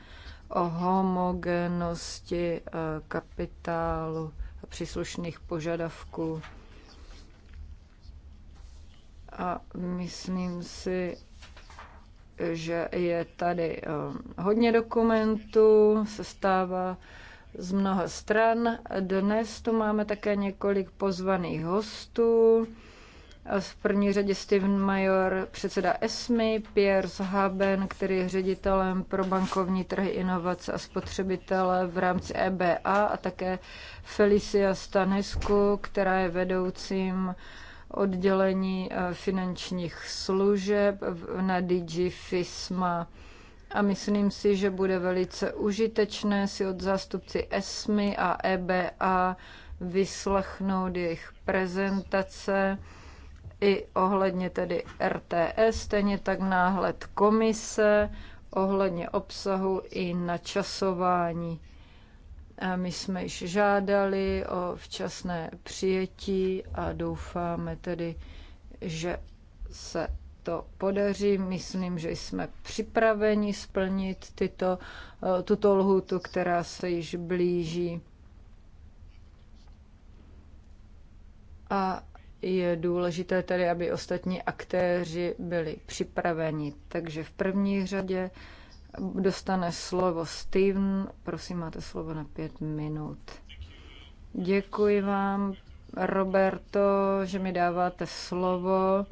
o homogenosti eh, kapitálu a příslušných požadavků a myslím si, že je tady um, hodně dokumentů, se stává z mnoha stran. Dnes tu máme také několik pozvaných hostů. V první řadě Steven Major, předseda ESMI, Pierre Haben, který je ředitelem pro bankovní trhy, inovace a spotřebitele v rámci EBA a také Felicia Stanescu, která je vedoucím oddělení eh, finančních služeb na DG FISMA. A myslím si, že bude velice užitečné si od zástupci ESMI a EBA vyslechnout jejich prezentace i ohledně tedy RTS, stejně tak náhled komise, ohledně obsahu i načasování. My jsme již žádali o včasné přijetí a doufáme tedy, že se to podaří. Myslím, že jsme připraveni splnit tyto, eh, tuto lhutu, která se již blíží. A je důležité tedy, aby ostatní aktéři byli připraveni. Takže v první řadě dostane slovo Steven. Prosím, máte slovo na pět minut. Děkuji vám, Roberto, že mi dáváte slovo.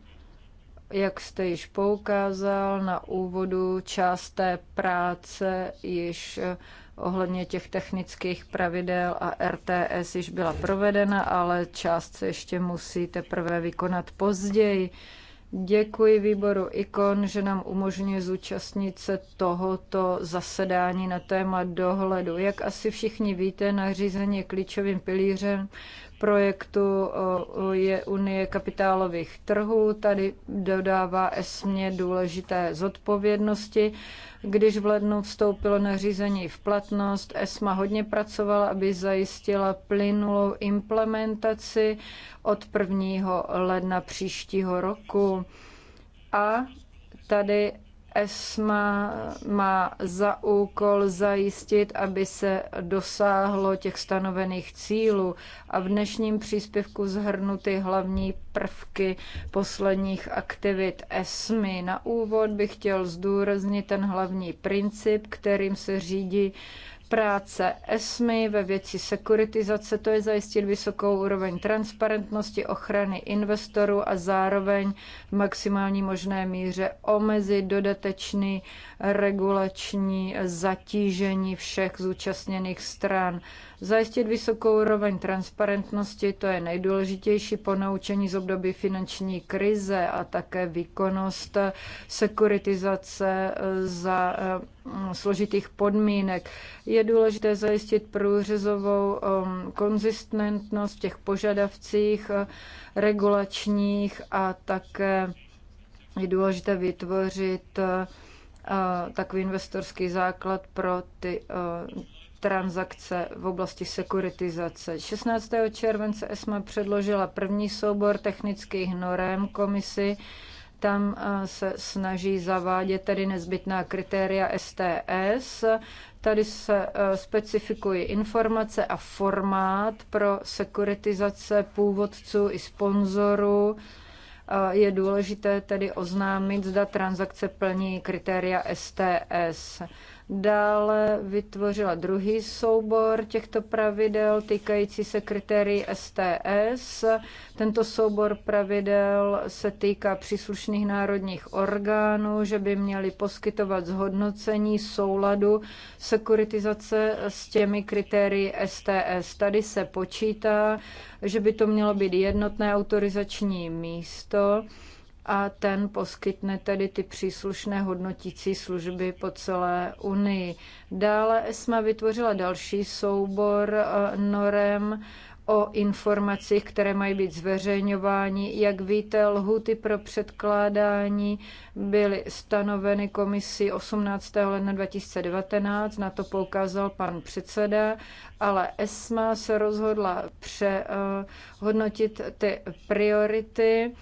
Jak jste již poukázal na úvodu, část té práce již eh, ohledně těch technických pravidel a RTS již byla provedena, ale část se ještě musí teprve vykonat později. Děkuji výboru IKON, že nám umožňuje zúčastnit se tohoto zasedání na téma dohledu. Jak asi všichni víte, nařízení je klíčovým pilířem projektu je Unie kapitálových trhů. Tady dodává esmě důležité zodpovědnosti. Když v lednu vstoupilo nařízení v platnost, ESMA hodně pracovala, aby zajistila plynulou implementaci od 1. ledna příštího roku. A tady ESMA má za úkol zajistit, aby se dosáhlo těch stanovených cílů a v dnešním příspěvku zhrnuty hlavní prvky posledních aktivit ESMY. Na úvod bych chtěl zdůraznit ten hlavní princip, kterým se řídí práce ESMI ve věci sekuritizace, to je zajistit vysokou úroveň transparentnosti, ochrany investorů a zároveň v maximální možné míře omezit dodatečný regulační zatížení všech zúčastněných stran. Zajistit vysokou úroveň transparentnosti, to je nejdůležitější ponaučení z období finanční krize a také výkonnost sekuritizace eh, za eh, složitých podmínek. Je důležité zajistit průřezovou eh, konzistentnost v těch požadavcích regulačních a také je důležité vytvořit takový investorský základ pro ty transakce v oblasti sekuritizace. 16. července ESMA předložila první soubor technických norem komisi. Tam eh, se snaží zavádět tedy nezbytná kritéria STS. Tady se eh, specifikují informace a formát pro sekuritizace původců i sponzorů eh, je důležité tedy oznámit, zda transakce plní kritéria STS. Dále vytvořila druhý soubor těchto pravidel týkající se kritérií STS. Tento soubor pravidel se týká příslušných národních orgánů, že by měli poskytovat zhodnocení souladu sekuritizace s těmi kritérii STS. Tady se počítá, že by to mělo být jednotné autorizační místo a ten poskytne tedy ty příslušné hodnotící služby po celé Unii. Dále ESMA vytvořila další soubor eh, norem o informacích, které mají být zveřejňovány. Jak víte, lhuty pro předkládání byly stanoveny komisí 18. ledna 2019, na to poukázal pan předseda, ale ESMA se rozhodla přehodnotit ty priority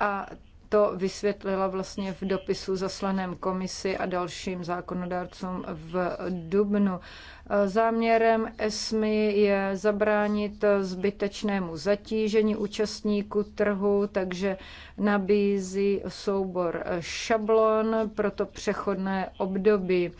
a to vysvětlila vlastně v dopisu zaslaném komisi a dalším zákonodárcům v Dubnu. Záměrem ESMI je zabránit zbytečnému zatížení účastníků trhu, takže nabízí soubor šablon pro to přechodné období.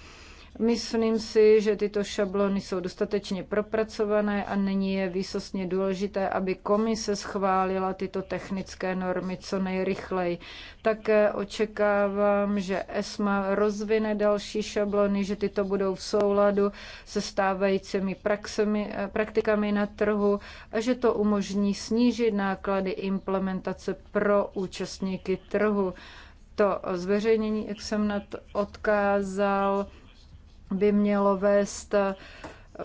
Myslím si, že tyto šablony jsou dostatečně propracované a není je výsostně důležité, aby komise schválila tyto technické normy co nejrychleji. Také očekávám, že ESMA rozvine další šablony, že tyto budou v souladu se stávajícími praxemi, eh, praktikami na trhu a že to umožní snížit náklady implementace pro účastníky trhu. To zveřejnění, jak jsem na to odkázal, by mělo vést eh,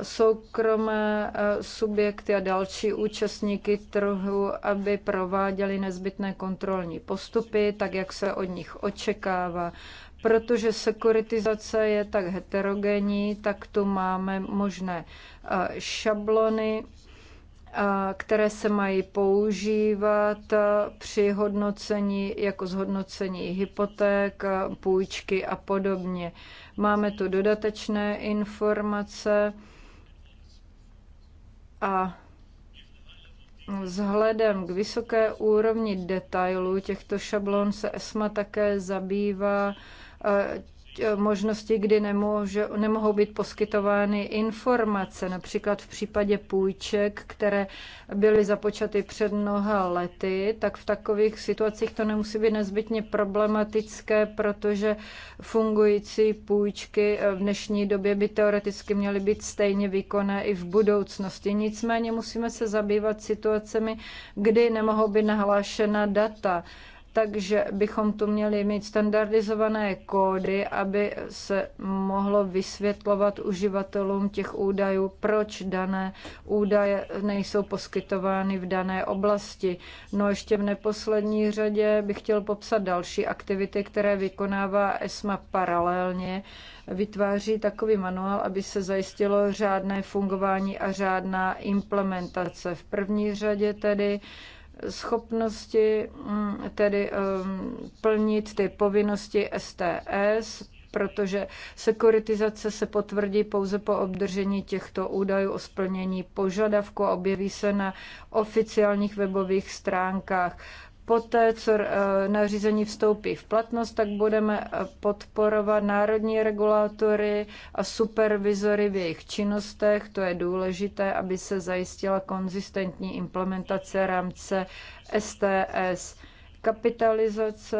soukromé eh, subjekty a další účastníky trhu, aby prováděli nezbytné kontrolní postupy, tak jak se od nich očekává. Protože sekuritizace je tak heterogenní, tak tu máme možné eh, šablony které se mají používat při hodnocení, jako zhodnocení hypoték, půjčky a podobně. Máme tu dodatečné informace a Vzhledem k vysoké úrovni detailů těchto šablon se ESMA také zabývá možnosti, kdy nemůže, nemohou být poskytovány informace, například v případě půjček, které byly započaty před mnoha lety, tak v takových situacích to nemusí být nezbytně problematické, protože fungující půjčky v dnešní době by teoreticky měly být stejně výkonné i v budoucnosti. Nicméně musíme se zabývat situacemi, kdy nemohou být nahlášena data takže bychom tu měli mít standardizované kódy, aby se mohlo vysvětlovat uživatelům těch údajů, proč dané údaje nejsou poskytovány v dané oblasti. No ještě v neposlední řadě bych chtěl popsat další aktivity, které vykonává ESMA paralelně. Vytváří takový manuál, aby se zajistilo řádné fungování a řádná implementace. V první řadě tedy schopnosti mm, tedy plnit ty povinnosti STS, protože sekuritizace se potvrdí pouze po obdržení těchto údajů o splnění požadavku a objeví se na oficiálních webových stránkách. Poté, co eh, nařízení vstoupí v platnost, tak budeme eh, podporovat národní regulátory a supervizory v jejich činnostech. To je důležité, aby se zajistila konzistentní implementace rámce STS. Kapitalizace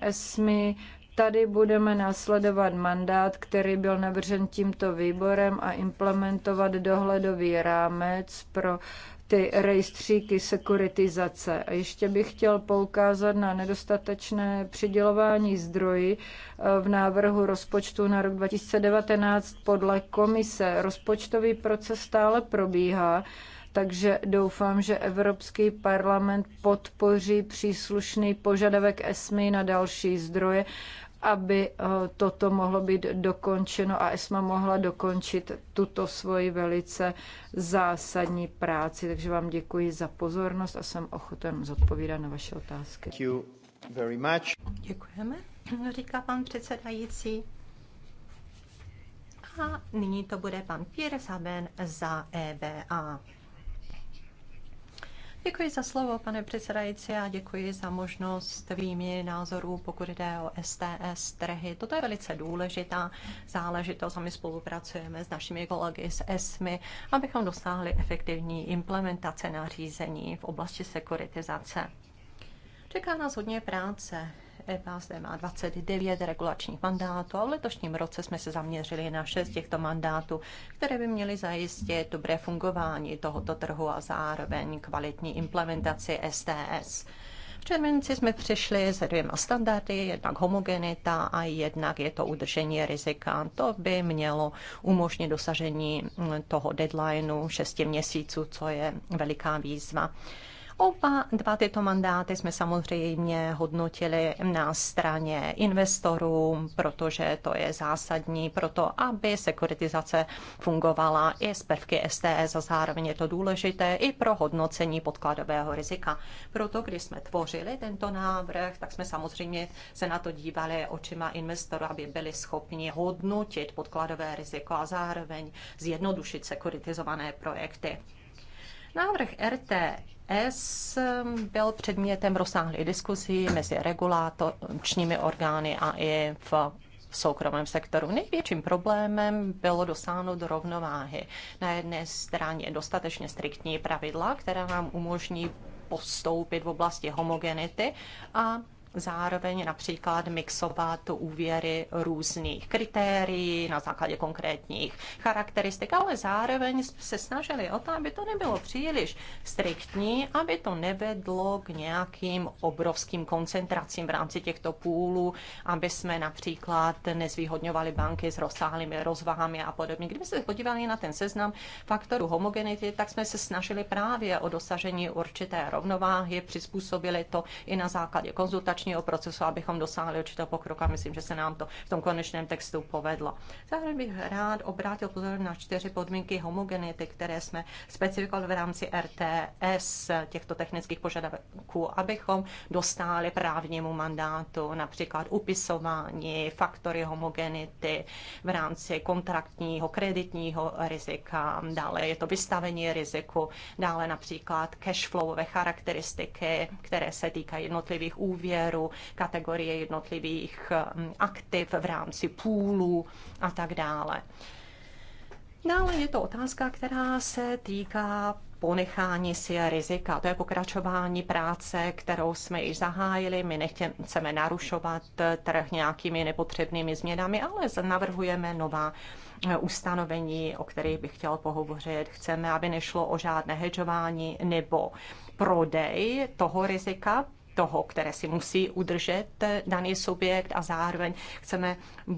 ESMI, eh, tady budeme následovat mandát, který byl navržen tímto výborem a implementovat dohledový rámec pro ty rejstříky sekuritizace. A ještě bych chtěl poukázat na nedostatečné přidělování zdroji eh, v návrhu rozpočtu na rok 2019 podle komise. Rozpočtový proces stále probíhá, takže doufám, že Evropský parlament podpoří příslušný požadavek ESMI na další zdroje aby eh, toto mohlo být dokončeno a ESMA mohla dokončit tuto svoji velice zásadní práci. Takže vám děkuji za pozornost a jsem ochoten zodpovídat na vaše otázky. Děkujeme, říká pan předsedající. A nyní to bude pan Pierre Saben za EBA. Děkuji za slovo, pane předsedající, a děkuji za možnost výměny názorů, pokud jde o STS trhy. Toto je velice důležitá záležitost a my spolupracujeme s našimi kolegy z ESMI, abychom dosáhli efektivní implementace nařízení v oblasti sekuritizace. Čeká nás hodně práce. EBA má 29 regulačních mandátů a v letošním roce jsme se zaměřili na 6 těchto mandátů, které by měly zajistit dobré fungování tohoto trhu a zároveň kvalitní implementaci STS. V červenci jsme přišli se dvěma standardy, jednak homogenita a jednak je to udržení rizika. To by mělo umožnit dosažení toho deadlineu 6 měsíců, co je veliká výzva. Oba dva tyto mandáty jsme samozřejmě hodnotili na straně investorů, protože to je zásadní pro to, aby sekuritizace fungovala i z prvky STS a zároveň je to důležité i pro hodnocení podkladového rizika. Proto, když jsme tvořili tento návrh, tak jsme samozřejmě se na to dívali očima investorů, aby byli schopni hodnotit podkladové riziko a zároveň zjednodušit sekuritizované projekty. Návrh RT ETS um, byl předmětem rozsáhlé diskusí mezi regulátorními orgány a i v v soukromém sektoru. Největším problémem bylo dosáhnout rovnováhy. Na jedné straně dostatečně striktní pravidla, která nám umožní postoupit v oblasti homogenity a zároveň například mixovat úvěry různých kritérií na základě konkrétních charakteristik, ale zároveň se snažili o to, aby to nebylo příliš striktní, aby to nevedlo k nějakým obrovským koncentracím v rámci těchto půlů, aby jsme například nezvýhodňovali banky s rozsáhlými rozvahami a podobně. Kdyby se podívali na ten seznam faktorů homogenity, tak jsme se snažili právě o dosažení určité rovnováhy, přizpůsobili to i na základě konzultační legislačního procesu, abychom dosáhli určitého pokroku a myslím, že se nám to v tom konečném textu povedlo. Zároveň bych rád obrátil pozornost na čtyři podmínky homogenity, které jsme specifikovali v rámci RTS těchto technických požadavků, abychom dostáli právnímu mandátu, například upisování, faktory homogenity v rámci kontraktního, kreditního rizika, dále je to vystavení riziku, dále například cashflowové charakteristiky, které se týkají jednotlivých úvěrů, výběru kategorie jednotlivých hm, aktiv v rámci půlů a tak dále. Dále no, je to otázka, která se týká ponechání si rizika. To je pokračování práce, kterou jsme již zahájili. My nechceme narušovat trh nějakými nepotřebnými změnami, ale navrhujeme nová hm, ustanovení, o kterých bych chtěl pohovořit. Chceme, aby nešlo o žádné hedžování nebo prodej toho rizika, toho, které si musí udržet daný subjekt a zároveň chceme eh,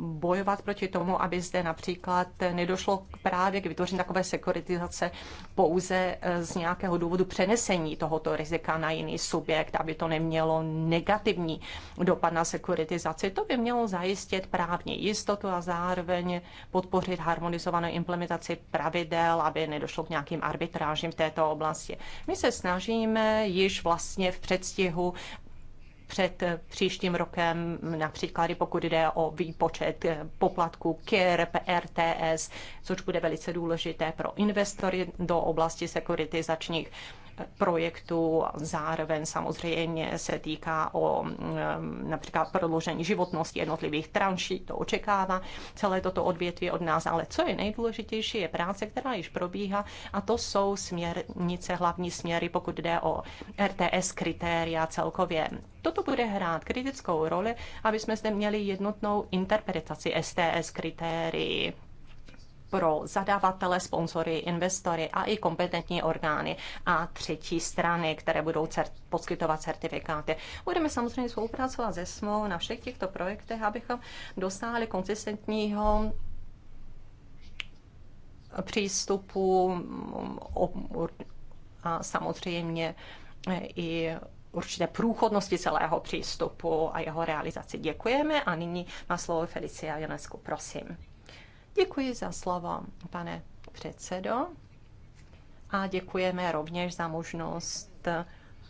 bojovat proti tomu, aby zde například nedošlo právě k vytvoření takové sekuritizace pouze eh, z nějakého důvodu přenesení tohoto rizika na jiný subjekt, aby to nemělo negativní dopad na sekuritizaci. To by mělo zajistit právní jistotu a zároveň podpořit harmonizovanou implementaci pravidel, aby nedošlo k nějakým arbitrážím v této oblasti. My se snažíme již vlastně v před předstihu před příštím rokem, například pokud jde o výpočet poplatku KIRP, RTS, což bude velice důležité pro investory do oblasti sekuritizačních projektů, zároveň samozřejmě se týká o mm, například prodloužení životnosti jednotlivých tranší, to očekává celé toto odvětví od nás, ale co je nejdůležitější, je práce, která již probíhá a to jsou směrnice, hlavní směry, pokud jde o RTS kritéria celkově. Toto bude hrát kritickou roli, aby jsme zde měli jednotnou interpretaci STS kritérií pro zadavatele, sponzory, investory a i kompetentní orgány a třetí strany, které budou cert- poskytovat certifikáty. Budeme samozřejmě spolupracovat se SMO na všech těchto projektech, abychom dosáhli konzistentního přístupu a samozřejmě i určité průchodnosti celého přístupu a jeho realizaci. Děkujeme a nyní má slovo Felicia Jonesku, prosím. Děkuji za slovo, pane předsedo. A děkujeme rovněž za možnost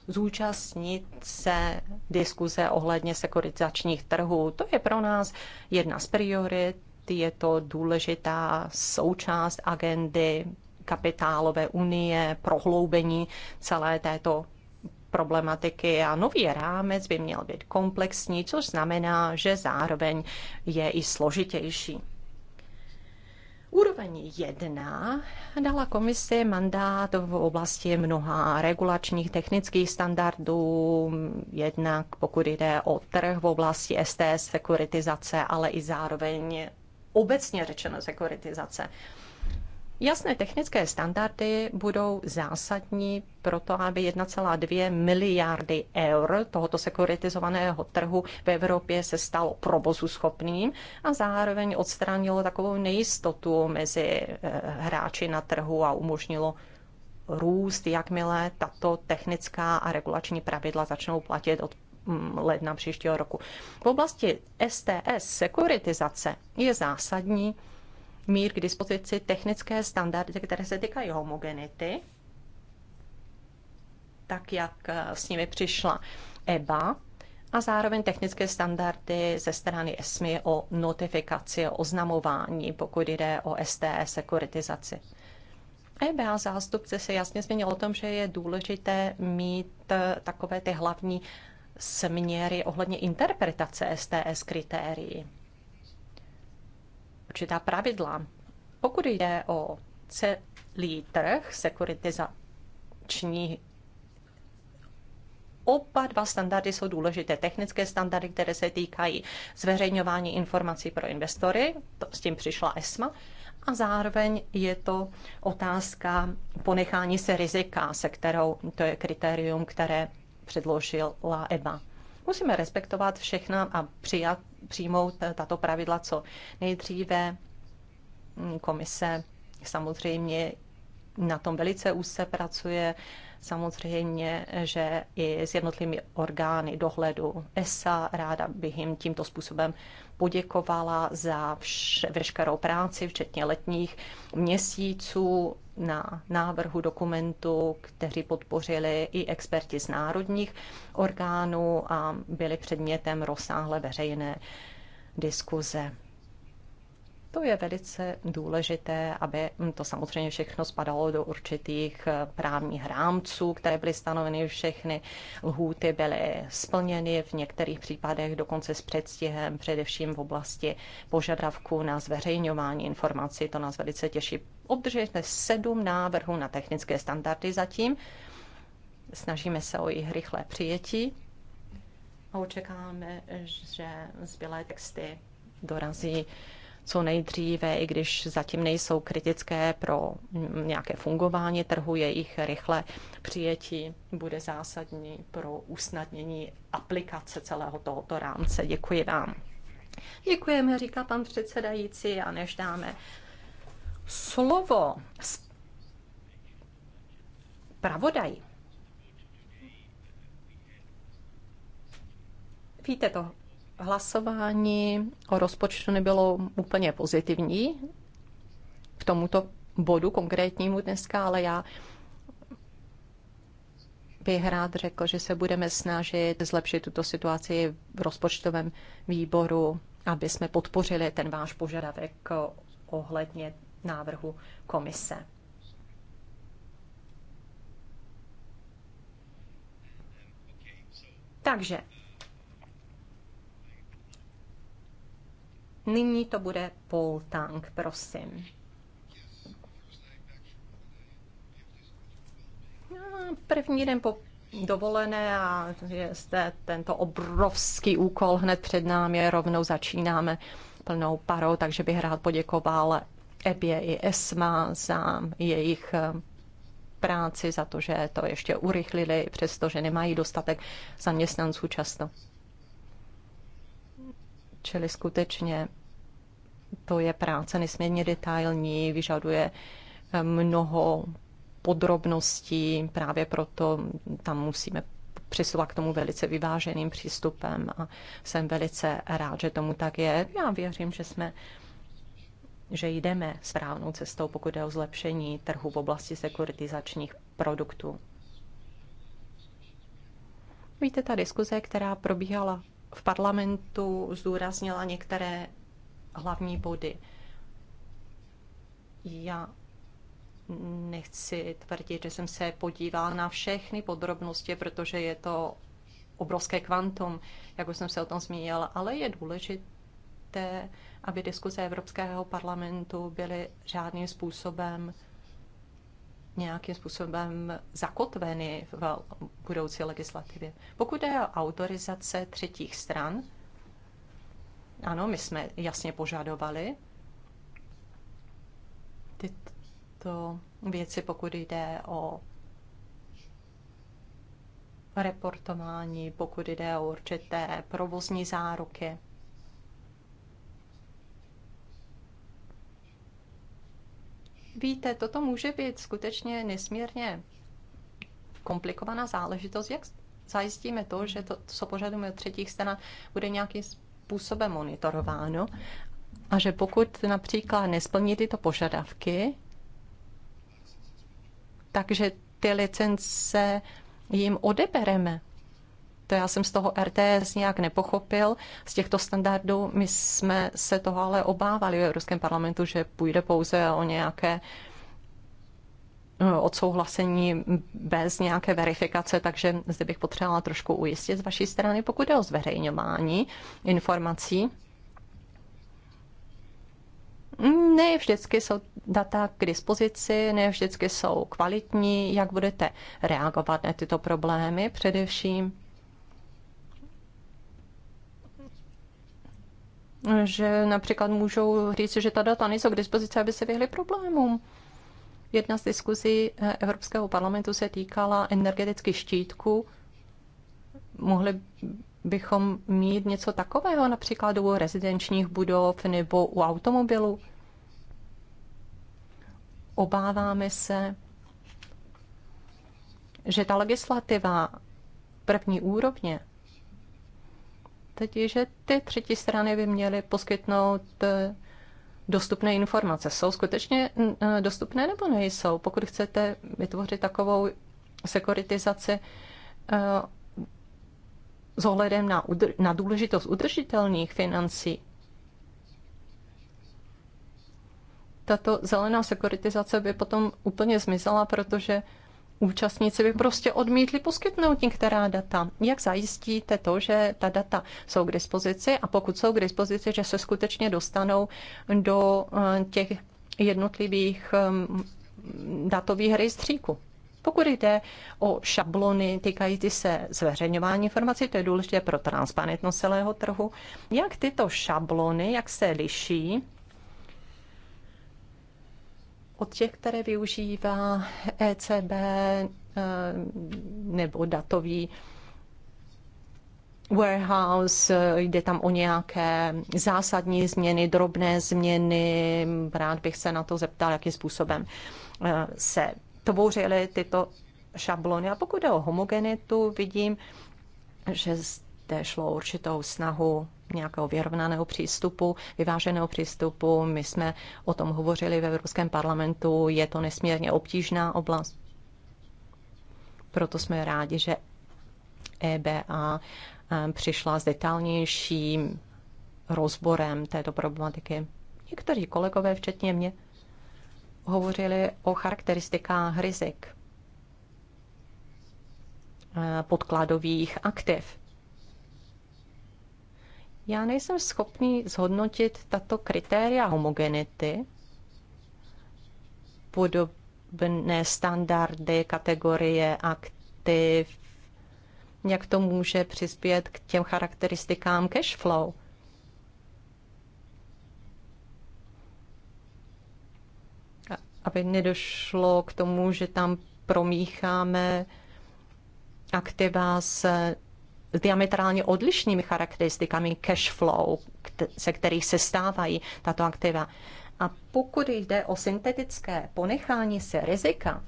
zúčastnit se diskuze ohledně sekuritizačních trhů. To je pro nás jedna z priorit, je to důležitá součást agendy kapitálové unie, prohloubení celé této problematiky a nový rámec by měl být komplexní, což znamená, že zároveň je i složitější. Úroveň 1 dala komisi mandát v oblasti mnoha regulačních technických standardů, jednak pokud jde o trh v oblasti STS sekuritizace, ale i zároveň obecně řečeno sekuritizace. Jasné technické standardy budou zásadní pro to, aby 1,2 miliardy eur tohoto sekuritizovaného trhu v Evropě se stalo probozu schopným a zároveň odstranilo takovou nejistotu mezi eh, hráči na trhu a umožnilo růst, jakmile tato technická a regulační pravidla začnou platit od mm, ledna příštího roku. V oblasti STS sekuritizace je zásadní, mít k dispozici technické standardy, které se týkají homogenity, tak jak eh, s nimi přišla EBA, a zároveň technické standardy ze strany ESMI o notifikaci, o oznamování, pokud jde o STE sekuritizaci. EBA zástupce se jasně zmínil o tom, že je důležité mít eh, takové ty hlavní směry ohledně interpretace STS kritérií určitá pravidla. Pokud jde o celý trh sekuritizační Oba dva standardy jsou důležité. Technické standardy, které se týkají zveřejňování informací pro investory, to, s tím přišla ESMA, a zároveň je to otázka ponechání se rizika, se kterou to je kritérium, které předložila EBA. Musíme respektovat všechna a přijat přijmout eh, tato pravidla co nejdříve. Mm, komise samozřejmě na tom velice úzce pracuje. Samozřejmě, že i s jednotlivými orgány dohledu ESA ráda bych jim tímto způsobem poděkovala za veškerou práci, včetně letních měsíců na návrhu dokumentu, kteří podpořili i experti z národních orgánů a byli předmětem rozsáhlé veřejné diskuze. To je velice důležité, aby to samozřejmě všechno spadalo do určitých eh, právních rámců, které byly stanoveny, všechny lhůty byly splněny, v některých případech dokonce s předstihem, především v oblasti požadavku na zveřejňování informací. To nás velice těší. Obdrželi jsme sedm návrhů na technické standardy zatím. Snažíme se o jejich rychlé přijetí a očekáváme, že zbylé texty dorazí co nejdříve, i když zatím nejsou kritické pro nějaké fungování trhu, jejich rychle přijetí bude zásadní pro usnadnění aplikace celého tohoto rámce. Děkuji vám. Děkujeme, říká pan předsedající, a než dáme slovo pravodaj. Víte to, hlasování o rozpočtu nebylo úplně pozitivní k tomuto bodu konkrétnímu dneska, ale já bych rád řekl, že se budeme snažit zlepšit tuto situaci v rozpočtovém výboru, aby jsme podpořili ten váš požadavek ohledně návrhu komise. Takže Nyní to bude Paul Tang, prosím. První den po dovolené a je zde tento obrovský úkol hned před námi, rovnou začínáme plnou parou, takže bych rád poděkoval EBě i ESMA za jejich eh, práci, za to, že to ještě urychlili, přestože nemají dostatek zaměstnanců často. Čili skutečně to je práce nesmírně detailní, vyžaduje eh, mnoho podrobností, právě proto tam musíme přistupovat k tomu velice vyváženým přístupem a jsem velice rád, že tomu tak je. Já věřím, že jsme že jdeme správnou cestou, pokud jde o zlepšení trhu v oblasti sekuritizačních produktů. Víte, ta diskuze, která probíhala v parlamentu zdůraznila některé hlavní body. Já nechci tvrdit, že jsem se podívala na všechny podrobnosti, protože je to obrovské kvantum, jak už jsem se o tom zmínila. ale je důležité, aby diskuze Evropského parlamentu byly řádným způsobem nějakým způsobem zakotveny v budoucí legislativě. Pokud je autorizace třetích stran, ano, my jsme jasně požadovali tyto věci, pokud jde o reportování, pokud jde o určité provozní záruky. Víte, toto může být skutečně nesmírně komplikovaná záležitost, jak zajistíme to, že to, co požadujeme od třetích stran, bude nějakým způsobem monitorováno a že pokud například nesplní tyto požadavky, takže ty licence jim odebereme to já jsem z toho RTS nějak nepochopil, z těchto standardů. My jsme se toho ale obávali v Evropském parlamentu, že půjde pouze o nějaké odsouhlasení bez nějaké verifikace, takže zde bych potřebovala trošku ujistit z vaší strany, pokud jde o zveřejňování informací. Ne vždycky jsou data k dispozici, ne vždycky jsou kvalitní. Jak budete reagovat na tyto problémy? Především že například můžou říct, že ta data nejsou k dispozici, aby se vyhli problémům. Jedna z diskuzí eh, Evropského parlamentu se týkala energetických štítků. Mohli bychom mít něco takového například u rezidenčních budov nebo u automobilu. Obáváme se, že ta legislativa první úrovně tedy, že ty třetí strany by měly poskytnout eh, dostupné informace. Jsou skutečně eh, dostupné nebo nejsou? Pokud chcete vytvořit takovou sekuritizaci eh, s ohledem na, na důležitost udržitelných financí, tato zelená sekuritizace by potom úplně zmizela, protože účastníci by prostě odmítli poskytnout některá data. Jak zajistíte to, že ta data jsou k dispozici a pokud jsou k dispozici, že se skutečně dostanou do eh, těch jednotlivých ehm, datových rejstříků? Pokud jde o šablony týkající se zveřejňování informací, to je důležité pro transparentnost celého trhu. Jak tyto šablony, jak se liší od těch, které využívá ECB eh, nebo datový warehouse, jde tam o nějaké zásadní změny, drobné změny. Rád bych se na to zeptal, jakým způsobem eh, se tvořily tyto šablony. A pokud jde o homogenitu, vidím, že zde šlo určitou snahu nějakého vyrovnaného přístupu, vyváženého přístupu. My jsme o tom hovořili ve Evropském parlamentu, je to nesmírně obtížná oblast. Proto jsme rádi, že EBA eh, přišla s detailnějším rozborem této problematiky. Někteří kolegové, včetně mě, hovořili o charakteristikách rizik eh, podkladových aktiv. Já nejsem schopný zhodnotit tato kritéria homogenity, podobné standardy, kategorie aktiv, jak to může přispět k těm charakteristikám cash flow. Aby nedošlo k tomu, že tam promícháme aktiva s diametrálně odlišnými charakteristikami cash flow, se kterých se stávají tato aktiva. A pokud jde o syntetické ponechání se rizika,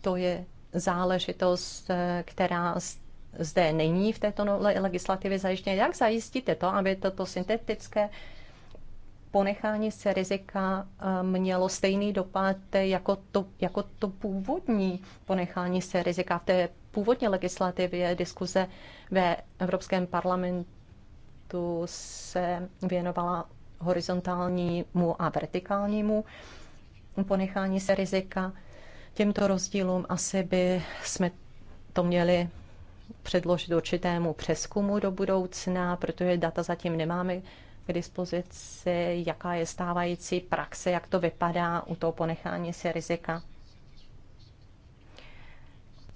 to je záležitost, eh, která zde není v této no- legislativě zajištěna. Jak zajistíte to, aby toto syntetické ponechání se rizika eh, mělo stejný dopad jako to, jako to původní ponechání se rizika v té původní legislativě diskuze ve Evropském parlamentu se věnovala horizontálnímu a vertikálnímu ponechání se rizika. Těmto rozdílům asi by jsme to měli předložit určitému přeskumu do budoucna, protože data zatím nemáme k dispozici, jaká je stávající praxe, jak to vypadá u toho ponechání si rizika.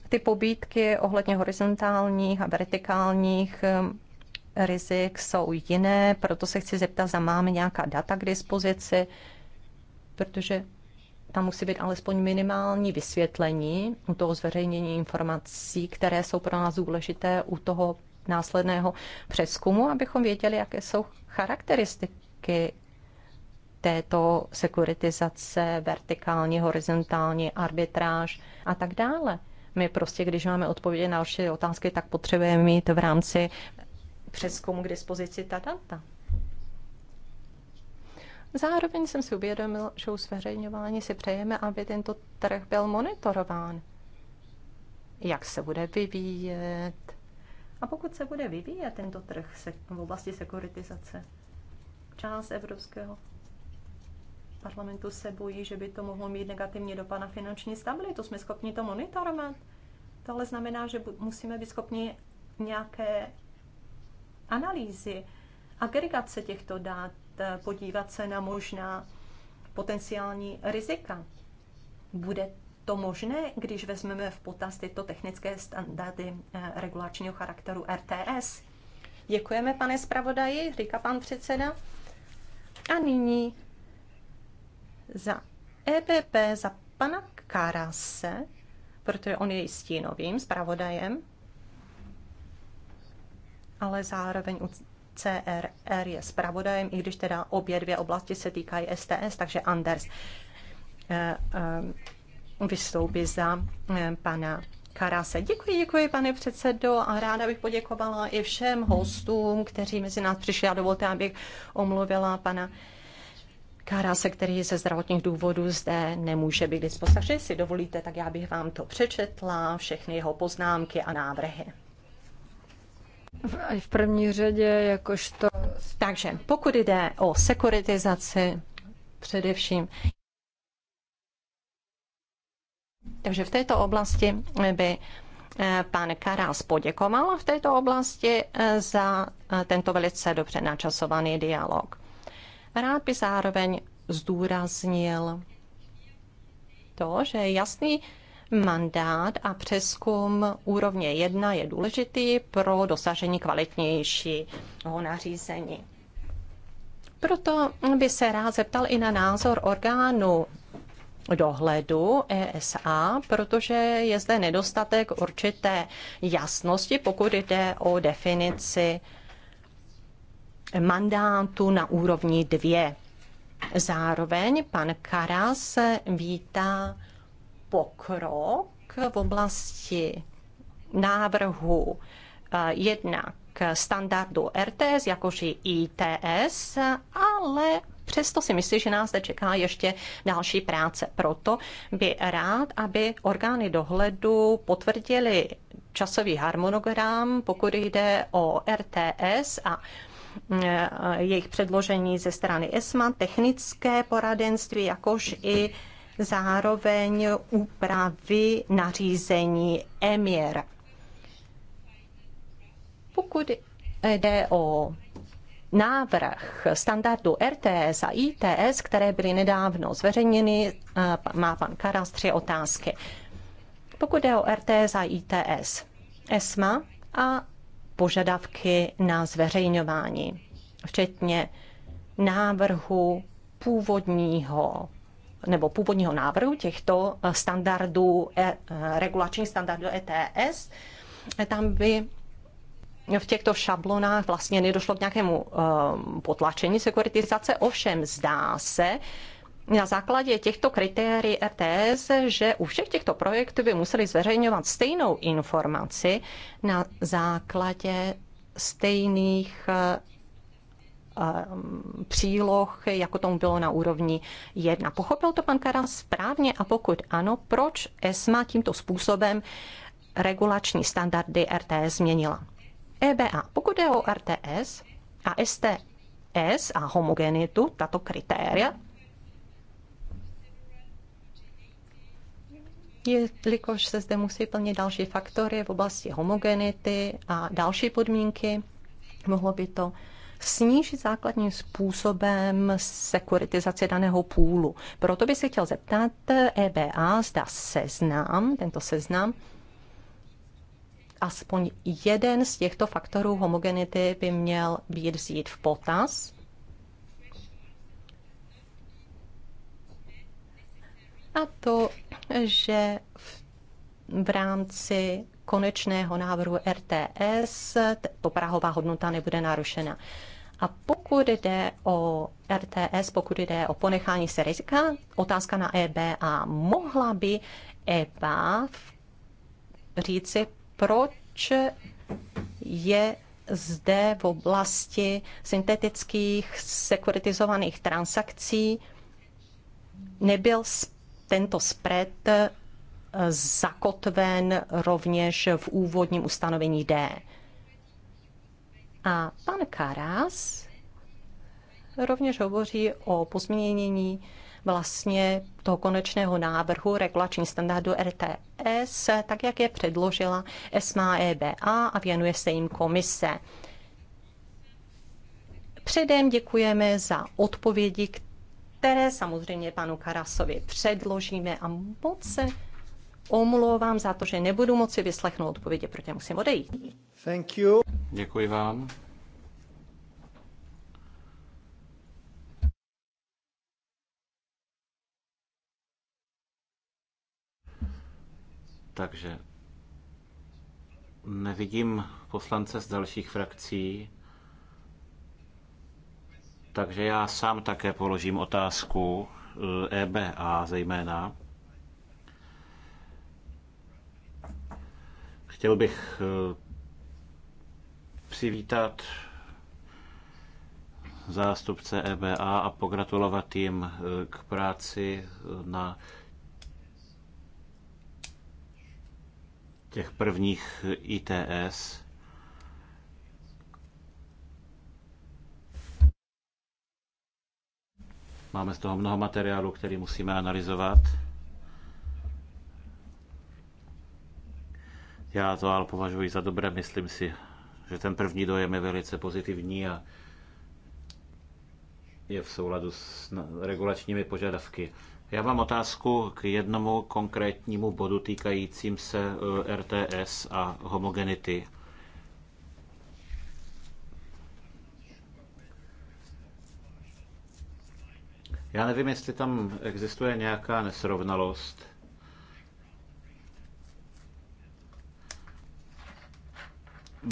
Ty pobídky ohledně horizontálních a vertikálních um, rizik jsou jiné, proto se chci zeptat, za máme nějaká data k dispozici, protože tam musí být alespoň minimální vysvětlení u toho zveřejnění informací, které jsou pro nás důležité u toho následného přeskumu, abychom věděli, jaké jsou charakteristiky této sekuritizace, vertikální, horizontální, arbitráž a tak dále. My prostě, když máme odpovědi na určité otázky, tak potřebujeme mít v rámci přeskumu k dispozici ta data. Zároveň jsem si uvědomil, že u zveřejňování si přejeme, aby tento trh byl monitorován. Jak se bude vyvíjet, a pokud se bude vyvíjet tento trh v oblasti sekuritizace, část evropského parlamentu se bojí, že by to mohlo mít negativní dopad na finanční stabilitu. Jsme schopni to monitorovat. To ale znamená, že musíme být schopni nějaké analýzy, agregace těchto dát, podívat se na možná potenciální rizika. Bude to možné, když vezmeme v potaz tyto technické standardy eh, regulačního charakteru RTS? Děkujeme, pane zpravodaji, říká pan předseda. A nyní za EPP, za pana Karase, protože on je stínovým zpravodajem, ale zároveň u CRR je zpravodajem, i když teda obě dvě oblasti se týkají STS, takže Anders. Eh, eh, vystoupí za eh, pana Karase. Děkuji, děkuji, pane předsedo, a ráda bych poděkovala i všem hostům, kteří mezi nás přišli. A dovolte, abych omluvila pana Karase, který ze zdravotních důvodů zde nemůže být dispozici. jestli dovolíte, tak já bych vám to přečetla, všechny jeho poznámky a návrhy. V, v první řadě jakožto... Takže pokud jde o sekuritizaci, především takže v této oblasti by eh, pan Karás poděkoval v této oblasti eh, za eh, tento velice dobře načasovaný dialog. Rád by zároveň zdůraznil to, že jasný mandát a přeskum úrovně 1 je důležitý pro dosažení kvalitnějšího nařízení. Proto by se rád zeptal i na názor orgánu dohledu ESA, protože je zde nedostatek určité jasnosti, pokud jde o definici mandátu na úrovni dvě. Zároveň pan Karas vítá pokrok v oblasti návrhu eh, jednak standardu RTS, jakož i ITS, ale Přesto si myslím, že nás zde čeká ještě další práce. Proto by rád, aby orgány dohledu potvrdili časový harmonogram, pokud jde o RTS a mm, eh, jejich předložení ze strany ESMA, technické poradenství, jakož i zároveň úpravy nařízení EMIR. Pokud jde o návrh standardu RTS a ITS, které byly nedávno zveřejněny, eh, má pan Karas tři otázky. Pokud je o RTS a ITS, ESMA a požadavky na zveřejňování, včetně návrhu původního nebo původního návrhu těchto eh, standardů, eh, regulačních standardů ETS, tam by v těchto šablonách vlastně nedošlo k nějakému eh, potlačení sekuritizace, ovšem zdá se, na základě těchto kritérií RTS, že u všech těchto projektů by museli zveřejňovat stejnou informaci na základě stejných eh, eh, příloh, jako tomu bylo na úrovni 1. Pochopil to pan Karas správně a pokud ano, proč ESMA tímto způsobem regulační standardy RTS změnila? EBA. Pokud je o RTS a STS a homogenitu, tato kritéria, jelikož se zde musí plnit další faktory v oblasti homogenity a další podmínky, mohlo by to snížit základním způsobem sekuritizaci daného půlu. Proto bych se chtěl zeptat EBA, zda seznám, tento seznam aspoň jeden z těchto faktorů homogenity by měl být vzít v potaz. A to, že v, v rámci konečného návrhu RTS to prahová hodnota nebude narušena. A pokud jde o RTS, pokud jde o ponechání se rizika, otázka na EBA. Mohla by EBA říci, proč je zde v oblasti syntetických sekuritizovaných transakcí nebyl tento spread eh, zakotven rovněž v úvodním ustanovení D. A pan Karas rovněž hovoří o pozměnění vlastně toho konečného návrhu regulační standardu RTS, tak jak je předložila ESMA EBA a věnuje se jim komise. Předem děkujeme za odpovědi, které samozřejmě panu Karasovi předložíme a moc se omlouvám za to, že nebudu moci vyslechnout odpovědi, protože musím odejít. Thank you. Děkuji vám. Takže nevidím poslance z dalších frakcí, takže já sám také položím otázku EBA eh, e zejména. Chtěl bych eh, přivítat zástupce EBA a pogratulovat jim eh, k práci na těch prvních ITS. Máme z toho mnoho materiálu, který musíme analyzovat. Já to ale považuji za dobré, myslím si, že ten první dojem je velice pozitivní a je v souladu s regulačními požadavky. Já mám otázku k jednomu konkrétnímu bodu týkajícím se eh, RTS a homogenity. Já nevím, jestli tam existuje nějaká nesrovnalost.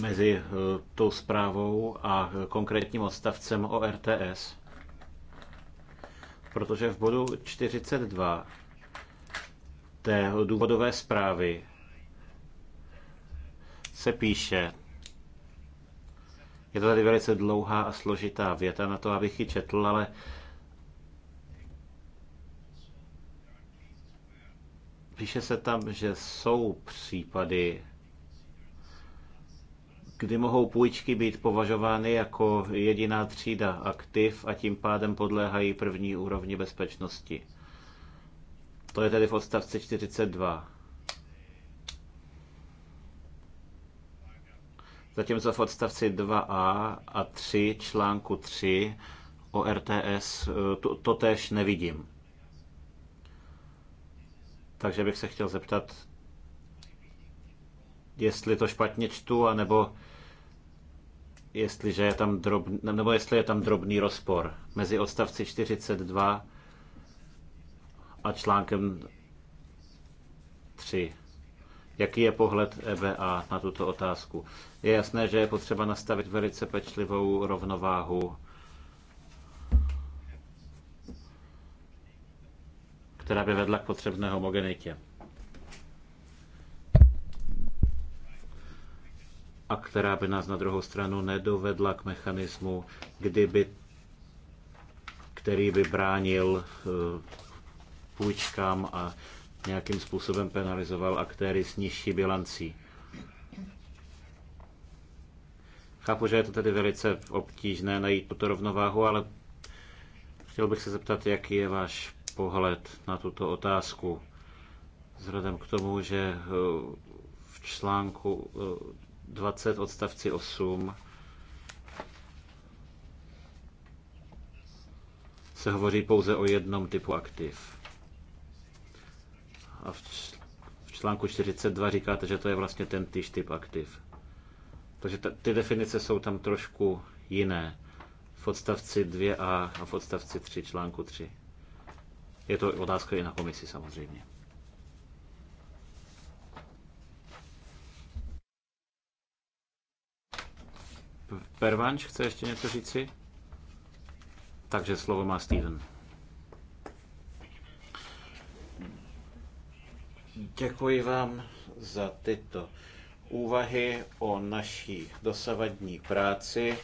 mezi eh, tou zprávou a konkrétním odstavcem o RTS protože v bodu 42 té důvodové zprávy se píše, je to tady velice dlouhá a složitá věta na to, abych ji četl, ale píše se tam, že jsou případy, kdy mohou půjčky být považovány jako jediná třída aktiv a tím pádem podléhají první úrovni bezpečnosti. To je tedy v odstavci 42. Zatímco v odstavci 2a a 3 článku 3 o RTS eh, to, to tež nevidím. Takže bych se chtěl zeptat, jestli to špatně čtu, anebo jestliže je tam drobný, nebo jestli je tam drobný rozpor mezi odstavci 42 a článkem 3. Jaký je pohled EBA na tuto otázku? Je jasné, že je potřeba nastavit velice pečlivou rovnováhu, která by vedla k potřebné homogenitě. a která by nás na druhou stranu nedovedla k mechanismu, kdyby, který by bránil eh, půjčkám a nějakým způsobem penalizoval aktéry s nižší bilancí. Chápu, že je to tedy velice obtížné najít tuto rovnováhu, ale chtěl bych se zeptat, jaký je váš pohled na tuto otázku. Vzhledem k tomu, že eh, v článku eh, 20 odstavci 8 se hovoří pouze o jednom typu aktiv. A v, článku 42 říkáte, že to je vlastně ten týž typ aktiv. Takže ty definice jsou tam trošku jiné. V odstavci 2a a v odstavci 3 článku 3. Je to otázka i na komisi samozřejmě. Pervanč chce ještě něco říci? Takže slovo má Steven. Děkuji vám za tyto úvahy o naší dosavadní práci.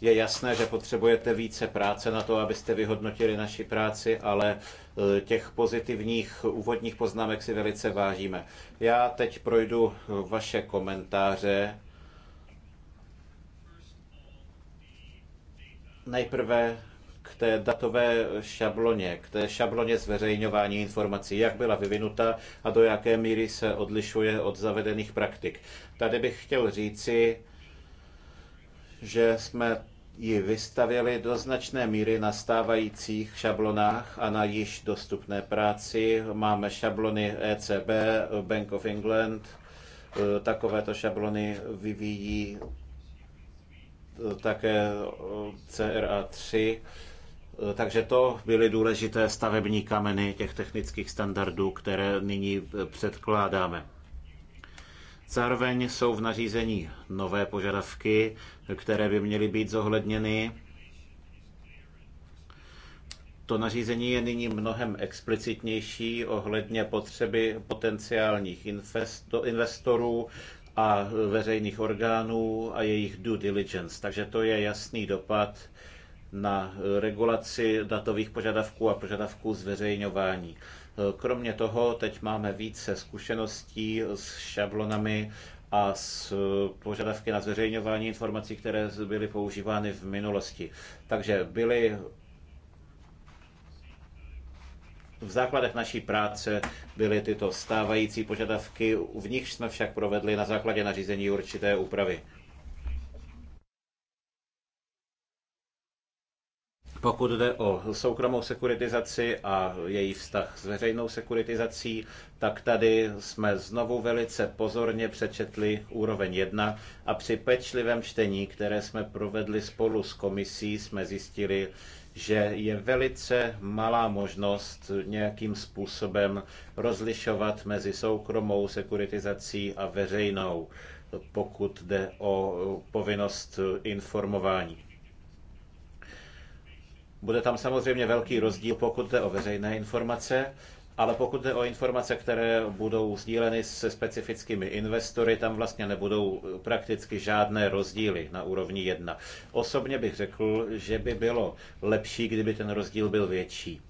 Je jasné, že potřebujete více práce na to, abyste vyhodnotili naši práci, ale Eh, těch pozitivních úvodních poznámek si velice vážíme. Já teď projdu eh, vaše komentáře. Nejprve k té datové šabloně, k té šabloně zveřejňování informací, jak byla vyvinuta a do jaké míry se odlišuje od zavedených praktik. Tady bych chtěl říci, že jsme ji vystavěli do značné míry na stávajících šablonách a na již dostupné práci. Máme šablony ECB, Bank of England, e, takovéto šablony vyvíjí e, také e, CRA3. Takže to byly důležité stavební kameny těch technických standardů, které nyní předkládáme. Zároveň jsou v nařízení nové požadavky, které by měly být zohledněny. To nařízení je nyní mnohem explicitnější ohledně potřeby potenciálních investorů a veřejných orgánů a jejich due diligence. Takže to je jasný dopad na regulaci datových požadavků a požadavků zveřejňování. Kromě toho teď máme více zkušeností s šablonami a s požadavky na zveřejňování informací, které byly používány v minulosti. Takže byly v základech naší práce byly tyto stávající požadavky, v nich jsme však provedli na základě nařízení určité úpravy. Pokud jde o soukromou sekuritizaci a její vztah s veřejnou sekuritizací, tak tady jsme znovu velice pozorně přečetli úroveň 1 a při pečlivém čtení, které jsme provedli spolu s komisí, jsme zjistili, že je velice malá možnost nějakým způsobem rozlišovat mezi soukromou sekuritizací a veřejnou, pokud jde o povinnost informování. Bude tam samozřejmě velký rozdíl, pokud jde o veřejné informace, ale pokud jde o informace, které budou sdíleny se specifickými investory, tam vlastně nebudou prakticky žádné rozdíly na úrovni jedna. Osobně bych řekl, že by bylo lepší, kdyby ten rozdíl byl větší.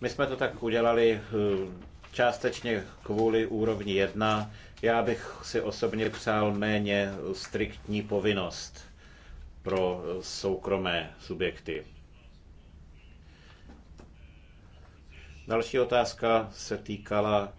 My jsme to tak udělali eh, částečně kvůli úrovni jedna. Já bych si osobně přál méně striktní povinnost pro soukromé subjekty. Další otázka se týkala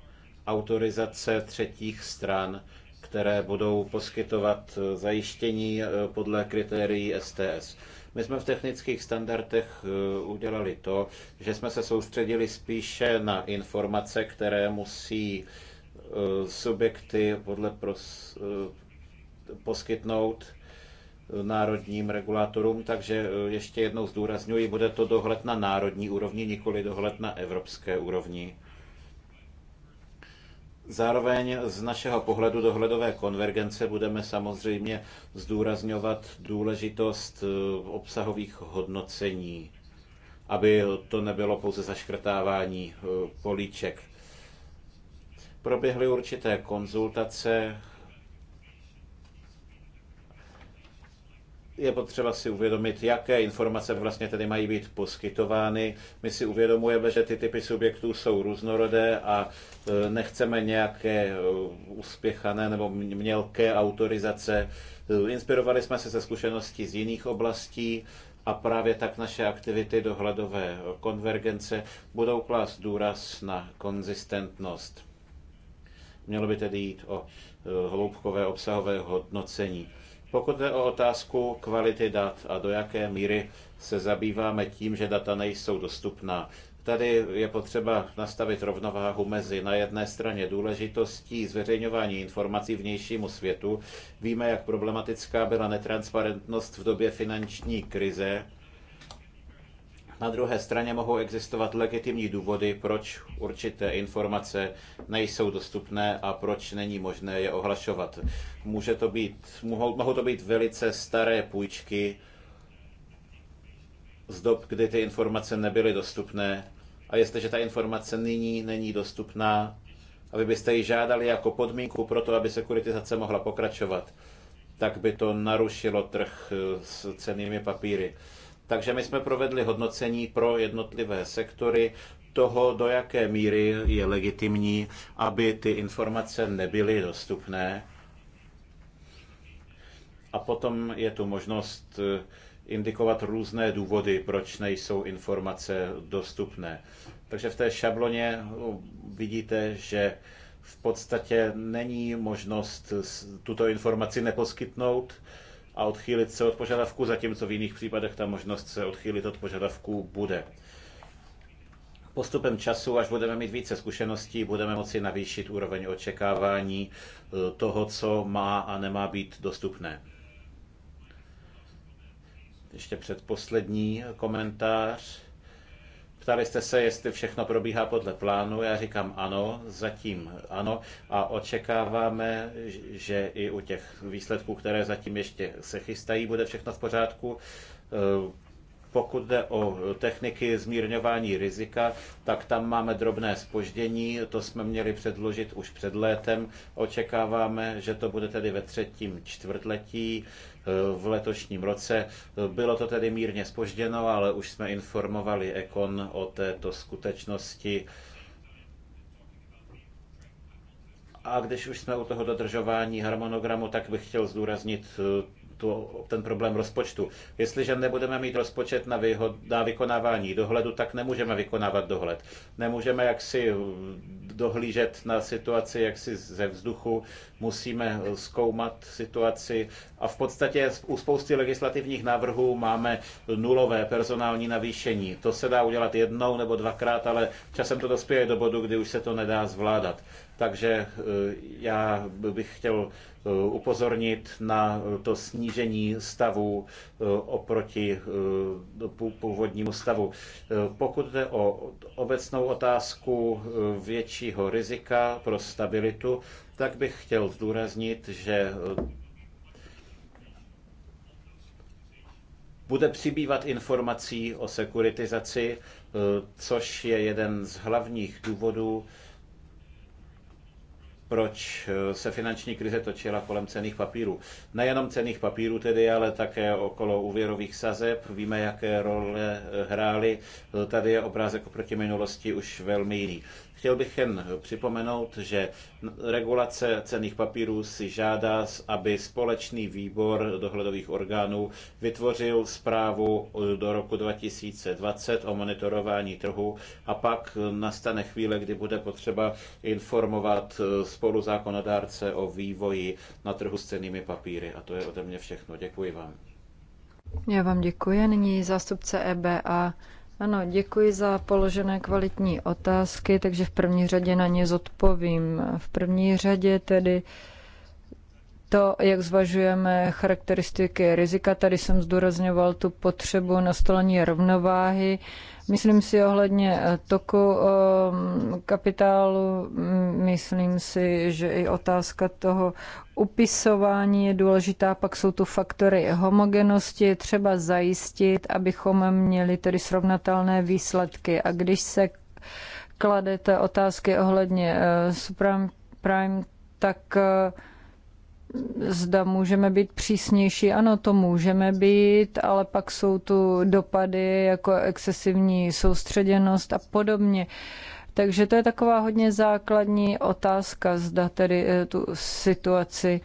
autorizace třetích stran, které budou poskytovat zajištění eh, podle kritérií STS. My jsme v technických standardech eh, udělali to, že jsme se soustředili spíše na informace, které musí eh, subjekty podle pros, poskytnout národním regulátorům, takže e, ještě jednou zdůrazňuji, bude to dohled na národní úrovni, nikoli dohled na evropské úrovni. Zároveň z našeho pohledu dohledové konvergence budeme samozřejmě zdůrazňovat důležitost e, obsahových hodnocení, aby to nebylo pouze zaškrtávání e, políček. Proběhly určité konzultace je potřeba si uvědomit, jaké informace vlastně tedy mají být poskytovány. My si uvědomujeme, že ty typy subjektů jsou různorodé a e, nechceme nějaké e, uspěchané nebo mělké autorizace. E, inspirovali jsme se ze zkušeností z jiných oblastí a právě tak naše aktivity dohledové konvergence budou klást důraz na konzistentnost. Mělo by tedy jít o hloubkové obsahové hodnocení. Pokud jde o otázku kvality dat a do jaké míry se zabýváme tím, že data nejsou dostupná, Tady je potřeba nastavit rovnováhu mezi na jedné straně důležitostí zveřejňování informací vnějšímu světu. Víme, jak problematická byla netransparentnost v době finanční krize na druhé straně mohou existovat legitimní důvody, proč určité informace nejsou dostupné a proč není možné je ohlašovat. Může to být, mohou, mohou to být velice staré půjčky z dob, kdy ty informace nebyly dostupné. A jestliže ta informace nyní není dostupná, vy byste ji žádali jako podmínku pro to, aby sekuritizace mohla pokračovat, tak by to narušilo trh s cenými papíry. Takže my jsme provedli hodnocení pro jednotlivé sektory toho, do jaké míry je legitimní, aby ty informace nebyly dostupné. A potom je tu možnost eh, indikovat různé důvody, proč nejsou informace dostupné. Takže v té šabloně eh, vidíte, že v podstatě není možnost tuto informaci neposkytnout, a odchýlit se od požadavku, zatímco v jiných případech ta možnost se odchýlit od požadavků bude. Postupem času, až budeme mít více zkušeností, budeme moci navýšit úroveň očekávání e, toho, co má a nemá být dostupné. Ještě předposlední komentář. Ptali jste se, jestli všechno probíhá podle plánu. Já říkám ano, zatím ano. A očekáváme, že i u těch výsledků, které zatím ještě se chystají, bude všechno v pořádku. Eh, pokud jde o techniky zmírňování rizika, tak tam máme drobné spoždění, to jsme měli předložit už před létem. Očekáváme, že to bude tedy ve třetím čtvrtletí v letošním roce. Bylo to tedy mírně spožděno, ale už jsme informovali Ekon o této skutečnosti. A když už jsme u toho dodržování harmonogramu, tak bych chtěl zdůraznit tu, ten problém rozpočtu. Jestliže nebudeme mít rozpočet na, vyho, na vykonávání dohledu, tak nemůžeme vykonávat dohled. Nemůžeme jaksi dohlížet na situaci jaksi ze vzduchu, musíme zkoumat situaci a v podstatě u spousty legislativních návrhů máme nulové personální navýšení. To se dá udělat jednou nebo dvakrát, ale časem to dospěje do bodu, kdy už se to nedá zvládat. Takže e, já bych chtěl e, upozornit na to snížení stavu e, oproti původnímu stavu. Pokud jde o obecnou otázku většího rizika pro stabilitu, tak bych chtěl zdůraznit, že bude přibývat informací o sekuritizaci, což je jeden z hlavních důvodů, proč eh, se finanční krize točila kolem cených papírů. Nejenom cených papírů tedy, ale také okolo úvěrových sazeb. Víme, jaké role hrály. Eh, tady je obrázek oproti minulosti už velmi jiný. Chtěl bych jen připomenout, že regulace cených papírů si žádá, aby společný výbor dohledových orgánů vytvořil zprávu do roku 2020 o monitorování trhu a pak nastane chvíle, kdy bude potřeba informovat zákonodárce o vývoji na trhu s cenými papíry. A to je ode mě všechno. Děkuji vám. Já vám děkuji. Nyní zástupce EBA ano, děkuji za položené kvalitní otázky, takže v první řadě na ně zodpovím. V první řadě tedy to, jak zvažujeme charakteristiky rizika, tady jsem zdůrazňoval tu potřebu nastolení rovnováhy Myslím si ohledně eh, toku ehm, kapitálu, mm, myslím si, že i otázka toho upisování je důležitá, pak jsou tu faktory homogenosti, třeba zajistit, abychom měli tedy srovnatelné výsledky. A když se kladete otázky ohledně eh, subprime, tak uh, Zda můžeme být přísnější, ano, to můžeme být, ale pak jsou tu dopady jako excesivní soustředěnost a podobně. Takže to je taková hodně základní otázka, zda tedy eh, tu situaci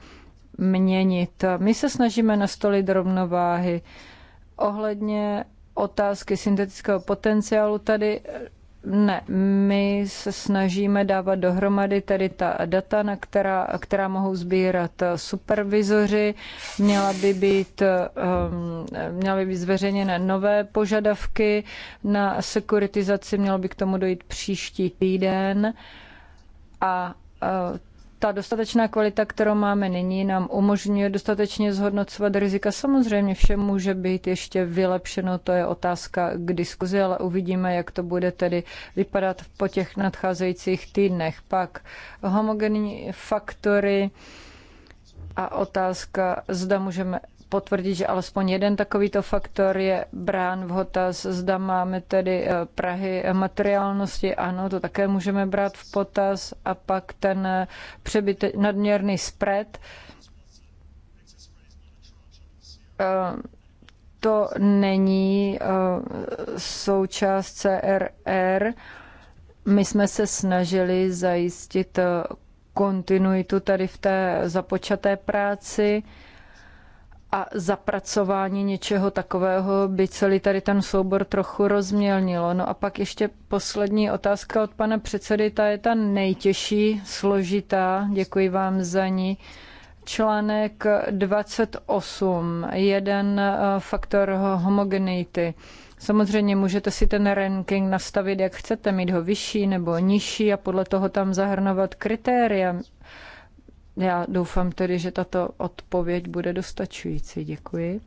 měnit. My se snažíme nastolit rovnováhy. Ohledně otázky syntetického potenciálu tady ne, my se snažíme dávat dohromady tedy ta data, na která, která mohou sbírat eh, supervizoři. Měla by být, ehm, měla by být zveřejněné nové požadavky na sekuritizaci, mělo by k tomu dojít příští týden. A eh, ta dostatečná kvalita, kterou máme nyní, nám umožňuje dostatečně zhodnocovat rizika. Samozřejmě vše může být ještě vylepšeno, to je otázka k diskuzi, ale uvidíme, jak to bude tedy vypadat po těch nadcházejících týdnech. Pak homogenní faktory a otázka, zda můžeme potvrdit, že alespoň jeden takovýto faktor je brán v hotaz. Zda máme tedy eh, Prahy materiálnosti, ano, to také můžeme brát v potaz. A pak ten eh, přebyte, nadměrný spread, eh, to není součást CRR. My jsme se snažili zajistit kontinuitu tady v té započaté práci a zapracování něčeho takového by celý tady ten soubor trochu rozmělnilo. No a pak ještě poslední otázka od pana předsedy, ta je ta nejtěžší, složitá, děkuji vám za ní. Článek 28, jeden eh, faktor homogenity. Samozřejmě můžete si ten ranking nastavit, jak chcete, mít ho vyšší nebo nižší a podle toho tam zahrnovat kritéria. Já doufám tedy, že tato odpověď bude dostačující. Děkuji.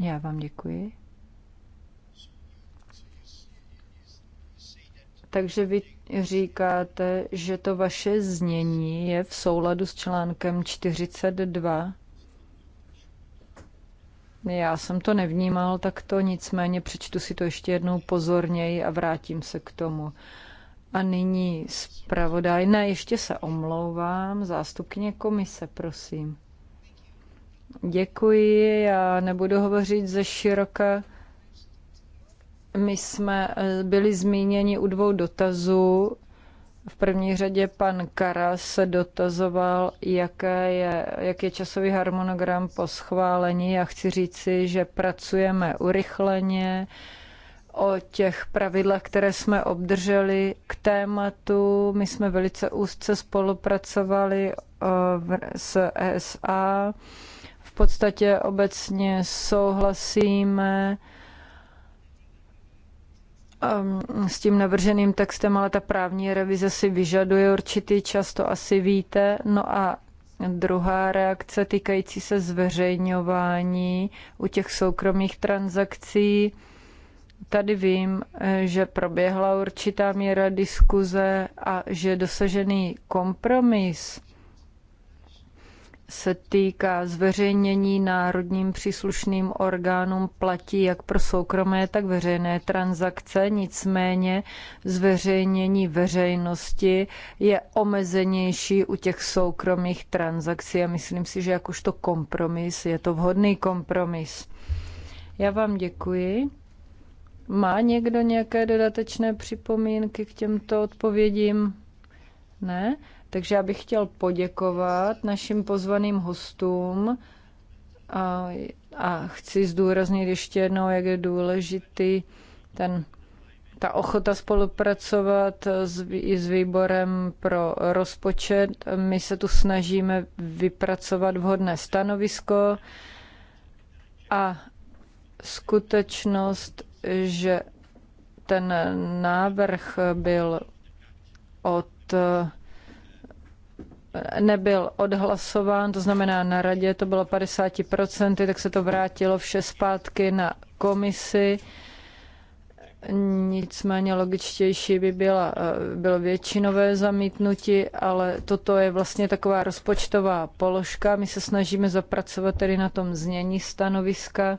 Já vám děkuji. Takže vy říkáte, že to vaše znění je v souladu s článkem 42 já jsem to nevnímal takto, nicméně přečtu si to ještě jednou pozorněji a vrátím se k tomu. A nyní zpravodaj. Ne, ještě se omlouvám. Zástupkyně komise, prosím. Děkuji, já nebudu hovořit ze široka. My jsme eh, byli zmíněni u dvou dotazů v první řadě pan Karas se dotazoval, jaké je, jak je časový harmonogram po schválení. Já chci říci, že pracujeme urychleně o těch pravidlech, které jsme obdrželi k tématu. My jsme velice úzce spolupracovali eh, s ESA. V podstatě obecně souhlasíme Ehm, s tím navrženým textem, ale ta právní revize si vyžaduje určitý čas, to asi víte. No a druhá reakce týkající se zveřejňování u těch soukromých transakcí. Tady vím, že proběhla určitá míra diskuze a že dosažený kompromis se týká zveřejnění národním příslušným orgánům, platí jak pro soukromé, tak veřejné transakce. Nicméně zveřejnění veřejnosti je omezenější u těch soukromých transakcí a myslím si, že jakožto kompromis je to vhodný kompromis. Já vám děkuji. Má někdo nějaké dodatečné připomínky k těmto odpovědím? Ne? Takže já bych chtěl poděkovat našim pozvaným hostům a, a chci zdůraznit ještě jednou, jak je důležitý ten ta ochota spolupracovat s, i s výborem pro rozpočet. My se tu snažíme vypracovat vhodné stanovisko a skutečnost, že ten návrh byl od nebyl odhlasován, to znamená na radě to bylo 50%, tak se to vrátilo vše zpátky na komisi. Nicméně logičtější by byla, eh, bylo většinové zamítnutí, ale toto je vlastně taková rozpočtová položka. My se snažíme zapracovat tedy na tom znění stanoviska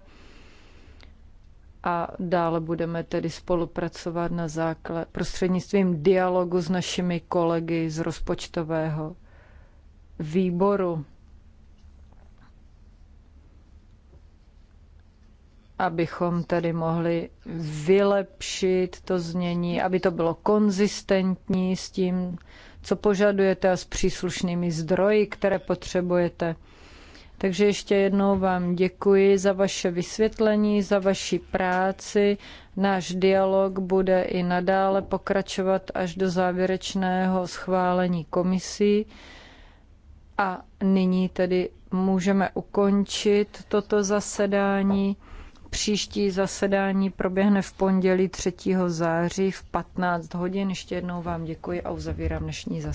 a dále budeme tedy spolupracovat na základ prostřednictvím dialogu s našimi kolegy z rozpočtového výboru. abychom tedy mohli vylepšit to znění, aby to bylo konzistentní s tím, co požadujete a s příslušnými zdroji, které potřebujete. Takže ještě jednou vám děkuji za vaše vysvětlení, za vaši práci. Náš dialog bude i nadále pokračovat až do závěrečného schválení komisí. A nyní tedy můžeme ukončit toto zasedání. Příští zasedání proběhne v pondělí 3. září v 15 hodin. Ještě jednou vám děkuji a uzavírám dnešní zasedání.